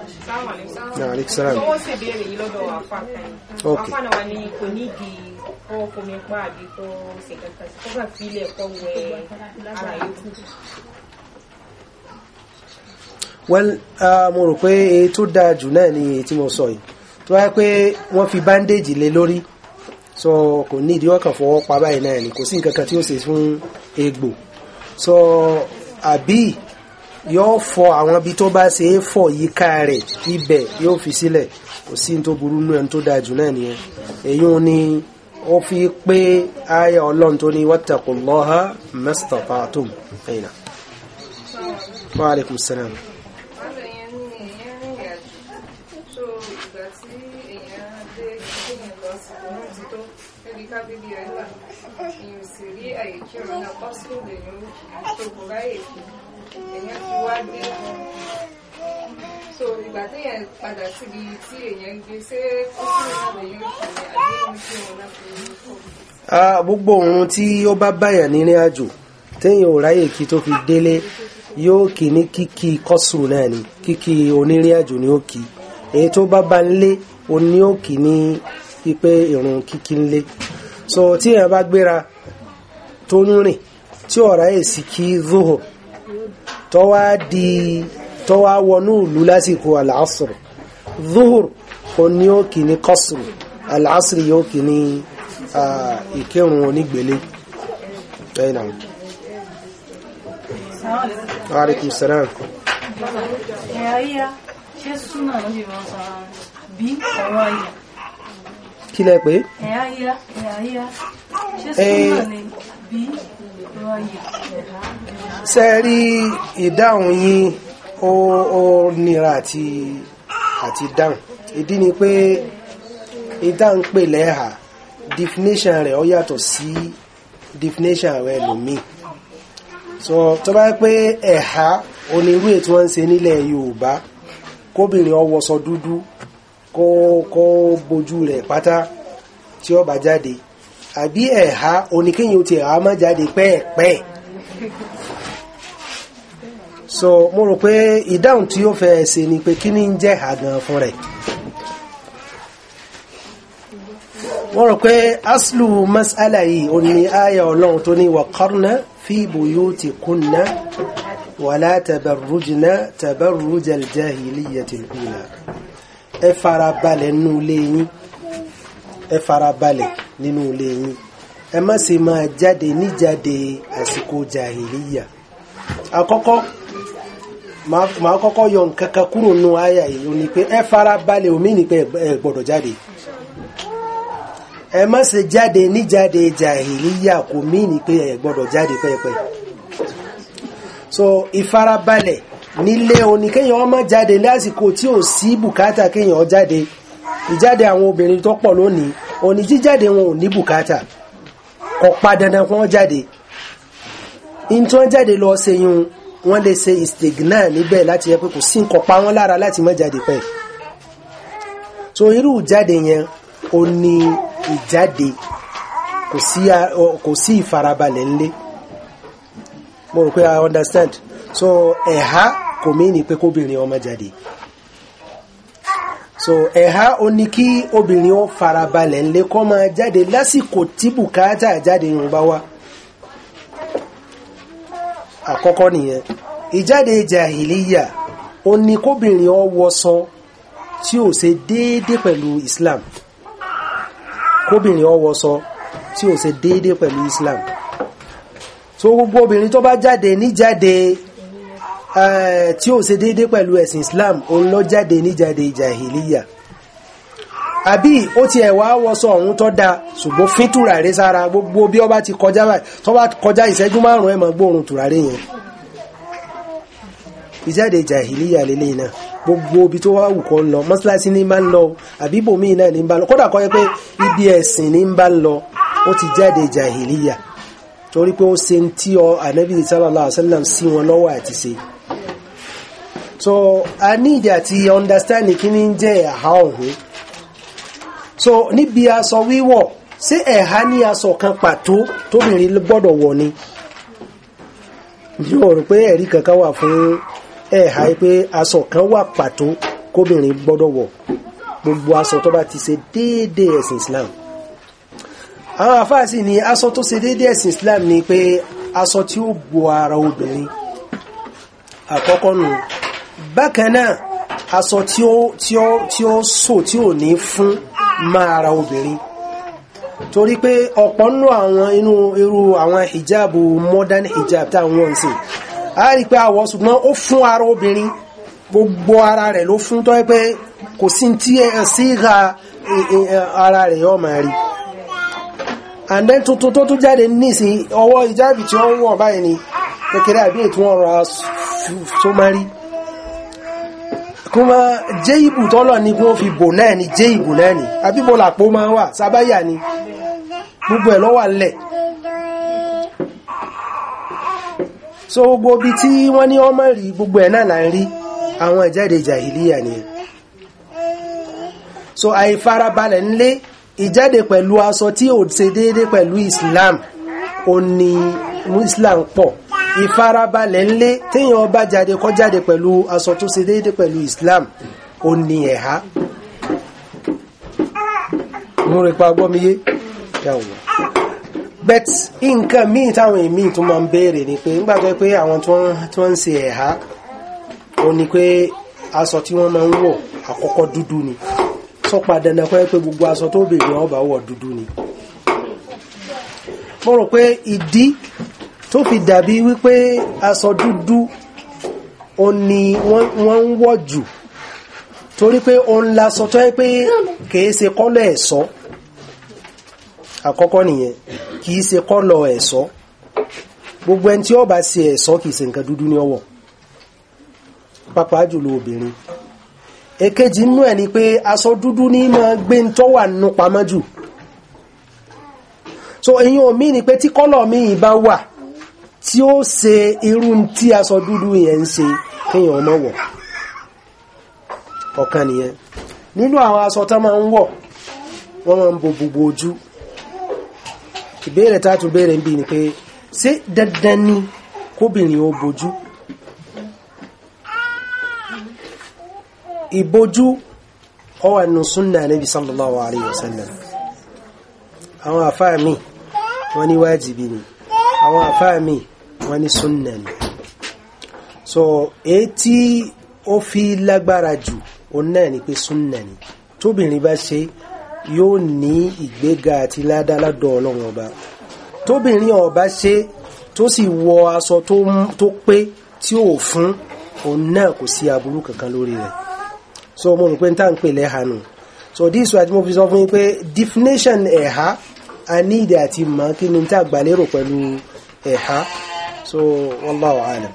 well uh, mo rò pé èyí tó dáa jù náà ni èyí tí mo sọ yìí tó wáyé pé wọ́n fi bandage lé lórí so kò ní ìdíwọ́ kan fọwọ́ pa báyìí náà ni kò sí nǹkan kan tí ó ṣe fún egbò so àbí yóò fọ àwọn ibi tó bá ṣe é fọ yíká rẹ̀ ibẹ̀ yóò fi sílẹ̀ kò sí ní tó burú nú ẹni tó dáa jù náà nìyẹn èyí ni ó fi pé àyà ọlọ́run tó ní wattaqullaha mastata'tum ẹ̀yìn náà. wa alaikum salam. fẹ́ràn náà pọ́sìlù èèyàn àtòkù báyìí èèyàn ti so ibatnya téèyàn padà síbi tí èèyàn gbé ṣé pọ́sìlù náà lèèyàn kì í àbí ohun tí wọn náà fi ń kọ́. gbogbo ohun tí ó bá báyàn nírìn àjò téèyàn ò ráyè kí tó fi délé yóò kì ní kíkí kọ́sùrù náà ni kíkí onírìn àjò ni ó kì èyí tó bá bá ń lé oní òkì ní pípé ìrùn kíkí ń so tí èèyàn bá gbéra tó ń rìn tí ọ̀rá èsì kí zoho tọ́wá di tọ́wá wọnú ìlú lásìkò aláàsùrù zohor kò ní ó kì ní kọ́sùrù aláàsùrù yóò kì ní ìkírun onígbélé ẹ̀nà alaikum salam kí lẹ pé ẹ̀yà ẹ̀yà ẹ̀yà ṣe eh, rí ìdáhùn yín ó nira àti àti dáhùn ìdí ni pé ìdáhùn pè lẹ́hà definition rẹ̀ ó yàtọ̀ sí definition rẹ̀ lòmíì so tó bá pé ẹ̀há onírú ètò wọn ń ṣe nílẹ̀ Yorùbá kóbìnrin ó wọṣọ dúdú kó kó bojú rẹ̀ pátá tí ó bá jáde àbí ẹ̀há oníkéyìn ti ẹ̀há má jáde pẹ́ẹ̀pẹ́ so mo rò pé ìdáhùn tí ó fẹ́ ṣe ni pé kí ní ń jẹ́ ẹ̀há gan fún rẹ̀ wọ́n rò pé aslu mas'ala yìí ó ní ayà ọlọ́run tó ní waqarna fi buyutikunna wala tabarrujna tabarrujal jahiliyyatil ula ẹ farabalẹ̀ nulẹ̀ yín ẹ farabalẹ̀ nínú ilé yín ẹ má ṣe máa jáde níjáde àsìkò jàhìlíyà àkọ́kọ́ màá kọ́kọ́ yọ nǹkan kan kúrò nínú àyà yìí ó ní pé ẹ fara balẹ̀ omi ní pé ẹ gbọ́dọ̀ jáde ẹ má ṣe jáde níjáde jàhìlíyà kò mí ní pé ẹ gbọ́dọ̀ jáde pẹ́ẹ́pẹ́ so ìfarabalẹ̀ nílé oníkéyàn ọmọ jáde lásìkò tí ò sí bùkátà kéyàn jáde. Si ìjáde àwọn obìnrin tó pọ̀ lónìí òní jíjáde wọn ò ní bùkátà kò pa dandan kí wọ́n jáde in tí wọ́n jáde lọ ṣe yun wọ́n lè ṣe ìsìtègì náà níbẹ̀ láti yẹ pé kò sí nǹkan pa wọ́n lára láti má jáde pẹ́ so irú ìjáde yẹn ó ní ìjáde kò sí ìfarabalẹ̀ ńlẹ̀ mo rò pé i understand so ẹ̀há kò mí ní pé kóbìnrin ọmọ jáde so ẹ̀há ó ní kí obìnrin ó farabalẹ̀ ńlẹ̀ kó máa jáde lásìkò tí bùkátà jáde yóò bá wá àkọ́kọ́ nìyẹn ìjáde jahiliya ó ní kóbìnrin ó wọṣọ tí ó ṣe déédé pẹ̀lú Islam kóbìnrin ó wọṣọ tí ó ṣe déédé pẹ̀lú Islam so gbogbo obìnrin tó bá jáde ní Eh, tí ó ṣe déédé pẹ̀lú ẹ̀sìn Islam òun lọ jáde níjáde jahiliya àbí ó ti ẹ̀wà wọṣọ ọ̀hún tó da ṣùgbọ́n fín tùràrí sára gbogbo bí ó bá ti kọjá tó bá kọjá ìṣẹ́jú márùn-ún ẹ máa gbóòórùn tùràrí yẹn ìjáde jahiliya lélẹ́yìn náà gbogbo ibi tó wá wù kó lọ mọ́sálásí ní máa ń lọ àbí ibòmíì náà ní ń bá lọ kódà kọ́ yẹ pé ibi ẹ̀sìn ní ń bá lọ ó ti jáde jahiliya torí pé ó ṣe ń tí ọ ànábì sallallahu alaihi sí wọn lọ́wọ́ àti ṣe so a need àti understand kíní ń jẹ́ ẹ̀há ọ̀hún so níbi aṣọ wíwọ̀ ṣé ẹ̀há ní aṣọ kan pàtó tóbìnrin gbọ́dọ̀ wọ̀ ni mi ò rò pé ẹ̀rí kankan wà fún ẹ̀há pé aṣọ kan wà pàtó kóbìnrin gbọ́dọ̀ wọ̀ gbogbo aṣọ tó bá ti ṣe déédéé ẹ̀sìn Islam àwọn àfáàsì ni aṣọ tó ṣe déédéé ẹ̀sìn Islam ni pé aṣọ tí ó bo ara obìnrin àkọ́kọ́ nù bákan náà aṣọ tí ó tí ó tí ó sò tí ò ní fún máa ara obìnrin torí pé ọ̀pọ̀ nínú àwọn inú irú àwọn hijab modern hijab táwọn wọ́n ń sìn a rí pé àwọ̀ ṣùgbọ́n ó fún ara obìnrin gbogbo ara rẹ̀ ló fún tọ́ pé kò sí tí ẹ̀ eh, sí ìhà eh, eh, ara rẹ̀ yóò máa rí and then tuntun tó tún jáde nísìn ọwọ́ hijabi tí wọ́n wọ̀ báyìí ni kékeré àbí ètò wọn rọra tó máa rí kúmọ́ jẹ́ ìbù tọ́lọ̀ ní kí wọ́n fi bò náà ni jẹ́ ìbù náà ni àbíbò làpò máa wà sábáyà ni gbogbo ẹ̀ lọ́wà lẹ̀ so gbogbo bí tí wọ́n ní ọmọ rí gbogbo ẹ̀ náà là rí àwọn ìjáde jàhìlíyà ni so àìfarabalẹ̀ ńlé ìjáde pẹ̀lú aṣọ tí ò ṣe déédé pẹ̀lú Islam ò ní Islam pọ̀ ìfarabalẹ̀ ńlé téèyàn bá jáde kó jáde pẹ̀lú aṣọ tó ṣe déédé pẹ̀lú Islam ó ní ẹ̀há mú rí pa gbọ́míyé yàwó bet nǹkan míì táwọn èmì tó máa ń béèrè ni pé nígbà tó pé àwọn tí wọ́n ń ṣe ẹ̀há ó ní pé aṣọ tí wọ́n máa ń wọ̀ àkọ́kọ́ dúdú ni tó padà náà pé gbogbo aṣọ tó béèrè wọn bá wọ̀ dúdú ni mo rò pé ìdí tó fi dàbí wípé aṣọ dúdú ó ní wọ́n ń wọ̀ jù torí pé òun lasọ tó yẹ pé kìí ṣe kọ́lọ̀ ẹ̀ṣọ́ àkọ́kọ́ nìyẹn kìí ṣe kọ́lọ̀ ẹ̀ṣọ́ gbogbo ẹni tí ó bá ṣe ẹ̀ṣọ́ kìí ṣe nǹkan dúdú ní ọwọ́ pàápàá jùlọ obìnrin èkejì nínú ẹ̀ ni pé aṣọ dúdú ní máa gbé ń tọ́ wà nínú pamọ́ jù so èyí omi ni pé tí kọ́lọ̀ mi bá wà tí ó ṣe irú tí aṣọ dúdú yẹn ń ṣe kéèyàn ọmọ wọ̀ ọ̀kan nìyẹn nínú àwọn aṣọ tá máa ń wọ̀ wọ́n máa ń bo gbogbo ojú ìbéèrè tá tún béèrè ń bi ni pé ṣé dandan ni kóbìnrin ó bojú ìbojú ó wà nínú súnnà Nábì sallallahu alayhi wa sallam àwọn àfáà mi wọ́n ní wájìbí ni àwọn àfáà mi wọ́n ní súnnà ni so èyí tí ó fi lágbára jù òun náà ni pé súnnà ni tóbìnrin bá ṣe yóò ní ìgbéga àti ládáládọ̀ ọlọ́run ọba tóbìnrin ọba ṣe tó sì wọ aṣọ tó pé tí ò fún òun náà kò sí aburú kankan lórí rẹ̀ so mo rò pé n tá n pè lẹ́hànú so this way mo fi sọ fún yín pé definition ẹ̀há a ní ìdí àti mọ̀ kí ni tá a lérò pẹ̀lú ẹ̀há. Eh, so wallahu alam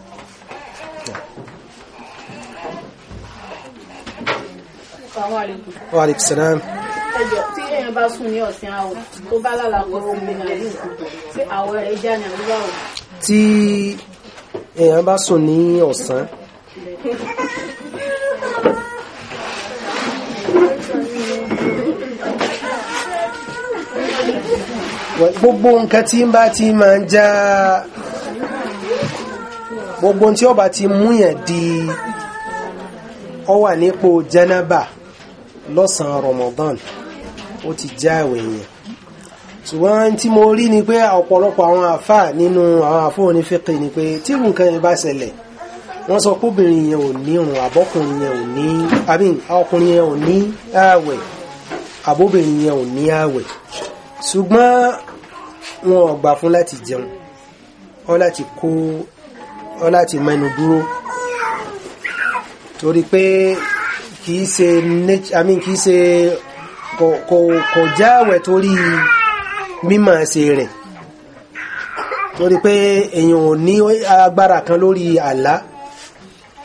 wa alaikum salam ẹjọ́ tí èèyàn bá sùn ní ọ̀sìn àwọ̀ tó bá lálàpọ̀ sí mìíràn tí àwọ̀ rẹ̀ já ní tí èèyàn bá sùn ní ọ̀sán gbogbo nǹkan tí ń bá ti máa ń já gbogbo tí ó bá ti múyàn di ó wà nípò jẹ́nàbà lọ́sàn-án Ramadan ó ti já àwẹ̀ yẹn ṣùgbọ́n tí mo rí ni pé ọ̀pọ̀lọpọ̀ àwọn àfà nínú àwọn àfóòní fẹ́kì ni pé tí nǹkan yẹn bá ṣẹlẹ̀ wọ́n sọ kóbìnrin yẹn ò ní irun àbọ́kùnrin yẹn ò ní àbí ọkùnrin yẹn ò ní ààwẹ̀ àbóbìnrin yẹn ò ní ààwẹ̀ ṣùgbọ́n wọn ò gbà fún láti jẹun ọ láti kó ọ láti mẹ́nu dúró torí pé kìí ṣe nature i mean kìí ṣe kò kò jáwẹ̀ torí mímọ̀ ṣe rẹ̀ torí pé èyàn ò ní agbára kan lórí àlá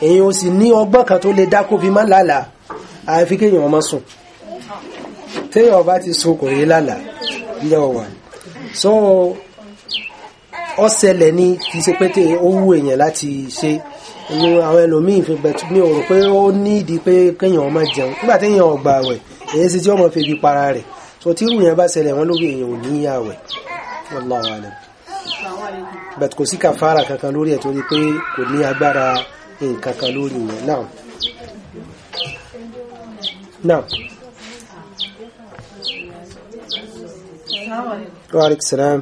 èyàn ò sì ní ọgbọ́n kan tó lè dákó fi má lálà àfi kéèyàn ọmọ sùn téèyàn bá ti sùn kò yé lálà ilé ọwà so ọ̀sẹ̀lẹ̀ ni kì í ṣe pé kí ó wù èèyàn láti ṣe ní àwọn ẹlòmíín fi bẹ̀tù mi ò rò pé ó ní ìdí pé kéèyàn ọmọ jẹun nígbà tí èèyàn ọgbà àwẹ̀ èyí sì tí ọmọ fi ibi para rẹ̀ so tí irú bá ṣẹlẹ̀ wọn lórí èèyàn ò ní àwẹ̀ wallahu alam bẹ̀tù kò sí kàfàrà kankan lórí ẹ̀ torí pé kò ní agbára nǹkan kan lórí yẹn náà. náà. وعليك السلام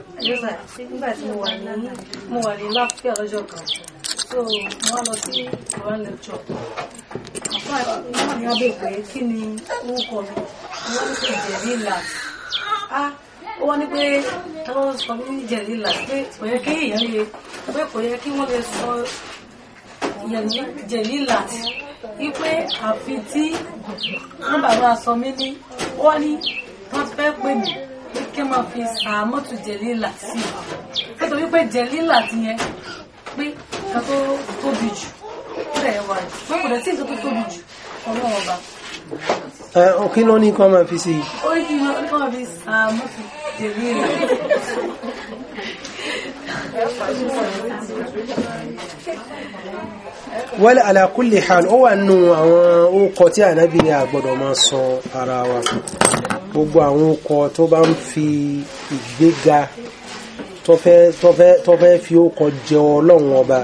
wọ́n ipe àfi tí wọ́n bàbá sọ mí ní wọ́n ní wọ́n fẹ́ pè mí kí máa fi àmọ́tù jẹ̀lílà sí i nítorí pé jẹ̀lílà ti yẹn pé nǹkan tó tóbi jù ó rẹ̀ wà jù pé kò nǹkan tó tóbi jù ọlọ́run ọba. ẹ kí ló ní kí wọ́n máa fi sí i. ó ní kí wọ́n máa fi àmọ́tù jẹ̀lílà. wala ala kulli hal ó wà nù àwọn ó kọ tí ànábì ni máa sọ ara wa. gbogbo àwọn ọkọ̀ tó bá ń fi ìgbéga tó fẹ́ tó fẹ́ tó fẹ́ fi ọkọ̀ jẹ ọlọ́run ọba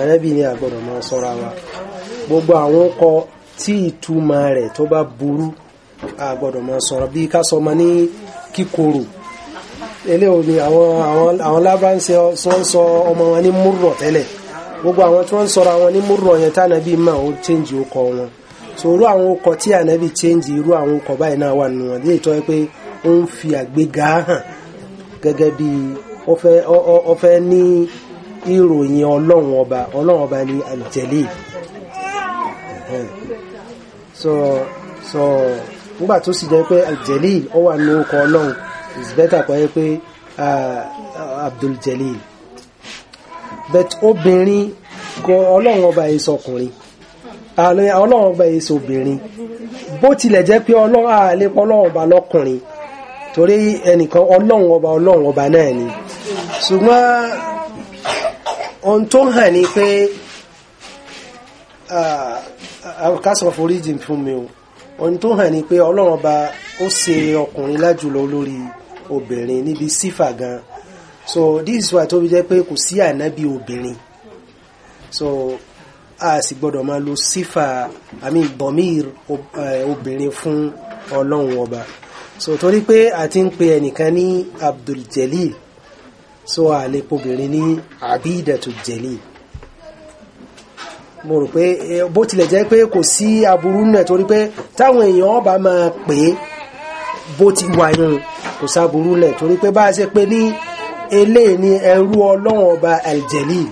ànábì ni àgbọ̀dọ̀ máa sọ́ra wa gbogbo àwọn ọkọ̀ tí ìtumọ̀ rẹ̀ tó bá burú àgbọ̀dọ̀ máa sọ́ra bí ká sọ ma ní kíkorò eléyìí ni àwọn lábánsẹ sọ ọmọ wọn ní múrọ̀ tẹ́lẹ̀ gbogbo àwọn tí wọ́n ń sọra wọn ní múrọ̀ yẹn tánàbí máa ó change ọkọ̀ wọn so àwọn ọkọ̀ tí ànábì change irú àwọn ọkọ̀ báyìí náà wà nù wọn lè tọ́ pé ó ń fi àgbéga hàn gẹ́gẹ́ bí ó ní ìròyìn ọlọ́run ọba ọlọ́run ọba ní àjẹlé so so nígbà tó sì jẹ́ pé àjẹlé wà ọkọ ọlọ́run is better kọ́ Abdul Jalil but obìnrin ọlọ́run ọba yìí ọlọ́run ọba èso obìnrin bó tilẹ̀ jẹ́ pé ọlọ́run àlepọ̀ ọlọ́run ọba lọ́kùnrin torí ẹnìkan ọlọ́run ọba ọlọ́run ọba náà ni ṣùgbọ́n ohun tó hàn ni pé kásán foríjì fún mi o ohun tó hàn ni pé ọlọ́run ọba ó ṣe ọkùnrin lájùlọ lórí obìnrin níbi sífà gan so this is why tó fi jẹ́ pé kò sí ànábì obìnrin so a sì gbọ́dọ̀ máa lo sífà àmì bọ̀mír eh, obìnrin fún ọlọ́run ọba so torí pé a ti ń pe ẹnìkan ní Abdul Jalil so a lè pobìnrin ní Abidatul Jalil mo rò pé bó tilẹ̀ jẹ́ pé kò sí aburú náà torí pé táwọn èèyàn ọba máa pè é bó ti wà kò sáburú náà torí pé bá a ṣe pé ní eléyìí ni ẹrú ọlọ́run ọba Al Jalil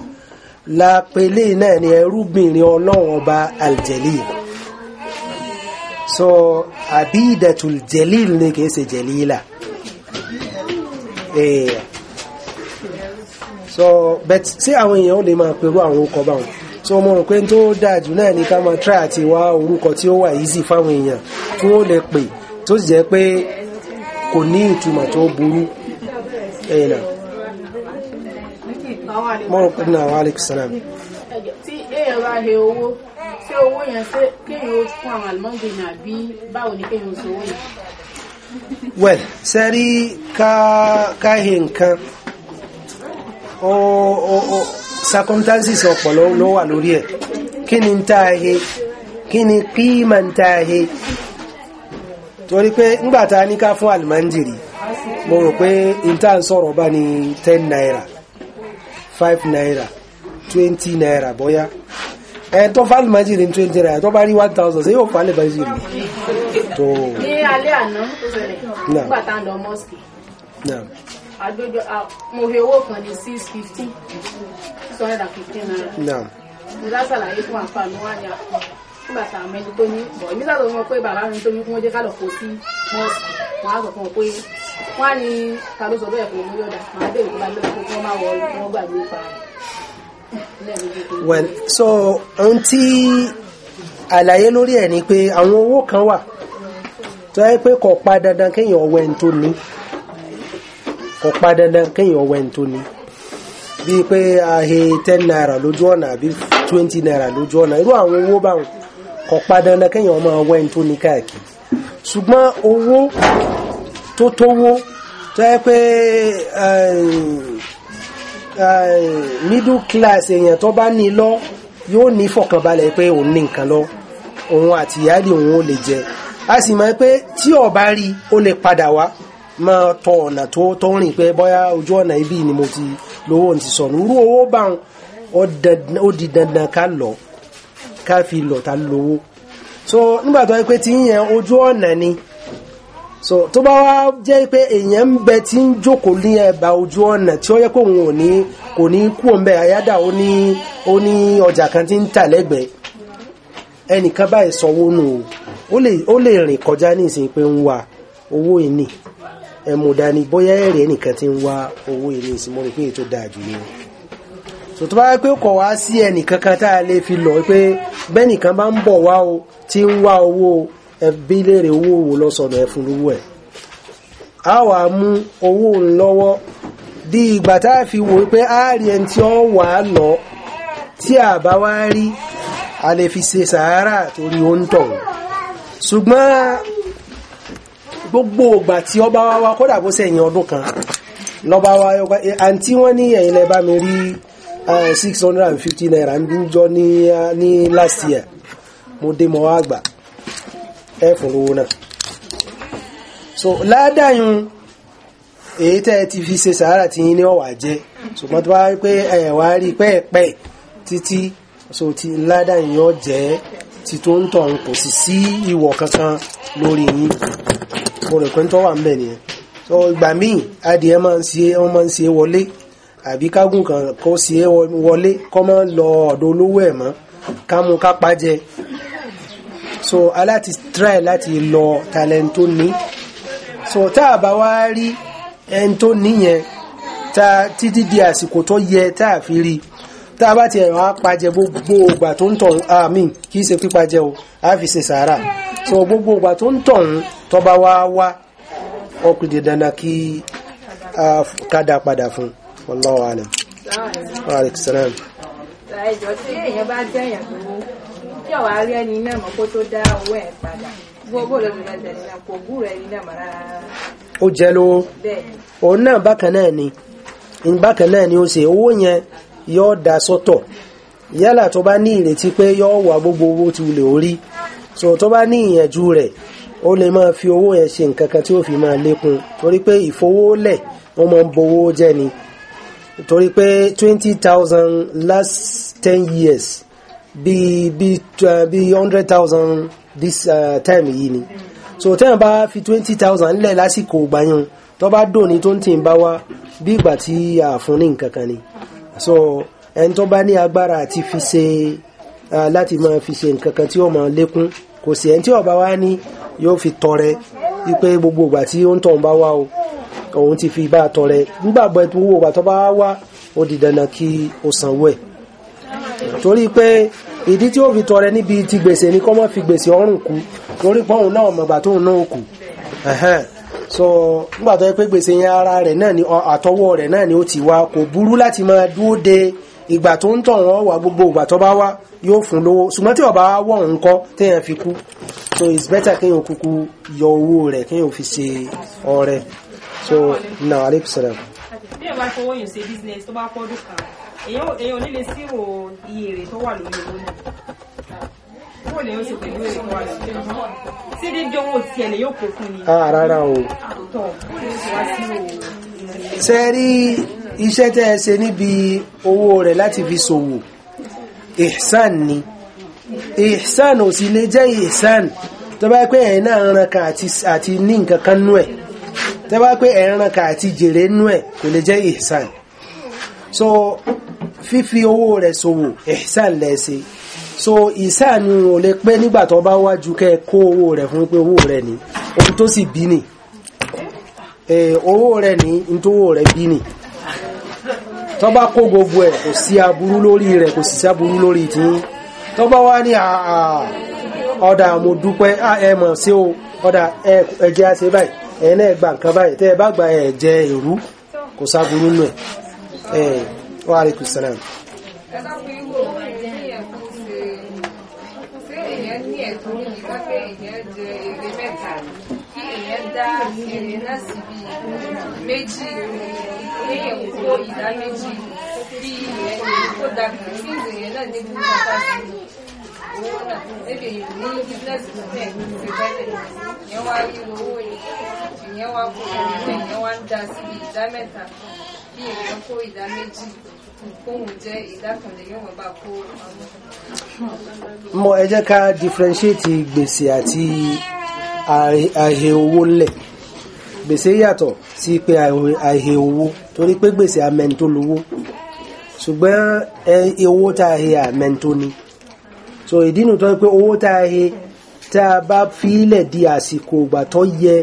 la pele náà ni ẹrúbìnrin ọlọ́run ọba aljalil so abidatul jalil ni kìí ṣe jalila ee eh. so bet sí àwọn èèyàn lè máa pẹ̀lú àwọn orúkọ báwọn so mo rò pé tó dáa jù náà ni ká máa try àti wá orúkọ tí ó wà easy fáwọn èèyàn tí wọ́n lè pè tó sì jẹ́ pé kò ní ìtumọ̀ tó burú ẹ̀yìn eh, náà mọ́rọ̀kúnnà wa aleyhisselam tí èèyàn bá he owó tí owó yẹn ṣe kéèyàn ó fún àwọn àlùmọ́ǹdì náà bí báwo ni kéèyàn ó sọ owó yẹn. well sẹ́rí ká he nǹkan circumstances ọ̀pọ̀lọ́ ló wà lórí ẹ̀ kí ni ń tá a kí ni kí mà ń tá torí pé ńgbà tá ká fún àlùmọ́ǹdì rí mo rò pé n tá sọ̀rọ̀ bá ní ten naira five naira twenty naira bóyá ẹni tó fà lùmájì ní twenty naira tó bá rí one thousand ṣé yóò fà lùmájì rí tó. ní alẹ́ àná tó ṣẹlẹ̀ nígbà tá à ń lọ mọ́sìkì àgbẹ̀dọ̀ mo fi owó kan ní six fifteen six hundred and fifteen naira. mo dá sàlàyé fún àǹfààní wáyà nígbà tá àwọn ẹni tó ní bọ̀ nígbà tó mọ̀ pé bàbá mi tó ní kí wọ́n jẹ́ ká lọ kó sí mọ́ọ̀sì wọ́n á sọ fún wọn pé wọ́n á ní ta ló sọ bẹ́ẹ̀ fún omi yọ̀dà màá bẹ̀rẹ̀ tó bá lọ́wọ́ kí wọ́n má wọ wọ́n gbàgbé pa well so ohun tí àlàyé lórí ẹ̀ ni pé àwọn owó kan wà tó yẹ pé kò pa dandan kéèyàn ọwọ́ ẹni tó ní kò pa dandan kéèyàn ọwọ́ ẹni tó ní bíi pé ahe ten naira lójú ọ̀nà àbí twenty naira lójú ọ̀nà irú àwọn owó báwọn kò padà náà kéèyàn ọmọ ọwọ́ ẹni tó ní káàkiri ṣùgbọ́n owó tó tówó tó yẹ pé eh, eh, middle class èèyàn tó bá ní lọ yóò ní fọkànbalẹ̀ pé òun ní nǹkan lọ òun àti ìyáàlì òun ò lè jẹ a sì mọ̀ pé tí ó rí ó lè padà wá máa tọ ọ̀nà tó tó rìn pé bóyá ojú ọ̀nà ibi ni mo ti lówó ti sọnù irú owó báwọn ó di dandan ká lọ ká fi lò lówó so nígbà tó wáyé pé tí yẹn ojú ọ̀nà ni so tó bá wá jẹ́ pé èèyàn ń bẹ tí ń jókòó ní ẹ̀bà ojú ọ̀nà tí ó yẹ kó òun ò ní kò ní kú òun bẹ́ẹ̀ ó ní ó ní ọjà kan tí ń tà lẹ́gbẹ̀ẹ́ ẹnìkan báyìí sanwó nù o ó lè rìn kọjá ní ìsìn pé ń wa owó ìní bóyá ẹ̀rẹ̀ ẹnìkan ń wa owó ìní ìsìn pé ètò dáa jù ní o. so tó bá yẹ pé kọ̀ wá sí ẹnìkan kan tá a lè fi lọ pé bẹ́nìkan bá ń bọ̀ wá o tí ń wá owó ẹbí léèrè owó wo lọ́sọ̀nà ẹ̀fún lówó ẹ̀ a wà mú owó ń lọ́wọ́ di ìgbà tá a fi wò pé a ẹni tí ó wà lọ tí a bá wá rí a lè fi ṣe sàárà torí ó ń tọ̀ ṣùgbọ́n gbogbo ìgbà tí ọba wa wá kódà bó sẹ̀yìn ọdún kan lọ́ba wa àǹtí wọ́n ní ẹ̀yìn lẹ́ bá mi rí Eh, six hundred and fifty naira ń bí ń jọ ní ní last year mo dé mọ́ àgbà ẹ fún lówó náà so ládàáyún èyí tẹ́ ẹ ti fi ṣe sàárà tí yín ní ọ̀wà jẹ́ ṣùgbọ́n tó bá rí pé ẹ̀ wá rí pẹ́ẹ̀pẹ́ títí so ti ládàáyún yóò jẹ́ ti tó ń tọ̀hún kò sì sí ìwọ̀ kankan lórí yín mo rò pé ń tọ́ wà ń bẹ̀ nìyẹn so ìgbà míì adìẹ máa ń ṣe wọ́n máa ń ṣe wọlé àbí kágùn kan kó sí ẹ wọlé kọ́ mọ́ lọ ọ̀dọ̀ olówó ẹ̀ mọ́ ká mú ká pàjẹ so aláti try láti lọ talent tó ní so tá a bá wá rí ẹni tó níyẹn tá títí di àsìkò tó yẹ tá a fi rí i tá a bá ti ẹ̀wọ̀n apajẹ gbogbo ògbà tó ń tọ̀hún àmì ah, kìí ṣe pípajẹ o a fi ṣe sàárà so gbogbo ògbà tó ń tọ̀hún tọba wá wá ọkùnrin dandan kí a ah, kádà padà fún un. والله alam wa alaikum salam ẹjọ́ tí èèyàn bá jẹ́yàn tó kí ọ̀wá rí ẹni náà mọ́ kó tó dá owó ẹ̀ padà gbogbo lóbi lẹ́sẹ̀ ní náà kò gúrò ẹni náà mọ́ra. ó jẹ́ lówó òun náà bákan náà ni bákan náà ni ó ṣe owó yẹn yóò dá sọ́tọ̀ yálà tó bá ní ìrètí pé yóò wà gbogbo owó tí lè orí so tó bá ní ìyànjú rẹ̀ ó lè máa fi owó yẹn ṣe nǹkan kan tí ó fi máa lékun torí pé ìfowólẹ̀ wọ́n máa ń bowó jẹ́ ni torí pé twenty thousand last ten years bí bí bí hundred thousand this uh, time yìí ni so tẹ́yàn bá fi twenty thousand lẹ̀ lásìkò gbayan tó bá dòní tó ń tì ń bá wá bí ìgbà tí a fún ní nǹkan kan ni so ẹni tó bá ní agbára àti fi ṣe uh, láti máa fi ṣe nǹkan kan tí ó máa lékún kò sí ẹni tí ó bá ní yóò fi tọrẹ wípé gbogbo ìgbà tí ó ń tọ̀ ń bá wá o òun ti fi bá a tọrẹ nígbàgbọ́ ẹ̀tún owó bàtọ́ bá wá ó di dandan kí o sanwó ẹ̀ torí pé ìdí tí ó fi tọrẹ níbi ti gbèsè ni kó má fi gbèsè ọrùn kú torí pé òun náà mọ̀gbà tóun náà kù so nígbà tó yẹ pé gbèsè yẹn ara rẹ̀ náà ni àtọwọ́ rẹ̀ náà ni ó ti wá kò burú láti máa dúró de ìgbà tó ń tàn wọ́n wà gbogbo ìgbà tó bá wá yóò fún lówó ṣùgbọ́n tí ọba wọ̀ ń kọ́ téèyàn fi kú so it's better kéèyàn kúkú yọ owó rẹ̀ kéèyàn fi ṣe ọrẹ so na aleykum salaam. bí ẹ bá fowó yàn ṣe business tó bá pọ́ ọdún kan èèyàn ò ní lè sí o iye èrè tó wà lórí owó náà kó lè yóò ṣe pẹ̀lú èrè tó wà lórí owó o ṣé dédé owó tiẹ̀ lè yóò kó ah, o. àtọ̀ kó lè ṣe wá o ṣe rí iṣẹ́ ẹ ṣe níbi owó rẹ̀ láti fi ṣòwò ihsan ni ihsan ò sì lè jẹ́ ihsan tó pé ẹ̀yin náà ranka àti ní nǹkan kan nú ẹ̀ tẹ́bá pé ẹ̀ràn kà àti jèrè nú ẹ̀ kò lè jẹ́ ihsan so fífi owó rẹ̀ ṣòwò ihsan lẹ́sẹ̀ so ihsan ò lè pé nígbà tó bá wájú kẹ́ kó owó rẹ̀ fún pé owó rẹ̀ ni ohun tó sì bí ni owó rẹ̀ ni ntówó rẹ̀ bí ni tó bá kó gbogbo ẹ̀ kò sí aburú lórí rẹ̀ kò sì sí aburú lórí tí tó bá wá ní ọ̀dà mo dúpẹ́ ẹ̀ mọ̀ sí o ọ̀dà ẹ̀ ẹ̀jẹ̀ àṣẹ báyìí ẹ̀yin náà gba nǹkan báyìí tẹ́ ẹ bá gba ẹ̀ jẹ èrú kò sáburú nù ẹ̀ ẹ̀ wa alaikum salam. méjì èèyàn mo ẹ jẹ́ ká differentiate gbèsè àti àhẹ owó lẹ̀ gbèsè yàtọ̀ sí pé àhẹ owó torí pé gbèsè amẹ́ntó lówó ṣùgbọ́n owó tá a hẹ amẹ́ntó ni so ìdínú tó pé owó tá a he tá a bá fílẹ̀ di àsìkò ìgbà tó yẹ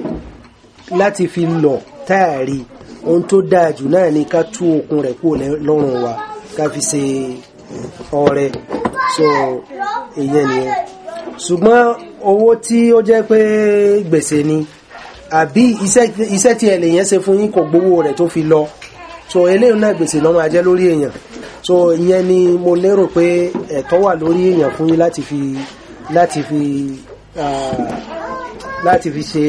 láti fi lọ tá a rí ohun tó dáa jù náà ni ká tú okun rẹ̀ kúrò lọ́rùn wa ká fi ṣe ọrẹ so ìyẹn nìyẹn ṣùgbọ́n owó tí ó jẹ́ pé gbèsè ni àbí iṣẹ́ tí ẹlẹ́yìn ṣe fún yín kò gbowó rẹ̀ tó fi lọ so eléyìí náà gbèsè ló máa lórí èèyàn so ìyẹn ni mo lérò pé ẹ̀tọ́ wà lórí èèyàn fún yín láti fi láti fi láti fi ṣe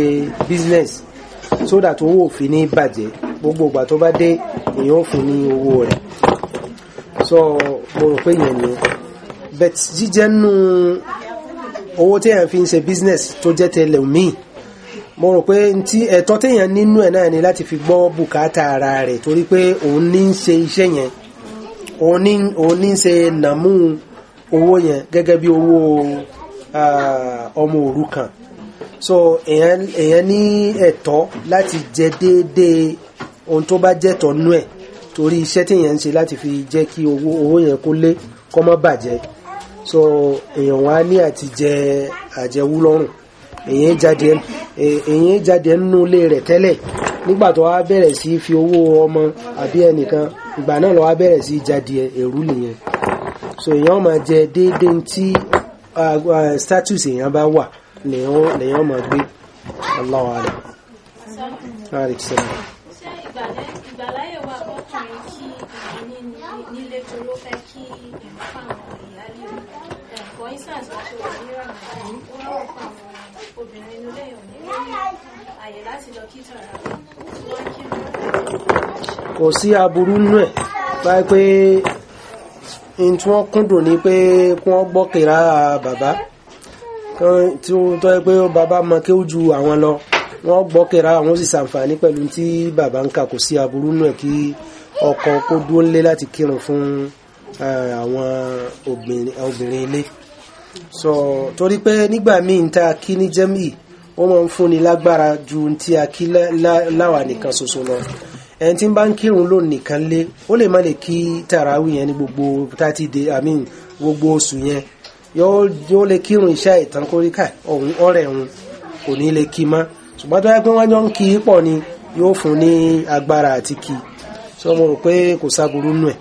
business so that owó òfin ní bàjẹ́ gbogbo ìgbà tó bá dé èèyàn òfin ní owó rẹ̀ so mo rò pé ìyẹn ni bet jíjẹ́ nù owó téèyàn fi ń ṣe business tó jẹ́ tẹlẹ̀ míì mo rò pé ntí ẹ̀tọ́ téèyàn nínú ẹ̀ náà ni láti fi gbọ́ bùkátà ara rẹ̀ torí pé òun ní ń ṣe iṣẹ́ yẹn òun ní ṣe nàmú owó yẹn gẹ́gẹ́ bí owó ọmọ òrukàn so èèyàn ní ẹ̀tọ́ láti jẹ déédéé ohun tó bá jẹ́ tọ́nú ẹ̀ e torí iṣẹ́ tí èèyàn ń ṣe láti fi jẹ́ kí owó yẹn kó lé kó má bàjẹ́ so èèyàn wá ní àti jẹ àjẹwú lọ́rùn èèyàn jáde ẹnu e, ilé rẹ̀ tẹ́lẹ̀ nígbà tó wá bẹ̀rẹ̀ sí fi owó ọmọ àbí ẹnìkan ìgbà náà lọ wá bẹ̀rẹ̀ sí jadìẹ èrú nìyẹn so èèyàn máa jẹ déédéé tí status èèyàn bá wà lèèyàn máa gbé Allahu a'lam. kò sí aburú nù ẹ̀ báyìí pé n tí wọ́n kúndùn ni pé kí wọ́n gbọ́ kìrá bàbá tí wọ́n tọ́ pé bàbá mọ kí ó ju àwọn lọ wọ́n gbọ́ kìrá àwọn sì ṣàǹfààní pẹ̀lú tí bàbá ń kà kò sí aburú nù ẹ̀ kí ọkọ kó dúró lé láti kírun fún àwọn obìnrin ilé so torí pé nígbà míì ń ta kí ní jẹ́mì ó máa ń fúnni lágbára ju ti akí láwa nìkan ṣoṣo lọ. ẹni tí ń bá ń kírun lónìí nìkan lé ó lè má lè kí tàràwì yẹn ní gbogbo thirty day i mean gbogbo oṣù yẹn yóò lè kírun iṣẹ́ ìtàn kóríkà ọ̀hún ọ̀rẹ́ òun kò ní lè kí mọ́ ṣùgbọ́n tó yẹ pé wọ́n jọ ń kí ni yóò fún ní agbára àti kí ṣé mo rò pé kò nù ẹ̀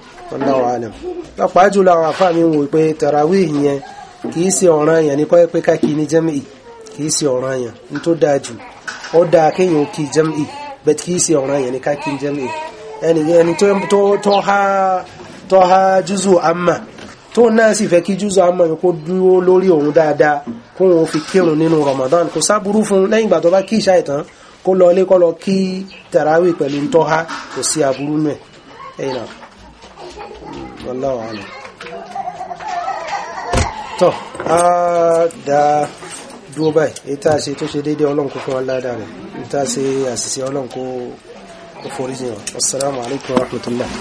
mi wò pé tàràwì yẹn kì í ṣe ọ̀ràn yẹn ní ká kí ní jẹ́mì kì í ṣe ọ̀ràn yẹn ní tó dáa jù bẹ́ẹ̀ kì í ṣe ọ̀ràn yẹn ní ká kí n jẹ́mi ẹni ẹni to há tó há júzù àmà tó náà sì fẹ́ kí júzù àmà kó dúró lórí òun dáadáa kó wọn fi kírun nínú Ramadan kò sábúrú fún lẹ́yìn ìgbà tó bá kí ìṣá ìtàn kó lọ ilé kó lọ kí tàràwì pẹ̀lú tó há kò sí àbúrú nù ẹ̀ wallahu alam tọ́ á dáa dúró báyìí èyí tá a ṣe tó ṣe déédéé ọlọ́run kó fún wa ládàá rẹ̀ èyí tá a ṣe àṣìṣe ọlọ́run kó kó forí jìn wa assalamu alaikum wa rahmatullah.